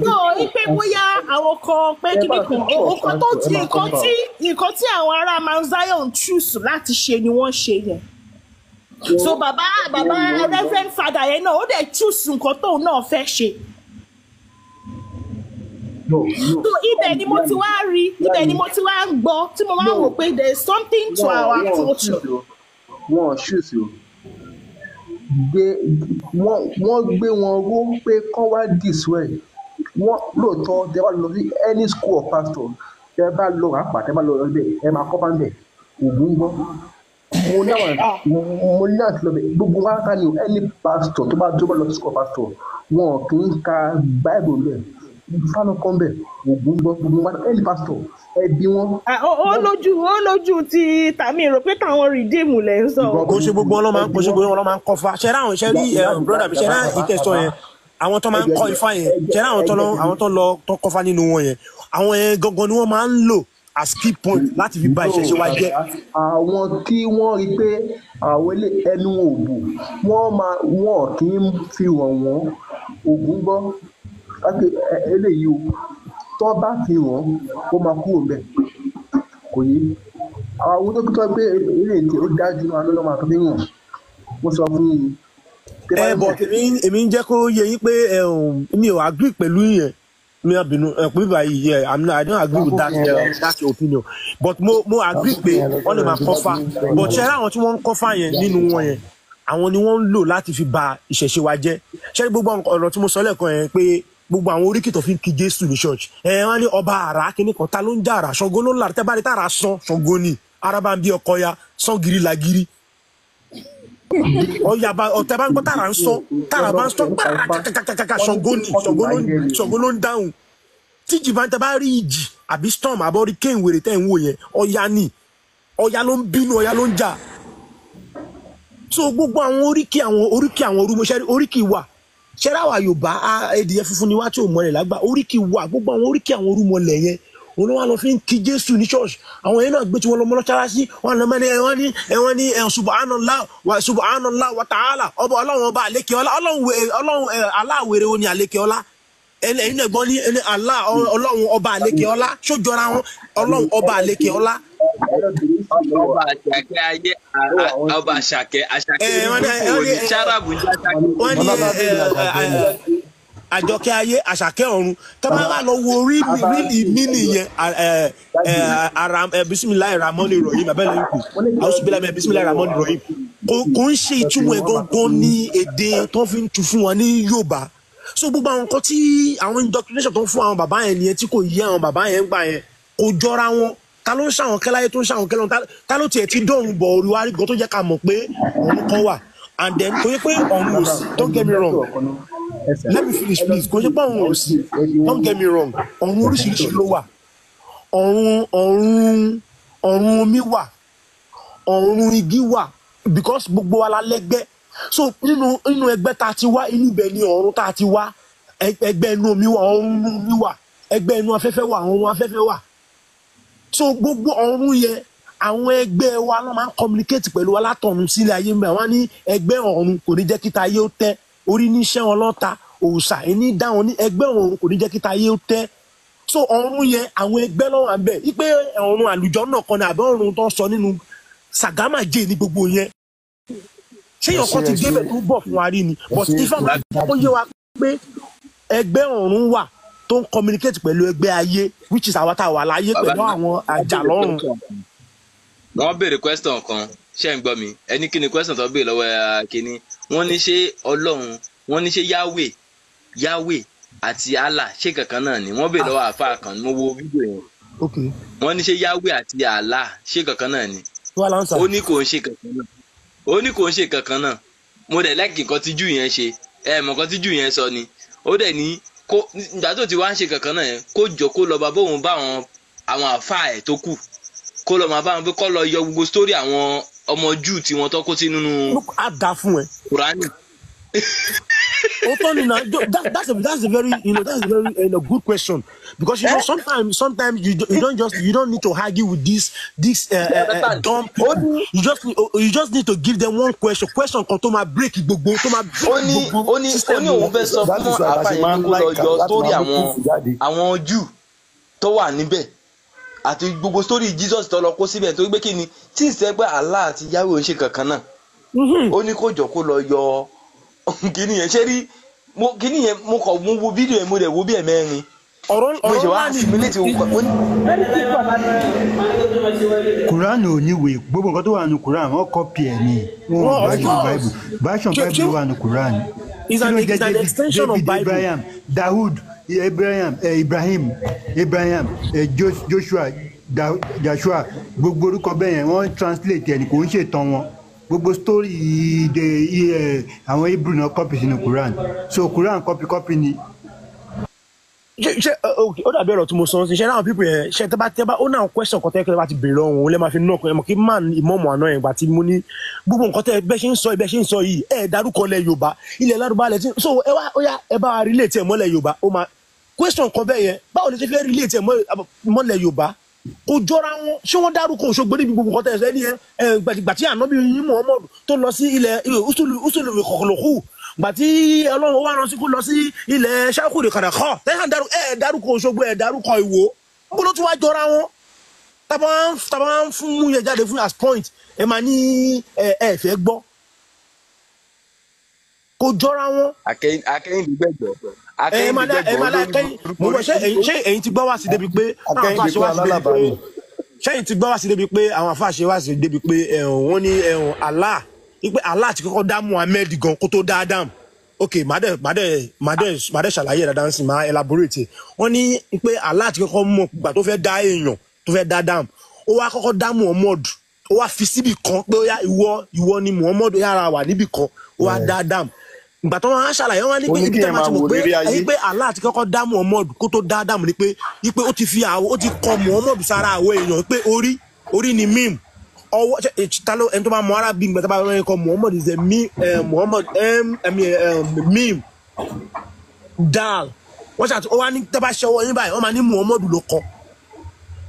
tó o ní pé bóyá àwọn kan pé kíbi kan nǹkan tó ti nǹkan tí nǹkan tí àwọn ará Mount Zion choose láti ṣe ni wọ́n ṣe yẹn so bàbá bàbá reverend father yẹn náà ó dẹ̀ choose nǹkan tóun náà fẹ́ ṣe so ibẹ̀ ni mo ti wá rí ibẹ̀ ni mo ti wá ń gbọ́ tí mo máa wò pé there is something to our culture. wọn ṣùṣù gbé wọn gbé wọn ró pé kán wá this way wọn lóòótọ́ tẹ bá lọ sí any school of pastor tẹ bá lọ àpà tẹ bá lọ ibẹ̀ ẹ máa kọ́ bá ń bẹ̀ ògùn gbọ́ mo ní àwọn mo ní àti lọ bẹ gbogbo wa ká ní any pastor tó bá tó bá lọ sí school of pastor wọn kì í ka bible lẹ́yìn ìfànà kan bẹ̀ ògùn gbọ́ gbogbo wọn ẹni pásítọ̀ ẹbí wọn. ó lójú ó lójú ti tàmí rò pé táwọn rìdíìmù lẹ̀ ń sọ. kò ṣe gbogbo wọn ló máa ń kò ṣe gbogbo wọn ló máa ń kọ́ fa ṣe ráhùn ṣe rí eh, broda mi ṣe rá ìtẹ̀sọ yẹn àwọn tó máa ń kọ́ ifá yẹn ṣe ráhùn tó àwọn tó lọ tó kọ́ fa nínú wọn yẹn àwọn yẹn gangan ni wọ́n máa ń lò as key point láti fi bá ìṣẹ̀ṣe wa jẹ́. àwọn tí wọ́n rí pé àwọn ilé ẹnu òògùn wọ́n máa wọ́n kì í fi hàn wọ́n òògùn gbọ́ kápẹ́ eléyìí o tó bá fi hàn ó máa kúrò bẹ́ẹ̀ kò yé àwọn dókítà pé eléyìí ó dájú máa lọ́lọ́ máa tó fi mo sọ fún yín. ẹ bọ̀ èmi ń jẹ́ kó yẹ yín pé mi ò agree pẹ̀lú yẹn mi ò bínú ẹ pé báyìí yẹ i'm not i don't agree with that uh, that opinion but mo mo agree pé wọ́n lè máa kọ́fà but ṣe àwọn tí wọ́n ń kọ́fà yẹn nínú wọn yẹn àwọn ni wọ́n ń lò láti fi ba ìṣẹ̀ṣe wa jẹ́ ṣé gbogbo ọ̀rọ̀ tí mo sọ lẹ́ẹ̀kan yẹn pé gbogbo àwọn oríkì tó fi ń kí jésù ní ṣọ́ọ̀ṣì ẹ wọn ní ọba àrà kíní kan ta ló ń já àrà ṣọgó ló ń là tẹ́ bá rí tààrà san ṣọgó ni araba ń bí ọkọ ya san giri la giri ọyàbá ọtẹ bá ń gbọ́ tààrà ń sọ tààrà bá ń sọ kàkàkàkà ṣọgó ni ṣọgó ló ń dáhùn tíjì bá ń tẹ bá rí ìjì àbí storm àbọ̀rí kéwìn wèrè tẹ́ ń wò yẹn ọya ni ọya ló ń bínú ọya ló ń jà so gbogbo àwọn oríkì àwọn oríkì àwọn orúmọṣẹ́ oríkì wà ṣẹ́ráwá yorùbá adìyẹ funfun ni wá tí ò mọ rẹ̀ lágbá oríkì wà gbogbo àwọn oríkì àwọn orúmọlẹ̀ yẹn òun ló wà lọ fi ń kí jésù ní ṣọ́ọ̀ṣì àwọn yẹn náà gbé tí wọ́n lọ mọ́ lọ́ṣáláṣí wọn lọ mẹ́ni ẹ̀wọ́n ní ẹ̀wọ́n ní subhanallah wa subhanallah wa ta'ala ọba ọlọ́run ọba àlékè ọlọ́run aláwèrè wo ni àlékè ẹ̀yin náà gbọ́n ní àlá ọlọ́run ọba àlékè ọlá ṣójọra wọn ọlọ́run ọba àlékè ọlá. ọba àṣàkẹ́ ayé ọba àṣàkẹ́ àṣàkẹ́ eh, ṣáràbù jẹ́ àṣàkẹ́. Eh, àjọkẹ́ ayé àṣàkẹ́ ọ̀run tọ́ba wà lọ wo orí mi nìyẹn ah, eh, bisimilayi ramoni rohim abẹ́lẹ̀ ikú àwọn bisimilayi ramoni rohim kò ń ṣe ìtumọ̀ ẹ̀ gangan ní èdè tó fi ń tu fún wọn ní Yorùbá so gbogbo àwọn nǹkan tí àwọn indoctrination tó ń fún àwọn bàbá yẹn nìyẹn tí kò yé àwọn bàbá yẹn gbà yẹn kò jọra wọn ta ló ń ṣàwọn kẹláyé tó ń ṣàwọn kẹlọ ta ló tiẹ̀ ti dọ̀rùn bọ̀ orí wa gan tó jẹ́ ká mọ̀ pé òun kan wà and then kò yẹ pé òun ò sí don't get me wrong let me finish please kò yẹ pé òun ò sí don't get me wrong ọ̀run oríṣiríṣi ló wà ọ̀run ọ̀run ọ̀run omi wà ọ̀run igi wà because gbogbo wa la lẹ́gbẹ́ so nínú nínú ẹgbẹ́ tá a ti wá inú ibẹ̀ ni ọ̀run tá a ti wá ẹgbẹ́ inú omi wà ọ̀run inú omi wà ẹgbẹ́ inú afẹ́fẹ́ wà ọ̀run afẹ́fẹ́ wà so gbogbo ọ̀run yẹn àwọn ẹgbẹ́ wa ló máa ń communicate pẹ̀lú wa látọ̀run sílẹ̀ ayé mi àwọn ní ẹgbẹ́ ọ̀run kò ní jẹ́ kíta ayé ó tẹ́ orí níṣẹ́ wọn lọ́ta òòṣà ẹni dáhùn ní ẹgbẹ́ ọ̀run kò ní jẹ́ kíta ayé ó tẹ́ so ọ̀run yẹn àwọn ẹgbẹ́ lọ́wọ́ àbẹ̀ wípé ọ̀run àlùjọ náà kan ní àbẹ́ ọ̀run tó ń sọ nínú sàgámàjẹ́ ní gbogbo yẹn ṣé yàn kan ti débẹ̀ tó bọ̀ fún wa rí ni but ifeanyi ó yé wa pé ẹgbẹ́ ọ̀run wà tó ń communicate pẹ̀lú ẹgbẹ́ ayé which is àwa tá a wà láyé pẹ̀lú àwọn àjà lọ́run. wọ́n béèrè question kan ṣé ń gbọ́ mi ẹni kí ni question tó béèrè lọ́wọ́ kínní wọ́n ní ṣé ọlọ́run wọ́n ní ṣé yahweh yahweh àti allah ṣé kankan náà ni wọ́n béèrè lọ́wọ́ àfa kan mo wo fídíò yẹn wọ́n ní ṣé yahweh àti allah ṣé kankan náà ni ó ní kò ń ṣe kankan náà ó ní kò ń ṣe kankan náà mo dẹ̀ láìkì nǹkan tí jù yẹn ṣe ẹ mọ̀ nǹkan tí jù yẹn sọ ni ó dẹ̀ ní kó ìgbà tó ti wá ń ṣe kankan náà yẹn kó jọ kó lọ bá bóun bá àwọn àwọn àfáà ẹ̀ tó kù kó lọ máa bá wọn pé kó lọ yọ gbogbo sítórì àwọn ọmọ jù tí wọ́n tọ́kọ́ sí nínú. a dá fún ẹ. kùránì oh, now, that, that's a that's a very you know that's a very you eh, good question because you know eh? sometimes sometimes you, do, you don't just you don't need to argue with this this uh, yeah, uh, dumb people. you just you just need to give them one question question kan tó máa break gbogbo tó máa break gbogbo. ó ní ó ní òun fẹ́ sọ fún àfàyẹ̀wò lọ́jọ́ sórí àwọn àwọn jù tó wà níbẹ̀ àti gbogbo sórí Jesus tó lọ kó síbẹ̀ tó gbé kí ni tí ìsẹ́gbẹ́ Allah àti Yahweh ń ṣe kankan náà mm-hmm. ó ní kó jọ kó lọ yọ ọ́. kìíní yẹn ṣé rí mo kìíní yẹn mo kọ mo wo fídíò yẹn mo dẹ̀ wo bí ẹ̀ mẹ́rin ọ̀rọ̀ ọ̀rọ̀ kuran ò ní wèé gbogbo nǹkan tó wà ní kuran wọn kọ́pì ẹ̀ ni wọn ò version bible version bible wà ní kuran kí ló jẹ́ david eh, ibrahim dahud ibrahim ibrahim eh, ibrahim joshua joshua gbogbo orúkọ bẹ́ẹ̀ yẹn wọ́n translate ẹ̀ ní kò ń ṣètàn wọn gbogbo story de e, e, àwọn hebrew náà copy sínú quran so quran copy copy ni. ṣe ó dàbí ọ̀rọ̀ tí mo sọ ọ́ sí ṣe náà pípẹ́ yẹn ṣe tẹ́bá tẹ́bá ó náà question kan tẹ́kẹ́ bá ti bèrè ọ̀hún lẹ́ẹ̀ máa fi nọ́ọ̀kù ẹ̀ kí man ìmọ̀ọ́mọ̀ àná yẹn gbà tí mo ní gbogbo nǹkan tẹ́ bẹ́ẹ̀ ṣe ń sọ ibẹ̀ ṣe ń sọ yìí ẹ̀ darúkọ lẹ̀ Yorùbá ilẹ̀ ládùúgbò alẹ̀ tí so ẹ wá ó yá ẹ bá wa relate ẹ̀ mọ́lẹ̀ Yorùbá ó máa question kan bẹ́ẹ̀ yẹn báwo ni ṣe fẹ́ relate ẹ̀ mọ́lẹ̀ Yorùbá kò jọra wọn ṣé wọ́n dárúkọ Òṣogbo níbi gbogbo kọtẹ ẹsẹ ẹni ẹ gbàtìgbà tí ànábì yín Muhammadu tó lọ sí ilẹ̀ usulu kọkọlọkù gbàtí Ọlọ́run wa ránṣẹ́ kó lọ sí ilẹ̀ ṣàkóso kàdàkọ tẹsán dárúkọ Òṣogbo ẹ dárúkọ Ìwó níbo ló tún wá jọra wọn tàbá ń fún mú yẹn jáde fún as point ẹ máa ní ẹ ẹ fẹ́ gbọ́ kò jọra wọn. akẹ́yìn akẹ́yìn ló gbẹ̀gbọ́ ẹ máa ẹ máa kẹ́yìn mo bọ ṣé ẹ̀yin ti gbọ́ wá sí débi pé àwọn àfàṣe wá sí débi pé ṣẹ́yìn ti gbọ́ wá sí débi pé àwọn àfàṣe wá sí débi pé wọ́n ní Allah wípé Allah ti kọ́kọ́ dá Muhammed gan kó tó dá Adam ok màdẹ màdẹ màdẹ màdẹ ṣàlàyé ẹ̀dá dáńsì máa elaborate e. wọ́n ní pé Allah ti kọ́kọ́ mọ̀ gbà tó fẹ́ dá èèyàn tó fẹ́ dá Adam ó wá kọ́kọ́ dá Muhammed ó wá fi síbì kan pé ó yá ìwọ ìwọ ni Muhammed yára wà níbì kan ó wá dá Adam ìgbà tó wọn á ṣàlàyé wọn ní pé ibi tẹ́ máa ti mọ̀ pé ẹni pé Allah ti kọ́kọ́ dá Muhammad kó tó dá Ádámù ni pé wípé ó ti fi àwọ̀ ó ti kọ Muhammad sára àwọ̀ èèyàn pé orí orí ni mím ọwọ́ talo ẹni tó bá mọ Arabic gbẹ̀tà bá rẹ̀ kọ Muhammad is a mím Muhammad mím dal wọ́n ṣàtúnwá ní tẹ́ bá ṣe yín báyìí wọ́n máa ní Muhammad ló kọ́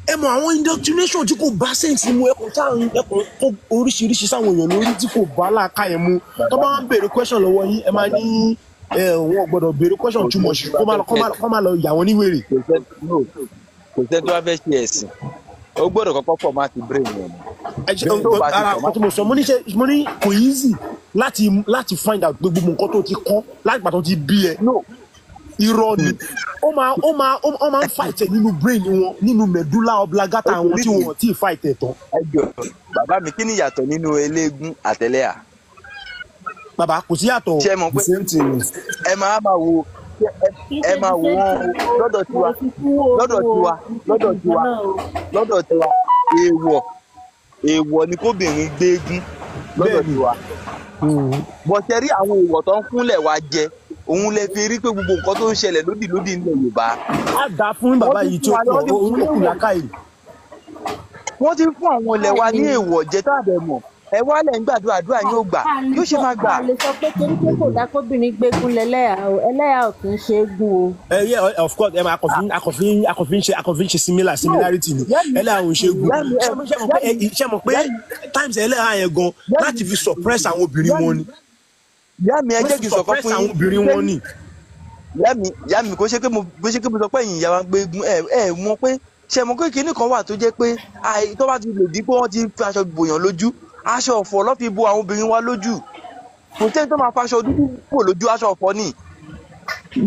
ẹ mọ àwọn indoctrination tí kò bá sẹ́ǹsì mu ẹkùn táwọn ẹkùn kó oríṣiríṣi sáwọn èèyàn lórí tí kò bá làákà ẹ̀ mu tó bá ń béèrè question lọ́wọ́ yín ẹ máa ní ẹ wọn gbọ́dọ̀ béèrè question too much kó má lọ yà wọ́n ní wèrè. kò sẹ́ni tó bá fẹ́ ṣe ẹ̀sìn o gbọ́dọ̀ kọ́kọ́ pọ̀ máa ti brain yẹn. ara ọtí mo sọ mo ní ṣe mo ní kò easy láti láti find out gbogbo nǹkan tó ti kọ́ láti gbà tó ti bí ẹ irọ́ ni hmm. ó máa ó máa ó máa ń fight ẹ̀ nínú brain wọn nínú medulla oblongata wọn tí wọn ti fight ẹ̀ tán. ẹ jọ bàbá mi kí ni ìyàtọ̀ nínú eléégún àtẹlẹ́à. bàbá kò sí yàtọ̀ ṣe mọ̀ pé ẹ máa máa wo ẹ máa wo wọn lọ́dọ̀ tiwa lọ́dọ̀ tiwa lọ́dọ̀ tiwa lọ́dọ̀ tiwa èèwọ̀ èèwọ̀ ni kóbìnrin gbéégún lọ́dọ̀ tiwa hmm. bọ̀ṣẹ̀rí àwọn èèwọ̀ tó ń kúnlẹ̀ wá jẹ òun lẹ fi rí pé gbogbo nǹkan tó ń ṣẹlẹ̀ lódì lódì nílẹ̀ Yorùbá. a dà fún bàbá yìí tó pọ̀ òun ló kù lákàyè. wọ́n ti fún àwọn ilẹ̀ wa ní èèwọ̀ jẹ́ tá a ẹ wá lẹ̀ ń gbàdúrà àdúrà yóò gbà yóò ṣe máa gbà. a sọ pé torí pé kò dá kóbìnrin gbégun lẹ́lẹ́yà o ẹlẹ́yà ò kì í ṣe é gún o. ẹ yẹ of course ẹ máa akọfin akọfin akọfin ṣe akọfin ṣe similar similarity ni ẹlẹ́yà ò ṣe é gún ṣé mo pé times ẹlẹ́yà yẹn gan láti fi suppress àwọn obìnrin wọn ni yá mi ẹ jẹ́ kí n sọ̀kan fún yín yá mi yá mi kò ṣe pé mo kò ṣe pé mo sọ pé ẹ̀yin ìyá wa ń gbé ẹ ẹ mọ̀ pé ṣe mọ̀ pé kinní kan wà tó jẹ́ pé àì tó bá ti lè di pé wọ́n ti fi aṣọ bòyàn lójú aṣọ ọ̀fọ̀ lọ́ fi bo àwọn obìnrin wa lójú kò sẹ́ni tó máa fa aṣọ dúdú kò lójú aṣọ ọ̀fọ̀ nìyí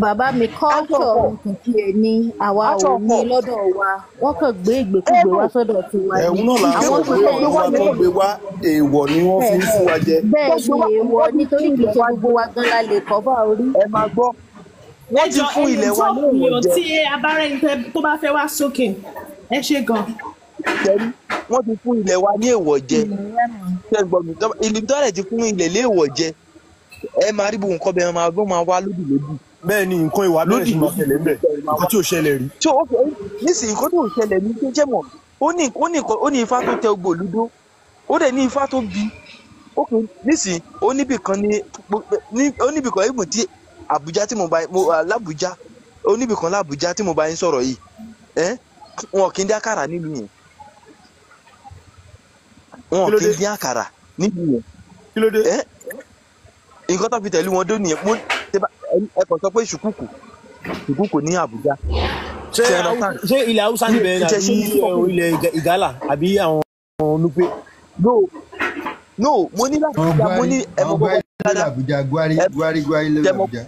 bàbá mi kọ́ọ̀tọ̀ kìkìkì ni àwa ò ní lọ́dọ̀ wa wọ́n kàn gbé ìgbékúgbé wá sọ́dọ̀ tí wa ni. ẹ̀hún náà làwọn tó gbé wá tó gbé wá èèwọ̀ ni wọ́n fi ń fún wa jẹ. bẹ́ẹ̀ ni èèwọ̀ nítorí kì í ṣe gbogbo wa gan la lè kọ́ bá orí. ẹ máa gbọ́ wọ́n ti fún ilẹ̀ wa ní ìwọ̀n jẹ. tí abárẹ́ni tó bá fẹ́ wá sókè ẹ ṣe gan. wọ́n ti fún ilẹ̀ wa ní èèwọ̀ jẹ ìlú tó rẹ̀ ti fún ilẹ̀ lé èèwọ̀ jẹ ẹ máa rí gbogbo nǹkan bẹ́ẹ̀ máa gbọ́ máa wá lódì lódì bẹ́ẹ̀ ni nǹkan ìwà bẹ́ẹ̀ sì máa ṣẹlẹ̀ ńbẹ̀ nǹkan tí ò ṣẹlẹ̀ rí. tí o fẹ́ nísìnyí nǹkan tí ò ṣẹlẹ̀ ní ṣé jẹ́mọ̀ ó ní ó ní ó ní ifá tó tẹ ogbò lúdó ó dẹ̀ ní ifá tó bi ókè nísìnyí ó níbì kan ní ó níbì kan ibùn tí Àbújá tí mo bá mo l'Àbújá ó níbì kan l'Àbújá tí mo bá yín sọ̀rọ̀ yìí ẹ́ wọn kì í dín àkàrà nílùú yẹn wọn kì í dín àkàrà nílùú yẹn kí ló tó fi tẹ̀lé wọn dó nìyẹn ẹkọ sọ pé ṣùkùkù ṣùkùkù ní Àbújá. ṣé ilẹ̀ haúsá níbẹ̀ àbí eh, ilẹ̀ ìgálà àbí àwọn olùpẹ̀. no no mo ní láti ṣe mo ní ẹmọ gbọgbọ ládá Àbújá gwari gwari gwari lórí Àbújá.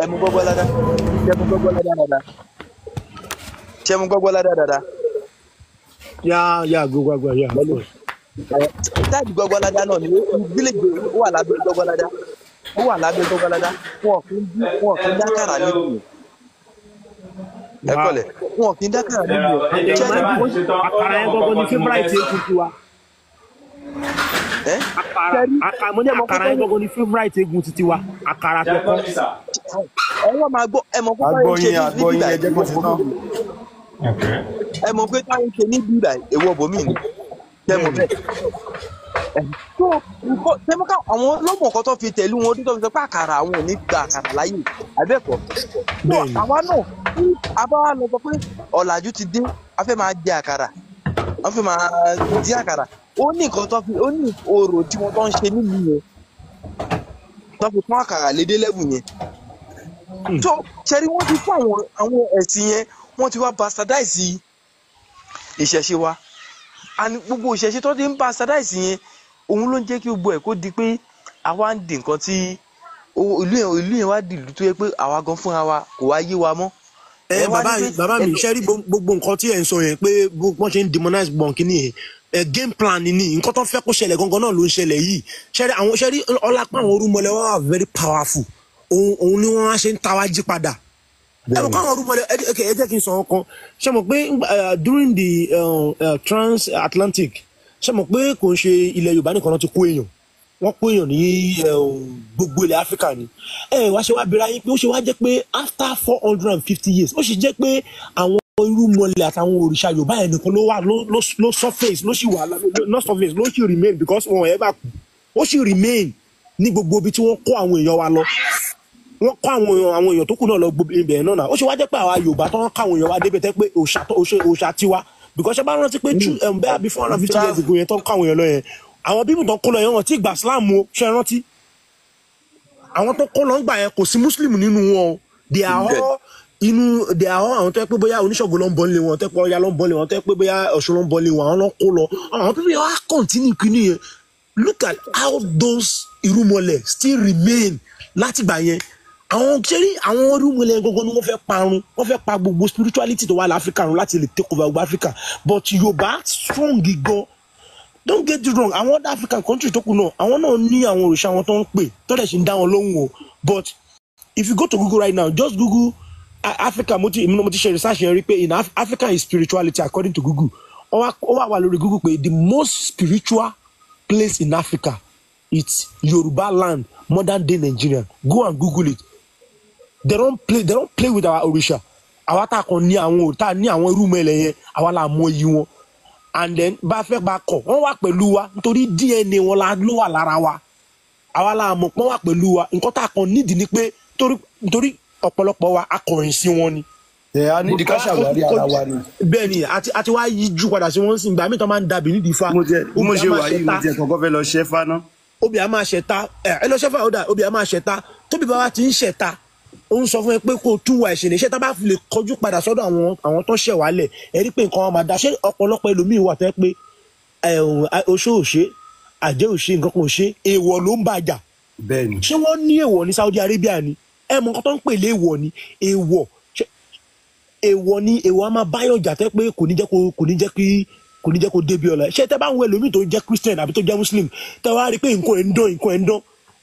ẹmọ gbọgbọ ládá ẹmọ gbọgbọ ládá dáadáa ṣé mo gbọgbọ ládá dáadáa. yá yá gbogbo àgbà yá. táàbì gbọgbọ ládá náà ni village wà lábẹ́ gbọgbọ ládá ó wà lábẹ́ tó gbalada wọn kì í bí wọn kì í dákàrà níbi rẹ̀ ẹ kọ́lẹ̀ wọn kì í dákàrà níbi rẹ̀ ṣẹ́ni bí wọ́n ṣe àkàrà yẹn gbọ́gbọ́ ní fíbráìtì egungun wa àkàrà yẹn gbọ́gbọ́ ní fíbráìtì egun titi wa àkàrà tó kọ́. ẹ wọ́n máa gbọ́ ẹ mọ̀ pé báyìí ń ṣe ní bíbá ẹ mọ̀ pé báyìí ń ṣe ní bíbá ìwọ bòmí ni ẹ mọ̀ bẹ́ẹ̀ so nǹkan tẹmọ́ká àwọn lọ́mọ nǹkan tó fi tẹ̀lé wọn dídọ́ fi sọ pé àkàrà àwọn ò ní gba àkàrà láyè àbẹ́ẹ̀kọ́ so àwa náà tí a bá lọ sọ pé ọ̀làjú ti dé a fẹ́ máa jẹ àkàrà a fẹ́ máa jẹ àkàrà ó ní nǹkan tó fi ó ní orò tí wọ́n tó ń ṣe nílùú yẹn tó fi fún àkàrà lédè lẹ́bù yẹn hmm. so ṣẹ́rí wọ́n ti fún àwọn ẹ̀sìn yẹn wọ́n ti wá bastardize ìṣẹ̀ṣe wa and gbogbo ìṣẹ̀ṣe tó ti ń bastardize yẹn òun ló ń jẹ́ kí gbogbo ẹ̀ kó di pé àwa ń di nǹkan tí ìlú yẹn ìlú yẹn wá di ìlú tó yẹ pé àwa gan fúnra wa kò wá yé wa mọ́. ẹ bàbá bàbá mi ṣẹ́rí gbogbo nǹkan tí ẹ̀ ń sọ yẹn pé wọ́n ṣe ń demonize bọ̀ǹkì nìyẹn ẹ game plan ni nǹkan tó fẹ́ kó ṣẹlẹ̀ gangan náà ló ń ṣẹlẹ̀ yìí ṣẹ́rí àwọn ṣẹ́rí ọlápá àwọn orúmọlẹ̀ very powerful òun ni wọ́n á ṣe ń tawa jí padà ẹ̀rọ káwọn orúkọ rẹ ẹ jẹ́ kí n sọ ọ́ ṣe mọ̀ pé during the uh, uh, transatlantic ṣe mọ̀ pé kò ń ṣe ilẹ̀ Yorùbá nìkan náà ti kó èèyàn wọ́n kó èèyàn ní um, gbogbo ilẹ̀ Áfíríkà ni ẹ wá ṣe wá bẹ̀rẹ̀ ayé pé ó ṣe wá jẹ́ pé after four hundred and fifty years ó ṣe jẹ́ pé àwọn irúnmọlẹ̀ àtàwọn òrìṣà Yorùbá yẹn nìkan ló wà ló surface ló sì wà ló surface ló sì remain because wọn ẹ̀ bá kú ó sì remain ní gbogbo ibi tí wọ́n kó àwọn èèyàn wa lọ wọ́n kọ́ àwọn àwọn èèyàn tó kù náà lọ gbogbo ibẹ̀ náà náà ó ṣe wá jẹ́ pé àwa yorùbá tó ń káwọn èèyàn wa débẹ̀ tẹ́ pé òòṣà tiwa because ṣe bá rántí pé two um, bẹ́ẹ̀ bí four hundred fifty years ago yẹn tó ń káwọn èèyàn lọ yẹn àwọn bíbù tó ń kó lọ yẹn wọn tí ìgbà sílámù o ṣe rántí àwọn tó kó lọ ń gbà yẹn kò sí muslim nínú wọn o they inú they are àwọn tó yẹ pé bóyá oníṣògo ló ń bọ́ lé wọn tó yẹ pé ọya ló ń bọ́ lé wọn tó yẹ pé bóyá ọ̀ṣun ló ń bọ́ lé wọn àwọn ló ń kó lọ àwọn bíbù yẹn wá continue kínní yẹn look at how those irúmọlẹ̀ still remain látìgbà yẹn àwọn ṣẹ́rí àwọn orúmọlẹ̀ gbogbo ni wọ́n fẹ́ parun wọ́n fẹ́ pa gbogbo spirituality tó wà láfíríkà run láti lè take over gbogbo áfíríkà but yorùbá strong gan don't get it wrong àwọn other african country tó kù náà àwọn náà ní àwọn òrìṣà wọn tó ń pè tọ́lẹ̀ sì ń dá wọn lóhùn o but if you go to google right now just google africa mo ti mo ti ṣe research yẹn rí pé in Af africa is spirituality according to google ó wà wà lórí google pé the most spiritual place in africa it's yorùbá land modern day nigeria go and google it they don't play they don't play with our òrìṣà àwa tá a kàn ní àwọn òrìṣà ní àwọn irú mẹ́lẹ̀ yẹn àwa là mọ iyì wọn and then bá fẹ́ bá kọ̀ wọ́n wà pẹ̀lú wa nítorí DNA wọn ló wà lára wa àwa là mọ̀ pọ́n wà pẹ̀lú wa nǹkan tá a kàn nídìí ni pé nítorí ọ̀pọ̀lọpọ̀ wa akọ̀yìn sí wọn ni. ẹ a ní ìdíkà ṣàwárí ara wa ni. bẹ́ẹ̀ ni àti àti wá yí ju padà sí wọn sí ìgbà míì tán máa ń dàbí nídìí fa. mo jẹ mo ṣe wà yìí mo jẹ kankan fẹ́ lọ ṣẹfá náà. obì a máa ṣẹta ẹ lọ ṣẹfá ọdà obì a máa ṣẹta tóbi bá wa ti ń ṣẹta ó ń sọ fún ẹ pé kó o túwà ìṣẹ̀lẹ̀ iṣẹ́ tá bá fi lè kọjú padà sọ́dọ̀ àwọn àwọn tó ṣẹ̀ wálẹ̀ ẹ rí pé nǹkan wọn máa da ṣé ọ̀pọ̀lọpọ̀ ẹlòmíín wà tó yẹ pé oṣó òṣè àjẹ́ òṣè nǹkan kan òṣè èèwọ̀ ló ń bàjà ṣé wọ́n ní èèwọ̀ ní Saudi Arabia ni ẹ mọ nǹkan tó ń pè lé èèwọ̀ ni èèwọ̀ èèwọ̀ ni èèwọ̀ á máa báyọ̀ jà tẹ́ pé kò ní jẹ́ kò ní jẹ́ kí kò ní jẹ́ kó débi ọ̀la ṣé tẹ́ bá ń wo ẹlòmíì tó jẹ́ Christian àbí tó jẹ́ Muslim tẹ́ wá rí pé nǹkan ẹ̀ ń dán nǹkan ẹ̀ ń dán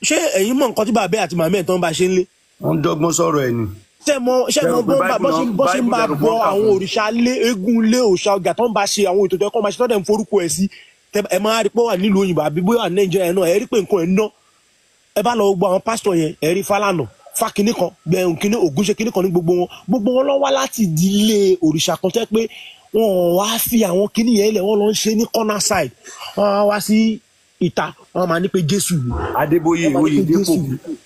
ṣé ẹ̀yin mọ̀ nǹkan tí bàbá àti màmá ẹ̀ tán bá ṣe ń lé wọ́n dọ́gbọ́n sọ̀rọ̀ ẹ̀ ni. sẹ́mọ sẹ́mọ bó ṣe ń bá bọ àwọn òrìṣà lé eégún lé òòṣà ọ̀gà tó ń bá ṣe àwọn ètò ìjọkọ́ máa ṣe tọ́dẹ̀ ń forúkọ ẹ̀ sí ẹ máa rí pé wà nílùú òyìnbó àbí bóyá wà nàìjíríà náà ẹ rí pé nǹkan ẹ̀ ná ẹ bá lọ gbọ́ àwọn pásítọ̀ yẹn ẹ rí Fálànà fákinní kan gbẹ̀hùn kínní ògúnṣe kínní kan ní gbogbo wọn gbogbo wọn lọ wá láti ìdílé òrìṣà kan tẹ́ pé wọn wá fi àwọn kínní yẹn lẹ̀ wọ́n lọ ń ṣe ní corner side wọ́n wá sí ìta wọ́n máa ní pé Jésù. Adébóyè Oyèdépò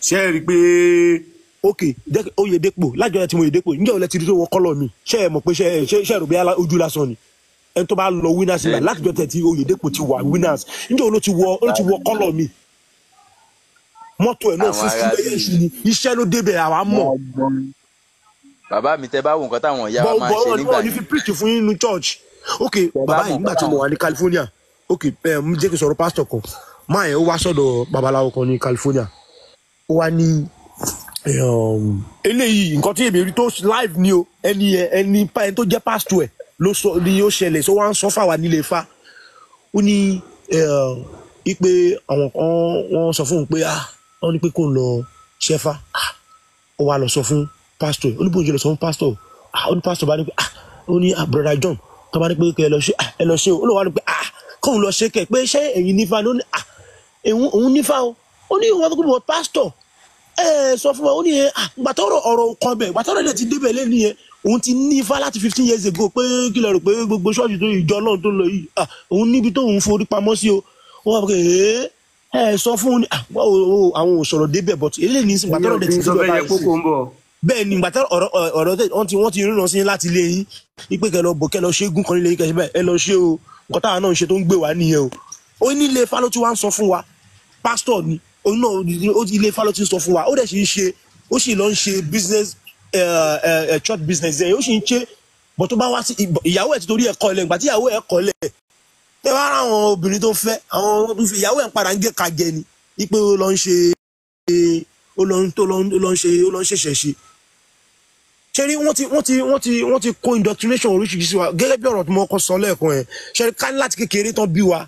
ṣe é rí i pé ok Oyèdépò lájọ ti mọ Oyèdépò ǹjẹ́ o lẹ ti rí tó wọ kọ́lọ̀ mi ṣé ẹ mọ̀ pé ṣé ẹ ṣé ẹ rò bí ojú lásán ni ẹni tó bá lọ winners nígbà látijọ́ tẹ̀ tí Oyèdépò ti wà winners ǹjẹ́ o ló ti wọ o ló ti wọ kọ́lọ̀ mi mọ́tò ẹ̀ náà fún fún bẹ́yẹ̀ ṣù ni iṣẹ́ ló débẹ̀ àwa mọ̀. bàbá mi tẹ bá wo nǹkan táwọn ìyá wa máa ṣe nígbà yìí. bọ́ọ̀ ní fi preach fún yín ní church ok bàbá yìí nígbà tí mo wà ní California ok jẹ́ kí n sọ̀rọ̀ pastor kan máa yẹn ó wá sọ́dọ̀ babaláwo kan ní California ó wá ní Um, eléyìí nǹkan tí èmi rí tó live ni o ẹni ẹni ẹni tó jẹ́ pásítọ̀ ẹ̀ ló sọ ni ó ṣẹlẹ̀ sọ wá ń sọ fáwa nílé fa ó ní ipe um, àwọn kan wọ́n sọ fún un pé ah wọ́n ní pé kó n lọ ṣẹ́fà ah, ó wá lọ sọ fún pásítọ̀ ó ní bóun ṣe lọ sọ fún pásítọ̀ ah, ó ní pásítọ̀ bá ní pé ah ó ní ah, brother John tó bá ní pé kí ẹ lọ ṣe ẹ lọ ṣe o ó lọ wá ní pé ah kóun lọ ṣe kẹ pé ṣé ẹ̀yin nífa ni ní ah òun nífa o ó ní ìwọ́n tó kó bọ̀ pásítọ̀ ẹ eh, sọ fún wa ó ní yẹn ah, gbàtọrọ ọ̀rọ̀ nǹkan bẹ gbàtọrọ ilẹ̀ ti débẹ̀ lẹni yẹn òun ti ní ifá láti fifteen years ago pé kí lè rò pé gbogbo ṣọ́ọ̀ṣì tó ìjọ náà tó lọ yìí ah, òun níbi tó ń forí pamọ́ sí o ó wà pé ẹ eh, ẹ sọ fún un ah, àwọn ò sọ̀rọ̀ débẹ̀ but eléyìí ní sìn gbàtọrọ ilẹ̀ ti débẹ̀ báyìí bẹ́ẹ̀ ni gbàtà ọ̀rọ̀ ọ̀rọ̀ tẹ wọn ti wọn ti ríran sí láti ilé yín ipe kẹlọ bò kẹlọ ṣẹ́gun kan nílé yín kẹsì báyìí ẹ lọ ṣe o nǹkan táwọn náà ń ṣe tó ń gbé wá nìyẹn o ó ní ilé ifá ń sọ fún wa pásítọ̀ ni òun oh, náà ó ilé Ifá ló ti sọ fún wa ó dẹ̀ sì ń ṣe ó sì lọ ń ṣe business eh, eh, eh, church business ẹ̀ ó sì ń ṣe bọ̀ tó bá wá sí ìyàwó ẹ̀ ti torí ẹ̀ kọ́ ilẹ̀ ìgbà tí ìyàwó ẹ̀ kọ́ ilẹ̀ pé wá ra àwọn obìnrin tó fẹ́ àwọn tó fi ìyàwó ẹ̀ ń padà ń gé ka jẹ ni wípé ó lọ ń ṣe ó lọ ń tó lọ ń ṣe ó lọ ń ṣẹ̀ṣẹ̀ ṣe. ṣẹ́rí wọ́n ti wọ́n ti wọ́n ti wọ́n ti kó indoctrination oríṣiríṣi wa gẹ́gẹ́ bí ọ̀rọ̀ tí mo kọ́ sọ lẹ́ẹ̀kan yẹn ṣẹ́rí ká láti kékeré tán bí wa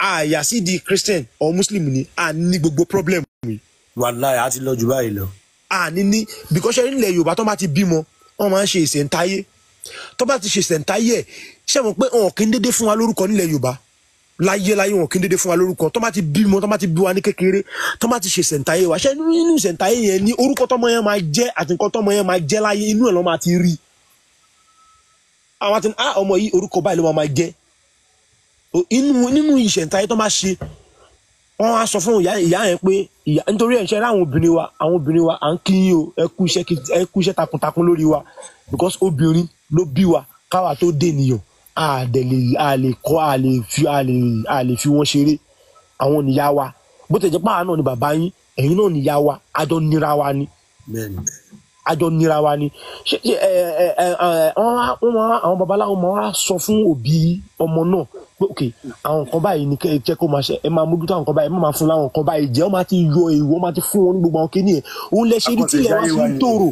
àyàsí di christian or muslim ni a ní gbogbo problem yìí. wàláì a ti lọ jù báyìí lọ. a ní ní because ṣe nílẹ̀ yorùbá tó bá ti bímọ wọn máa ń ṣe ìṣẹ̀ǹtáyé tó bá ti ṣe ìṣẹ̀ǹtáyé ẹ̀ ṣe mọ̀ pé wọn kì í dédé fún wa lórúkọ nílẹ̀ yorùbá láyé láyé wọn kì í dédé fún wa lórúkọ tó bá ti bímọ tó bá ti bí wa ní kékeré tó bá ti ṣe ìṣẹ̀ǹtáyé wa ṣe nínú ìṣẹ̀ǹtáyé yẹn ní orúkọ tọmọ yẹn yẹn inú nínú ìṣẹ̀ntayé tó máa ṣe wọ́n á sọ fún ìyá yẹn pé nítorí ẹ̀ ń ṣe rá obìnrin wa àwọn obìnrin wa à ń kí yín o ẹ kú iṣẹ́ ẹ kú iṣẹ́ takuntakun lórí wa because obìnrin ló bí wa káwa tó dé nìyàn a dẹ̀ lè a lè kọ́ a lè fi a lè a lè fi wọ́n ṣeré àwọn nìyá wa bó tẹ̀ jẹ́ pàwọn náà ni bàbá yín ẹ̀yin náà nìyá wa a wa ni àjọ nira wa ni ṣe ẹ ẹ ẹ wọn wá àwọn babaláwo máa wá sọ fún òbí ọmọ náà pé ok àwọn nǹkan báyìí ni kẹ́ ẹ jẹ́ kó máa ṣe ẹ máa mójútó àwọn nǹkan báyìí ẹ má máa fún láwọn nǹkan báyìí jẹ́ ọ máa ti yọ èèwọ̀ máa ti fún wọn ní gbogbo àwọn kéènì ẹ̀ òun lẹ ṣe rí tílẹ̀ wá sí ń tòrò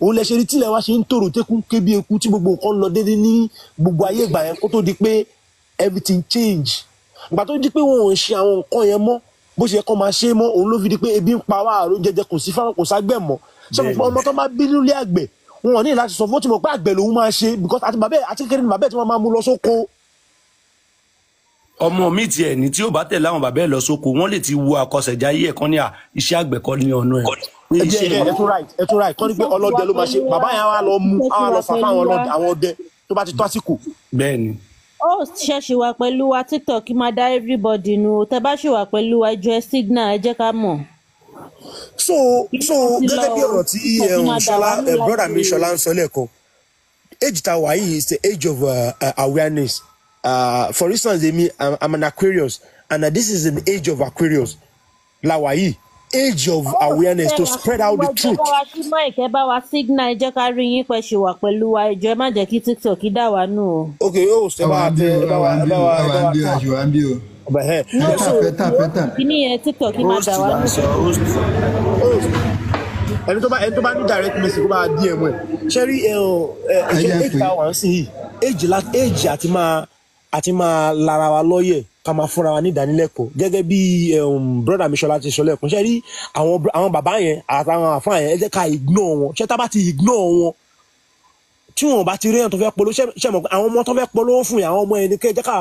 òun lẹ ṣe rí tílẹ̀ wá sí ń tòrò tẹ́kùn kébí eku tí gbogbo nǹkan lọ déédéé ní gbogbo ayé ìgbà yẹn kó tó di pé everything change ìgbà tó di pé wọn ò ṣe àwọn nǹkan yẹn mọ́ bó ṣe kọ́ máa ṣe mọ́ òun ló fi di pé ebi ń pa wá àrùn jẹjẹ kò sí fáwọn kò ságbẹ̀ mọ́ sọ fún ọmọ tó bá bí nílé àgbẹ̀ wọn ò ní láti sọ fún ó ti mọ̀ pé àgbẹ̀ lòun máa ṣe because àti bàbá àti kékeré ni bàbá ẹ̀ tí wọ́n máa mú lọ sóko. ọmọ mi ti ẹ̀ ní tí ó bá tẹ̀lé àwọn bàbá ẹ̀ lọ sóko wọ́n lè ti wo àkọsẹ̀jáyé ẹ̀ kan ní à iṣẹ́ àgbẹ̀ kọ́ ní ọ̀nà ẹ̀ ẹ jẹ ẹ tún right ẹ tún right kọ́ ni pé ọlọ́dẹ ló máa ṣe bàbá yẹn á lọ mú á lọ fà fáwọn ọlọ́dẹ àwọn ọdẹ tó bá ti tó àsìkò. bẹ́ẹ̀ni. ó ṣẹ̀ṣì wà pẹ̀lú wa tiktok máa dá everybody nu tẹ bá ṣì wà pẹ̀lú wa ẹjọ́ ẹ signal ẹ jẹ́ ká mọ̀ so so gẹ́gẹ́ bí ọ̀rọ̀ tí um, ṣọlá eh, broda mi ṣọlá ń sọ lẹ́ẹ̀kan age ta wà yìí is the age of uh, uh awareness uh, for instance èmi I'm, an Aquarius and uh, this is an age of Aquarius la wà yìí age of oh, awareness to spread out the truth. ẹ bá wa sí mike ẹ bá wa signal ẹ jẹ́ ká rí yín pẹ́ ṣe wà pẹ̀lú wa ẹ ẹ má jẹ́ kí tiktok dà wá nù ok yóò ṣe bá wa tẹ ẹ bá wa ẹ bá wa ẹ bá wa tẹ bẹ́ẹ̀. pẹ́tà pẹ́tà. kíní yẹn tiktok yìí máa dà wá. ẹni tó bá ẹni tó bá ní direct message kó bá dm ẹ ṣe rí ẹ ọ ẹ ṣe eight hours sí yìí èjì èjì àti máa àti máa lara wa lọ́yẹ̀ ká máa fúnra wa ní ìdánilẹ́kọ̀ọ́ gẹ́gẹ́ bí um, broda misola ti sọ lẹ́kùn ṣe rí àwọn bàbá yẹn àtàwọn àfa yẹn ẹ jẹ́ ká ignore wọn ṣe tá bá ti ignore wọn tí wọn bá ti rí èèyàn tó fẹ́ polówó ṣe mọ̀ àwọn ọmọ tó fẹ́ polówó fún yà àwọn ọmọ ẹni kẹ́ jẹ́ ká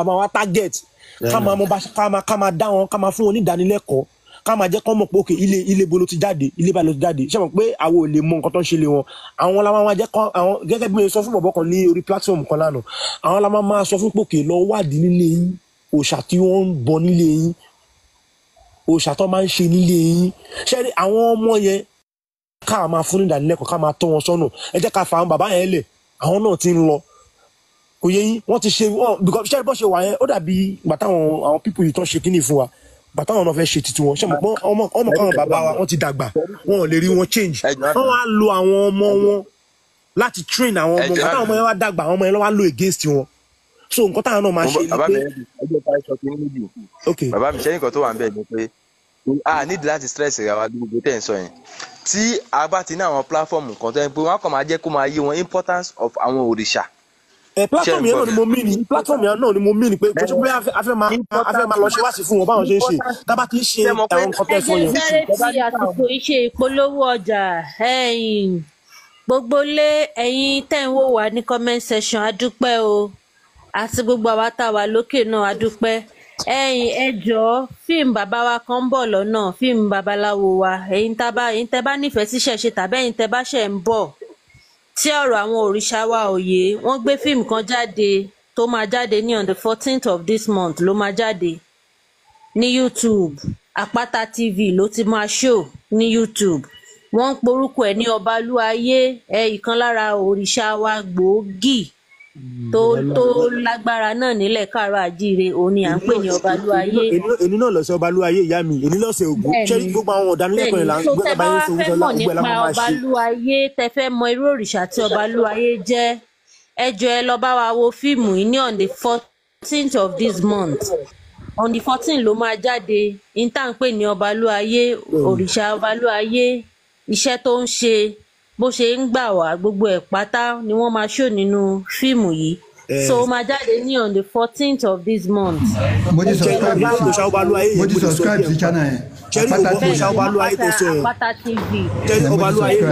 ká máa mọ bá ká máa dá wọn ká máa fún wọn ní ìdánilẹ́kọ̀ọ́ ká máa jẹ́ kọ́ mọ̀ pé òkè ilé ilé bolo ti jáde ilé balẹ̀ ti jáde ṣé mo pé àwọn ò lè mọ nǹkan tó ń ṣe lé wọn àwọn la máa jẹ́ kọ́ àwọn gẹ́gẹ́ bí mo sọ fún bọ̀bọ̀ kan ní orí platform kan lánàá àwọn la máa sọ fún pòkè lọ wádìí nílé yín òòṣà tí wọ́n ń bọ nílé yín òòṣà tó máa ń ṣe nílé yín ṣé àwọn ọmọ yẹn ká máa fún ní ìdánilẹ́kọ̀ọ́ ká máa tọ́ wọn sọ́nà ẹ jẹ́ ká fa àwọn bàbá yẹn lẹ̀ àwọn náà ti ń lọ kò yẹ yín wọ́n ti ṣe wọ́n because ṣé bó ṣe wà yẹn ó dàbí gbàtàwọn àwọn pípò yìí tán ṣe kíní fún wa gbàtàwọn náà fẹ́ ṣe titi wọn ṣé mọ̀ ọmọ káwọn bàbá wa wọ́n ti dàgbà wọn ò lè rí wọn change wọ́n wá lo àwọn ọmọ wọn láti train àwọn ọmọ gbàtàwọn ọmọ yẹn wá dàgbà àwọn ọmọ yẹn wá lo against wọn so nǹkan táwọn náà máa ṣe ni pé. bàbá mi ṣe nǹkan tó wà ń ni pé a need láti stress ra gbogbo tẹ̀ ń sọ yẹn tí a bá ti ní àwọn platform kan tó yẹ pé wọ́n á kàn máa jẹ́ kó máa yé wọn importance of àwọn òrìṣà Eh, platform yẹn náà ni mo mí ni platform yẹn náà ni mo mí ni pé kò pé a fẹ́ máa a fẹ́ máa lọ ṣe wáṣí fún wọn báwọn ṣe ń ṣe tábà kì í ṣe àwọn nǹkan tẹ̀ fún yẹn. ẹ jẹ́ sáré ti àsìkò iṣẹ́ ìpolówó ọjà ẹ̀yìn gbogbo lé ẹ̀yin tẹ̀ ń wò wá ní comment section adúpẹ́ o àti gbogbo àwa tá a wà lókè náà adúpẹ́ ẹ̀yin ẹ jọ̀ọ́ fíìmù bàbá wa kan ń bọ̀ lọ́nà fíìmù babaláwo wa ẹ̀yin tẹ́ bá nífẹ̀ẹ́ tíṣẹ̀ ṣe tàbẹ́yìn tẹ́ bá ṣẹ̀ ń bọ̀ tí ọ̀rọ̀ àwọn òrìṣà wa ò yé wọ́n gbé fíìmù kan jáde tó máa jáde ní on the fourteenth of this month ló máa jáde ní YouTube Àpáta TV ló ti máa show ní YouTube wọ́n ń porúkọ ẹ̀ ní Ọbalúayé ẹ̀ ìkan lára òrìṣà wa gbòógì Hmm, tó tó lágbára náà nílẹ̀ káàárọ̀ àjíire òun ni à ń pè ní ọbalúayé. èní náà lọ́sẹ̀ ọbalúayé ìyá mi èní lọ́sẹ̀ ògùn ṣé gbogbo àwọn ọ̀dánilẹ́kọ̀ọ́ ìlànà gbé ọba yẹn sọ wíṣọ láwọn gbé ẹlẹ́kọ̀ọ́ máa ṣe. ọbalúayé tẹ fẹ́ mọ irú òrìṣà tí ọbalúayé jẹ́ ẹ jọ ẹ lọ wa wo fíìmù yìí ní on the fourteenth of this month on the fourteen ló máa jáde intan pè ní ọbalúayé hmm. òrìṣà ọbalúayé iṣẹ́ tó ń ṣe bó ṣe ń gbà wá gbogbo ẹ̀ pátá ni wọ́n máa ṣó nínú fíìmù yìí so ó máa jáde ní on the fourteenth of this month. mo ti subscribe mo ti subscribe sí channel yẹn àpáta tv àpáta tv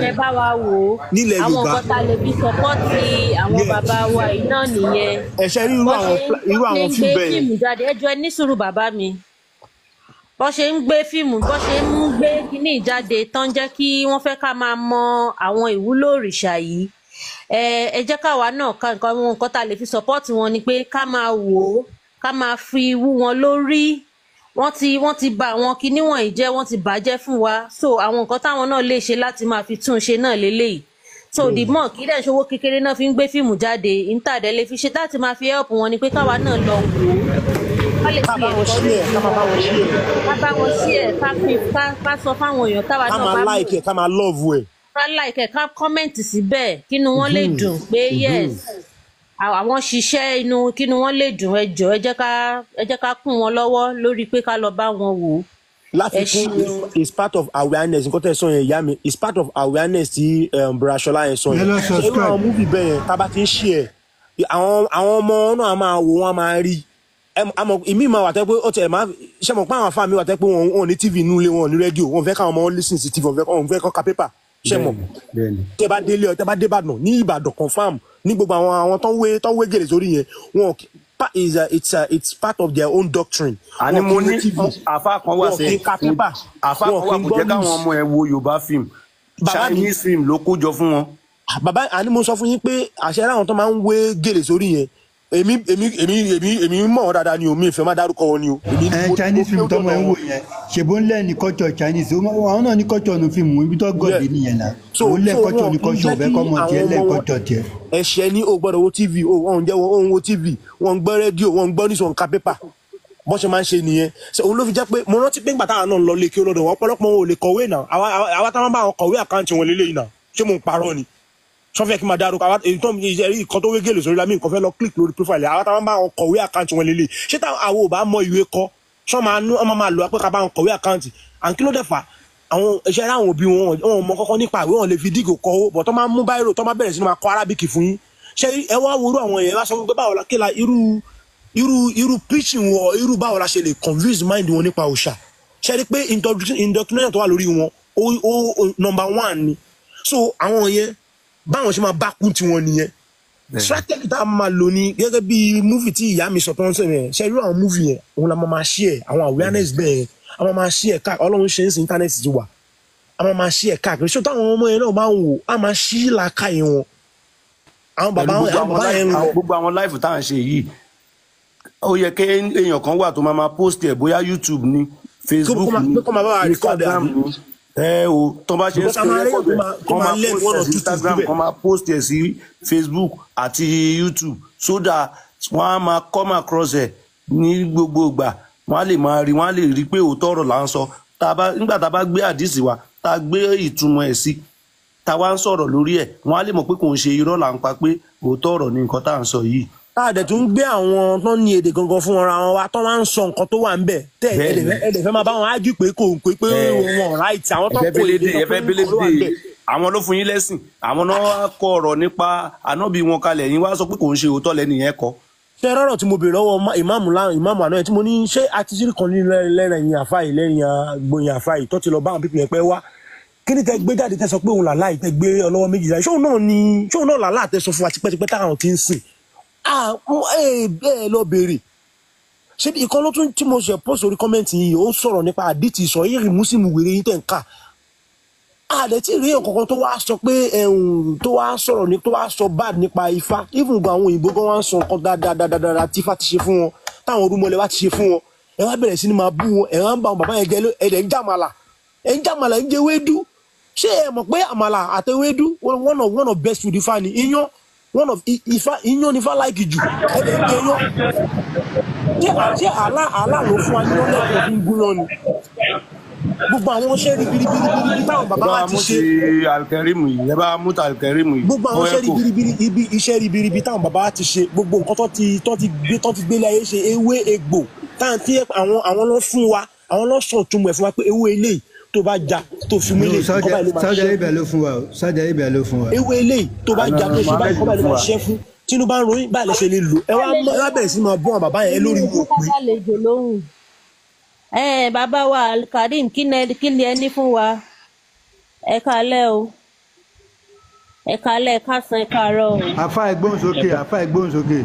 ẹ bá wa wò ó àwọn nǹkan tá sọpọ́tì àwọn bàbá wa iná nìyẹn. ẹ̀ṣẹ̀ rí irú àwọn irú àwọn fíìmù bẹ́ẹ̀. wọ́n ṣe ń ẹ ní sùúrù bàbá mi bó ṣe ń gbé fíìmù bó ṣe ń gbé kíní ìjáde tán jẹ́ kí wọ́n fẹ́ ká máa mọ àwọn ìwúlò òrìṣà yìí ẹ jẹ́ káwa náà ká nǹkan nǹkan tá a lè fi support wọn ni pé ká máa wò ó ká máa fi wú wọn lórí wọ́n ti wọ́n ti bà àwọn kíní wọ̀nyí jẹ́ wọ́n ti bàjẹ́ fún wa so àwọn nǹkan táwọn náà lè ṣe láti máa fi tún un ṣe náà lélẹ́yìí so mm. the hmm. more kí dẹ̀ ṣowó kékeré náà fi ń gbé fíìmù jáde ìntàdẹ́lẹ́ fi ṣe láti máa fi help wọn ni pé káwa náà lọ wò ó kábà wọn ṣí ẹ kábà bá wọn ṣí ẹ. kábà wọn ṣí ẹ ká fi ká sọ fáwọn èèyàn táwa náà bá mú. ká máa like ẹ ká máa love ẹ. ká like ẹ ká kọ́mẹ̀ntì síbẹ̀ kínú wọn lè mhm. dùn pé mhm. yes àwọn ṣiṣẹ́ inú kínú wọn lè dùn ẹ jọ̀ọ́ ẹ jẹ́ ká ẹ jẹ́ ká kún wọn lọ́wọ́ lórí pé ká lọ bá wọn wò ó láti kún is part of awareness nǹkan tẹ́ ẹ sọ yẹn ìyá mi is part of awareness ti um, brasola yẹn sọ yẹn ṣé irú àwọn múfì bẹ́ẹ̀ yẹn tá a bá ti ń ṣe ẹ̀ àwọn ọmọ náà máa wò wọ́n máa rí i àmọ́ ìmí máa wà tẹ́ pé ó tiẹ̀ máa ṣe mọ̀ pé àwọn afáàmì wà tẹ́ pé wọn ò ní tv inú ilé wọn ò ní rédíò wọn fẹ́ káwọn ọmọ listen sí tv wọn fẹ́ kọ́ ka pépà ṣe mọ̀ tẹ́ bá délé ọ tẹ́ bá dé Ìbàdàn ní Ìbàdàn confam ní gbogbo àwọn àwọn tó ń wé tó ń wé gèrè sórí yẹn wọn is a, it's a, it's part of their own doctrine. àní mo ní àfa kan wá sí àfa kan wá kò jẹ́ káwọn ọmọ ẹ̀ wo Yorùbá film Chinese film ló kó jọ fún wọn. bàbá àní mo sọ fún yín pé àṣẹ èmi èmi èmi èmi èmi mọ̀ wọn dáadáa ni o ìfẹ́ máa dárúkọ wọn ni o. ẹ Chinese film tọmọ ẹ ń wò yẹn ṣèbó ńlẹ ní culture Chinese àwọn náà ní culture ọ̀nù fíìmù ibi tó gọ̀dì nìyẹn náà òun lẹ culture ní culture ọ̀bẹ kọ́mọ tiẹ̀ lẹ culture tiẹ̀. ẹ̀ṣẹ̀ ni o gbọ́dọ̀ wo TV o wọn jẹ́ wọn wo TV wọn gbọ́ rédíò wọn gbọ́ nísọ̀ nǹka pépà bọ́n ṣe máa ń ṣe nìyẹn ṣe òun ló fi jẹ́ pé mo rántí pé ńgbà táwọn náà lọ lé kí olódò wọn ọ̀pọ̀lọpọ̀ wọn ò lè kọ̀wé náà àwa táwọn bá wọn kọ̀wé àkáǹtì wọn lélẹ́yìn náà ṣé mo ń parọ́ ni sọfẹ kí n máa dárúkọ àwọn èyí tó ń yẹrí nǹkan tó wégele sórí lámì nǹkan fẹ́ lọ click lórí profile àwọn táwọn bá wọn kọ̀wé àkáǹtì wọn lélẹ̀ ṣé táwọn àwọn ò bá mọ ìwé kọ sọ máa nú ọmọ máa lọ pé ká bá wọn kọ̀wé àkáǹtì àǹkí ló dẹ̀fà àwọn iṣẹ́ ráwọn òbí wọn wọn mọ kọ́kọ́ nípa ìwé wọn lè fi dígò kọ́ ó bọ̀ tó máa mú báírò tó máa bẹ̀rẹ̀ sí máa kọ arábìkì fún yín ṣé ẹ wá worú àwọn èèyàn wá sọ pé báwo la kí la irú irú irú preaching wọn irú báwo la ṣe lè convince mind wọn nípa òòṣà ṣe rí pé indoctrination tó wà lórí wọn ó ó number one ni so àwọn yẹn báwọn ṣe máa bá kún tiwọn nìyẹn strategy tá a máa lò ní gẹ́gẹ́ bí múfì tí ìyá mi sọ pé wọ́n sọ yẹn ṣe irú àwọn múfì yẹn òun la máa ṣí ẹ̀ àwọn awareness bẹ́ẹ̀ a máa máa ṣí ẹ̀ káàkiri ọlọ́run ṣe ń sin internet ti wà a máa máa ṣí ẹ̀ káàkiri ṣó táwọn ọmọ yẹn náà máa ń wò á máa ṣí làákàyè wọn àwọn bàbá yẹn ń lọ. gbogbo àwọn láìfù táwọn ṣe yìí ó yẹ kí èèyàn kan wà tó máa máa post ẹ̀ bóyá YouTube ni Facebook ni Instagram ni ẹ o tó Instagram Facebook àti YouTube so that wọn a máa come across ẹ ní gbogbo ìgbà wọn a lè máa rí wọn á lè rí pé òótọ́ ọ̀rọ̀ là ń sọ nígbà bá gbé àdìsí wa tá a gbé ìtumọ̀ ẹ̀ sí wá ń lórí wọn a lè mọ pé kò ń ṣe là ń pa pé ni nǹkan tá sọ àdẹ̀ tún gbé àwọn tó ní èdè gangan fún ọ̀ra wọn wa tó máa ń sọ nǹkan tó wà ń bẹ̀ tẹ́ ẹ̀dẹ̀ fẹ́ máa bá wọn ájú pé kò ń pé pé wọn ráìtì àwọn tó kó èdè gangan tó wà ń bẹ̀. àwọn ló fún yín lẹ́sìn àwọn náà kọ ọ̀rọ̀ nípa ànábì wọn kalẹ̀ yín wá sọ pé kò ń ṣe òótọ́ lẹ́nu yẹn kọ. ṣé rọrọ tí mo béèrè lọ́wọ́ ìmáàmù ìmáàmù àná tí mo ní ṣé atisiri kan kí ni tẹ gbé jáde tẹ sọ pé òun làlá ìtẹ gbé méjì jáde ṣóun náà ni ṣóun náà làlá àtẹsọ fún wa tipẹ́tipẹ́ táwọn ti ń sìn Eh, bẹ́ẹ̀ lọ bèrè ṣé ìkan ló tún tí mo ṣe post orí kọ́mẹ́ǹtì yìí ó sọ̀rọ̀ nípa àdìtì sọ yìí mùsùlùmí wèrè yìí tẹ̀ ń kà àdẹ tí ìrírí kankan tó wá sọ pé tó wá sọ̀rọ̀ ní tó wá sọ bad nípa ifá even gan àwọn òyìnbó gan wá ń sọ nǹkan dáadáa tí ifá ti ṣe fún wọn táwọn orúmọlẹ̀ wá ti ṣe fún wọn ẹ wá bẹ̀rẹ̀ sí ni máa bú wọn ẹ wá ń bá wọn bàbá yẹn gẹ́lẹ́ ẹ̀dẹ̀ ń jàmàlà ẹ̀ ń jàmàlà ń jẹ́ wédú ṣé ẹ mọ̀ pé àmàlà àtẹwédú one of one of best food ifá ni iyán one of ifá iyán ni ifá like jù ẹ̀rẹ̀ ń jẹ yán ṣé àṣẹ àlá àlá ló fún wa ní wọn lẹ́kọ̀ọ́ fún gúnyán ni gbogbo àwọn iṣẹ́ ribiribiri táwọn bàbá wa ti ṣe. bá alkerimu yìí ẹ bá mú ta alkerimu yìí. gbogbo àwọn iṣẹ́ ribiribiri ibi iṣẹ́ ribiribi táwọn bàbá wa ti ṣe gbogbo nǹkan tó ti tó ti gbé tó ti gbélé ayé ṣe ewé egbò táwọn tí àwọn àwọn lọ fún wa àwọn lọ sọ ìtumọ̀ ẹ̀ fún wa pé ewé eléyìí tó bá ja tó fi mílẹ̀ kọ́ba ìlú máa ṣe. sájà ibẹ̀ ló fún wa sájà ibẹ̀ ló fún wa. ewé eléyìí tó bá ja tó ṣe báyìí kọ́ba ìlú ṣe fún tinubu ń ròyìn báyìí lẹsẹ lè lò ẹ wá lábẹ̀rẹ̀ sí máa bọ́ bàbá yẹn lórí òpin. ẹ bàbá wa Karim kí ni ẹ ní fún wa ẹ kalẹ o ẹ kalẹ kásán ẹ kàárọ̀ o. ìgbóhùnsókè afa ìgbóhùnsókè.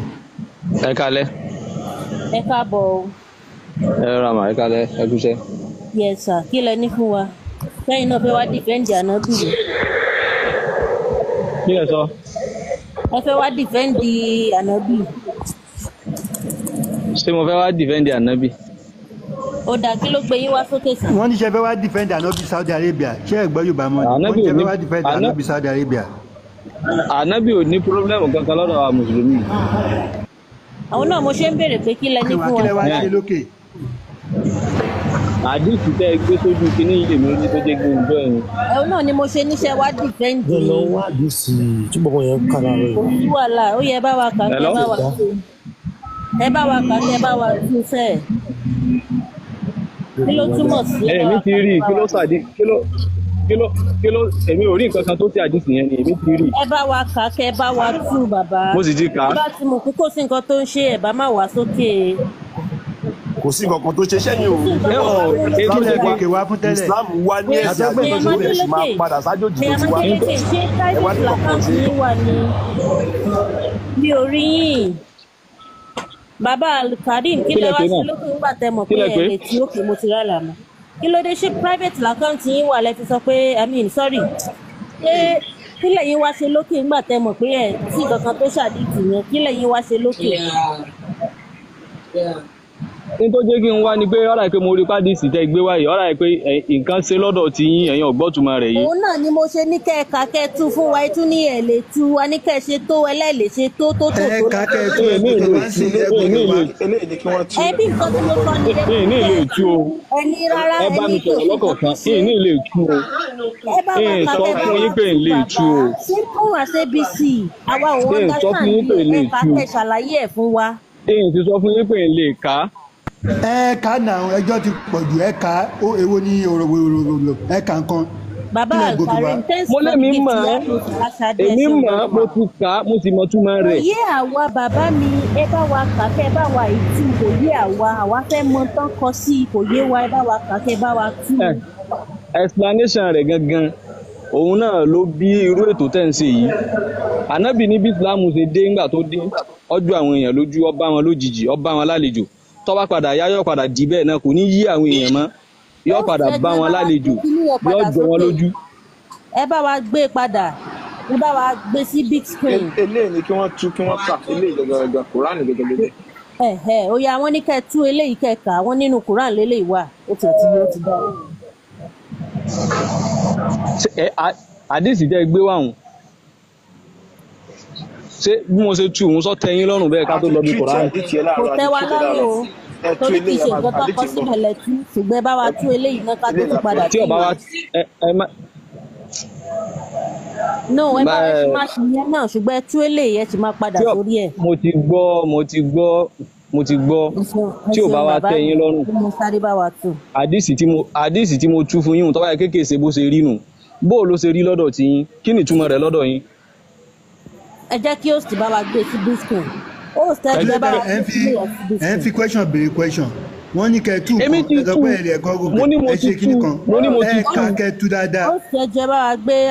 ẹ kalẹ. ẹ káàbọ̀ o. ẹ rọra mà ẹ kalẹ ẹ kúṣẹ́ yes sir kí lẹ ní fún wa lẹ́yìn náà fẹ́ wá dìfẹ́ǹdì ànábì ni. kí lẹ sọ. ẹ fẹ́ wá dìfẹ́ǹdì ànábì. ṣé mo fẹ́ wá dìfẹ́ǹdì ànábì. ó dà kí ló gbé yín wá sókè sí. wọ́n ní ṣe fẹ́ wá dìfẹ́ǹdì ànábì Saudi Arabia ṣé ẹ gbọ́ Yorùbá mọ́ ni wọ́n ní ṣe fẹ́ wá dìfẹ́ǹdì ànábì Saudi Arabia. ànábì ò ní pírọ́blẹ́mù kankan lọ́dọ̀ àwọn mùsùlùmí. àwọn náà mo ṣe ń béèrè pé kí lẹ ní fún wa àdìsí tẹ́ ẹ gbé sójú kínní yìí lèmi ní tó jẹ́ gbé ìjọ yẹn. ẹ̀hún náà ni mo ṣe níṣẹ́ wá dìfẹ́ǹdì. bẹ́ẹ̀ lọ wá àdìsí túbọ̀ kan yẹn kára rẹ̀. kò sí wàhálà ó yẹ bá wa kà ní ẹ bá wa tú ẹ bá wa kà ní ẹ bá wa tú fẹ́ ẹ̀. kí ló túmọ̀ sí. èmi ti rí kí ló sàdí kí ló kí ló kí ló èmi ò rí nǹkan kan tó ti àdìsí yẹn ni èmi ti rí. ẹ bá wa kà kẹ bá wa tú bàbá. mo sì ti kà á. bá ti mọ̀ kókó sí nǹkan tó ń ṣe ẹ̀ bá má wà sókè kò sí nǹkan tó ṣe sẹ́yìn o islam ló gbé wa fún tẹ́lẹ̀ islam wa ní ẹ̀sìn àjọyọ̀ tó lè ṣe máa padà sájòjì tó ti wá ẹ wá ní kankan ṣe. mi ò rí yín bàbá alkarim kí lè wá sí lókè nígbà tẹ mọ̀ pé ẹ̀ lè tí òkè mo ti rà lànà kí ló dé ṣe private account yín wà lẹ́ fi sọ pé i mean sorry ṣé kílẹ̀ yín wá ṣe lókè nígbà tẹ mọ̀ pé ẹ̀ tí kankan tó ṣàdìtì yẹn kílẹ̀ yín wá ṣe lókè. Yeah. Yeah ní tó jẹ́ kí n wá ni pé ọ̀rà pé mo rí pádìsì tẹ́ gbé wáyé ọ̀rà pé eh, nǹkan ṣe lọ́dọ̀ ti yín ẹ̀yin ọ̀gbọ́tùmọ̀ rẹ̀ yìí. òun náà ni mo ṣe ní kẹ́ ẹ kà kẹ́ ẹ tú fún wa ẹ tún ní ẹ̀ lè tú wa ní kẹ́ ẹ ṣe tó ẹlẹ́ẹ̀lẹ̀ ṣe tó tó tó tó. ẹ kà kẹ́ ẹ tú ẹ ní ìlú ìtú ẹ ní ìlú ìtú. ẹ bí nǹkan tí mo sọ ní ilé ìtú. ẹ ní ìlú ìtú o. ẹ ní rárá ẹ ní ìtú. ẹ ní ìlú ìtú o. ẹ bá wa kà kẹ́ ẹ tú wa. simple as abc àwa ò wọ́n dá sáà ní ẹ kà kẹ́ ṣàlàyé ẹ̀ fún wa. ẹ ti sọ fún yín pé ń lè ká ẹ̀ka náà ẹjọ́ ti pọ̀ jù ẹ̀ka ó èwo ní òròwòròwò ẹ̀ka nǹkan. bàbá àgbàre mo lẹ́mi mọ̀ ẹ́ èmi mọ̀ mo tún kà á mo sì mọ̀ túmọ̀ rẹ̀. òye àwa bàbá mi ẹ bá wa kà kẹ́ bá wa ìtú òye àwa àwa fẹ́ mọ tán kọ sí òye wa ẹ bá wa kà kẹ́ bá wa tú. Eh, explanation rẹ̀ gangan òun náà ló bí irú ètò tẹ̀ ń ṣe yìí ànábì ní bí Islam ṣe dé ńgbà tó dé ọjọ́ àwọn èèyàn lójú ó wọn lójijì ó wọn lálejò tó bá padà yá yóò padà di bẹ́ẹ̀ náà kò ní yí àwọn èèyàn mọ́ yóò padà bá wọn lálejò yóò jọ wọn lójú. ẹ bá wa gbé padà ẹ bá wa gbé sí big screen. E-, eléyìí ni kí wọ́n tú kí wọ́n kà eléyìí gẹ́gẹ́ kúránì gẹ́gẹ́ ẹ̀hẹ́ oya wọn ní kẹ́ tú eléyìí kẹ́ka wọn nínú quran lélẹ́yìí wà ó ti àti yóò ti dá. àdìsí tẹ́ gbé wàhùn ṣé bí mo ṣe tu òun sọ tẹ́yìn lọ́rùn bẹ́ẹ̀ ká tó lọ bí koran. kò tẹ́ wa lọ́rùn o torí kì í ṣe nǹkan tó kọ sílẹ̀ lẹ́tú ṣùgbọ́n ẹ bá wa tú eléyìí náà ká tó tún padà sí i. no ẹ bá rẹ ṣe máa ṣe yẹn náà ṣùgbọ́n ẹ tú eléyìí ẹ ti máa padà sórí ẹ̀. mo ti gbọ́ mo ti gbọ́ mo ti gbọ́ tí ò bá wa tẹ́ yín lọ́rùn àdìsí tí mo àdìsí mo tú fún yín tó bá yẹ kéékèèṣe bó ṣe rí nù bó o ló ṣe rí lọ́dọ̀ tí yín kí nìtumọ̀ rẹ̀ lọ́dọ̀ yín ẹ jẹ́ kí host bá wa gbé sí biscuit host ẹ jẹ́ bá wa gbé sí biscuit. ẹ fi question béèrè question wọ́n ní kẹ́ tú kan ẹ̀dọ́gbẹ́ ẹ̀rẹ̀ ẹ̀kọ́ gbogbo ẹ ṣe kíní kan ẹ ká kẹ́ tú dáadáa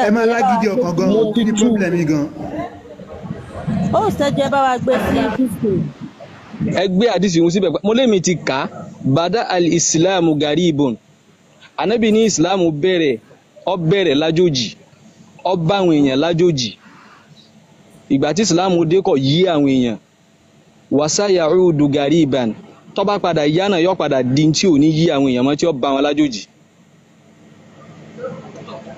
ẹ máa lágídí ọkàn gan ní problem yìí gan. host ẹ jẹ́ bá wa gbé sí biscuit ẹ gbé àdìsí wọn síbẹ̀ mo lè mi ti kà á bàdá alìsílámù garibun ànábì ní ìsìlámù bẹ̀rẹ̀ ó bẹ̀rẹ̀ lájòjì ó bá àwọn èèyàn lájòjì ìgbà tí islam dé kọ̀ yí àwọn èèyàn wàsáyà rúdù gàrí ìbàn tó bá padà yá náà yọ padà di tí ò ní yí àwọn èèyàn mọ́ tí ó bá wọn lájòjì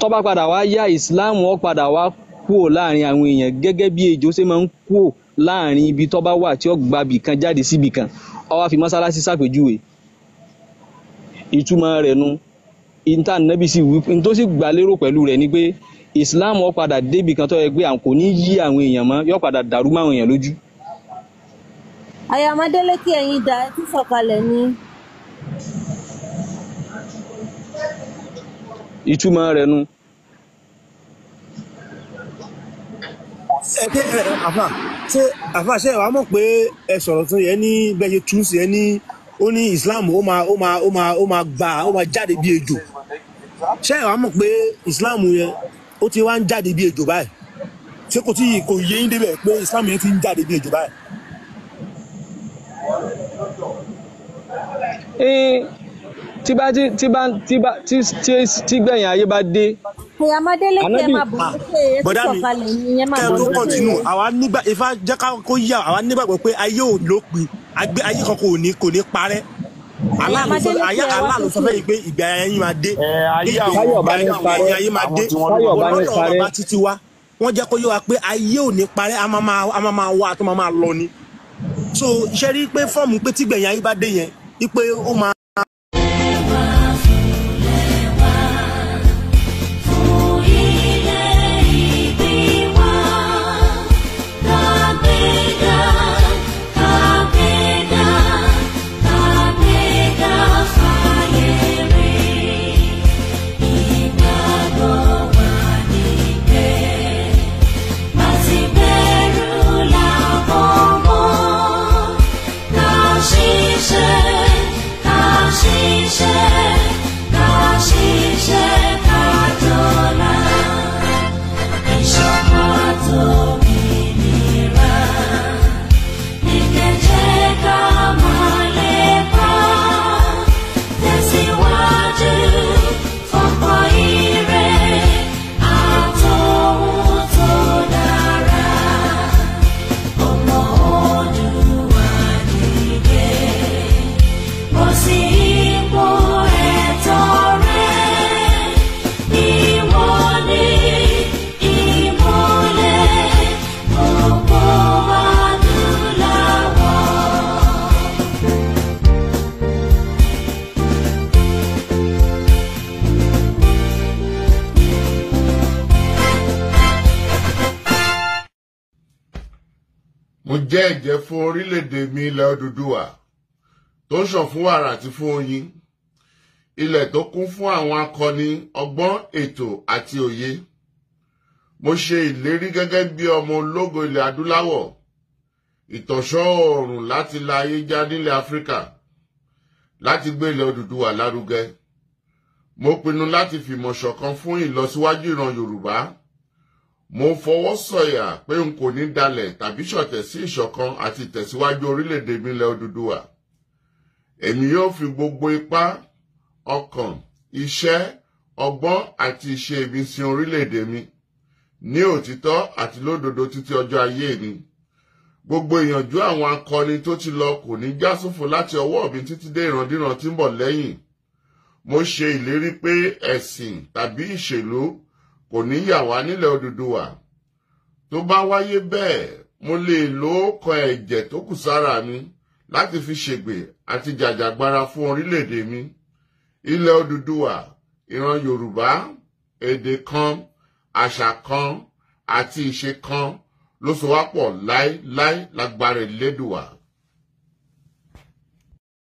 tó padà wá yá islam ó padà wá kúò láàrin àwọn èèyàn gẹ́gẹ́ bí ejò ṣe máa ń kúò láàrin ibi tó bá wà tí ó gba bìkan jáde síbi kan ó wá fi mọ́sálásí ṣàpèjúwe ìtumọ̀ rẹ̀ nu ìntàn nábì sì wí tó sì pẹ̀lú rẹ̀ ni pé Islam ó padà débi kan tó yẹ pé kò ní yí àwọn èèyàn mọ́ yóò padà dàrú mọ́ àwọn èèyàn lójú. àyàmọ́délé kí ẹ̀yin dá ẹtí sọ̀kalẹ̀ ni. ìtumọ̀ rẹ̀ nu. ẹ ké ẹ àfà ṣé àfà ṣé wàá mọ̀ pé ẹ sọ̀rọ̀ tó yẹ ní bẹ́ẹ̀ ṣe tú sí ẹ ní ó ní Islam ó máa ó máa ó máa gbà ó máa jáde bí ejò ṣé wàá mọ̀ pé Islam yẹn ó ti wá ń jáde bí ejò báyìí ṣé kò tí kò yé yín débẹ̀ pé Islam yẹn ti ń jáde bí ejò báyìí. tí bá tí tí bá tí bá tí tí gbẹ̀yìn ayé bá dé. ẹ̀yà máa délé máa bọ̀ ah, pé ẹ ti sọ̀kalẹ̀ ni máa bọ̀ lókè. kẹ́ẹ̀ tó kọ̀tínú àwa nígbà ifá jẹ́ kó yá àwa nígbàgbọ́ pé ayé ò lópin ayé kan kò ní kò ní parẹ́ aláàlú sọ fẹ́ yìí pé ìgbà ayé máa dé ìgbà ayé máa dé ọlọ́run ọba títí wá wọ́n jẹ́ kó yé wa pé ayé ò ní parẹ́ a máa máa wá tó máa máa lọ ni so ṣe rí i pé fọ́ọ̀mù pé tígbẹ̀yìn ayé bá dé yẹn wípé ó máa. kìlọ̀ fún wàrà àti fún oyin ilẹ̀ tó kún fún àwọn akọni ọgbọ́n ètò àti òye mo ṣe ìlérí gẹ́gẹ́ bí ọmọ ológo ilẹ̀ adúláwọ̀ ìtọ̀ṣọ́ oòrùn láti la ayé já nílẹ̀ áfíríkà láti gbé ilẹ̀ Odùduwà lárugẹ mo pinnu láti fìmọ̀ ṣọ̀kan fún ìlọsíwájú ìran Yorùbá mo fọwọ́ sọ̀yà pé n kò ní dalẹ̀ tàbí ṣọ̀tẹ̀ sí ìṣọ̀kan àti ìtẹ̀síwájú orílẹ̀-èdè mi ilẹ̀ èmi yóò fi gbogbo ipá ọkàn iṣẹ́ ọgbọ́n àti ìṣe ibi sin orílẹ̀-èdè mi ní òtítọ́ àti lódodo títí ọjọ́ ayé mi gbogbo ìyànjú àwọn akọni tó ti lọ kò ní já sófo láti ọwọ́ mi títí dé ìrandíran tí ń bọ̀ lẹ́yìn mo ṣe ìlérí pé ẹ̀sìn tàbí ìṣèlú kò ní yà wá nílẹ̀ Odùduwà tó bá wáyé bẹ́ẹ̀ mo lè lo ọkàn ẹ̀jẹ̀ tó kù sára mi láti fi ṣègbè àti jàjàgbara fún orílẹ̀-èdè mi ilẹ̀ Odùduwà ìran Yorùbá èdè kan àṣà kan àti ìṣe kan ló so wá pọ̀ láéláé lágbára Elédùwà.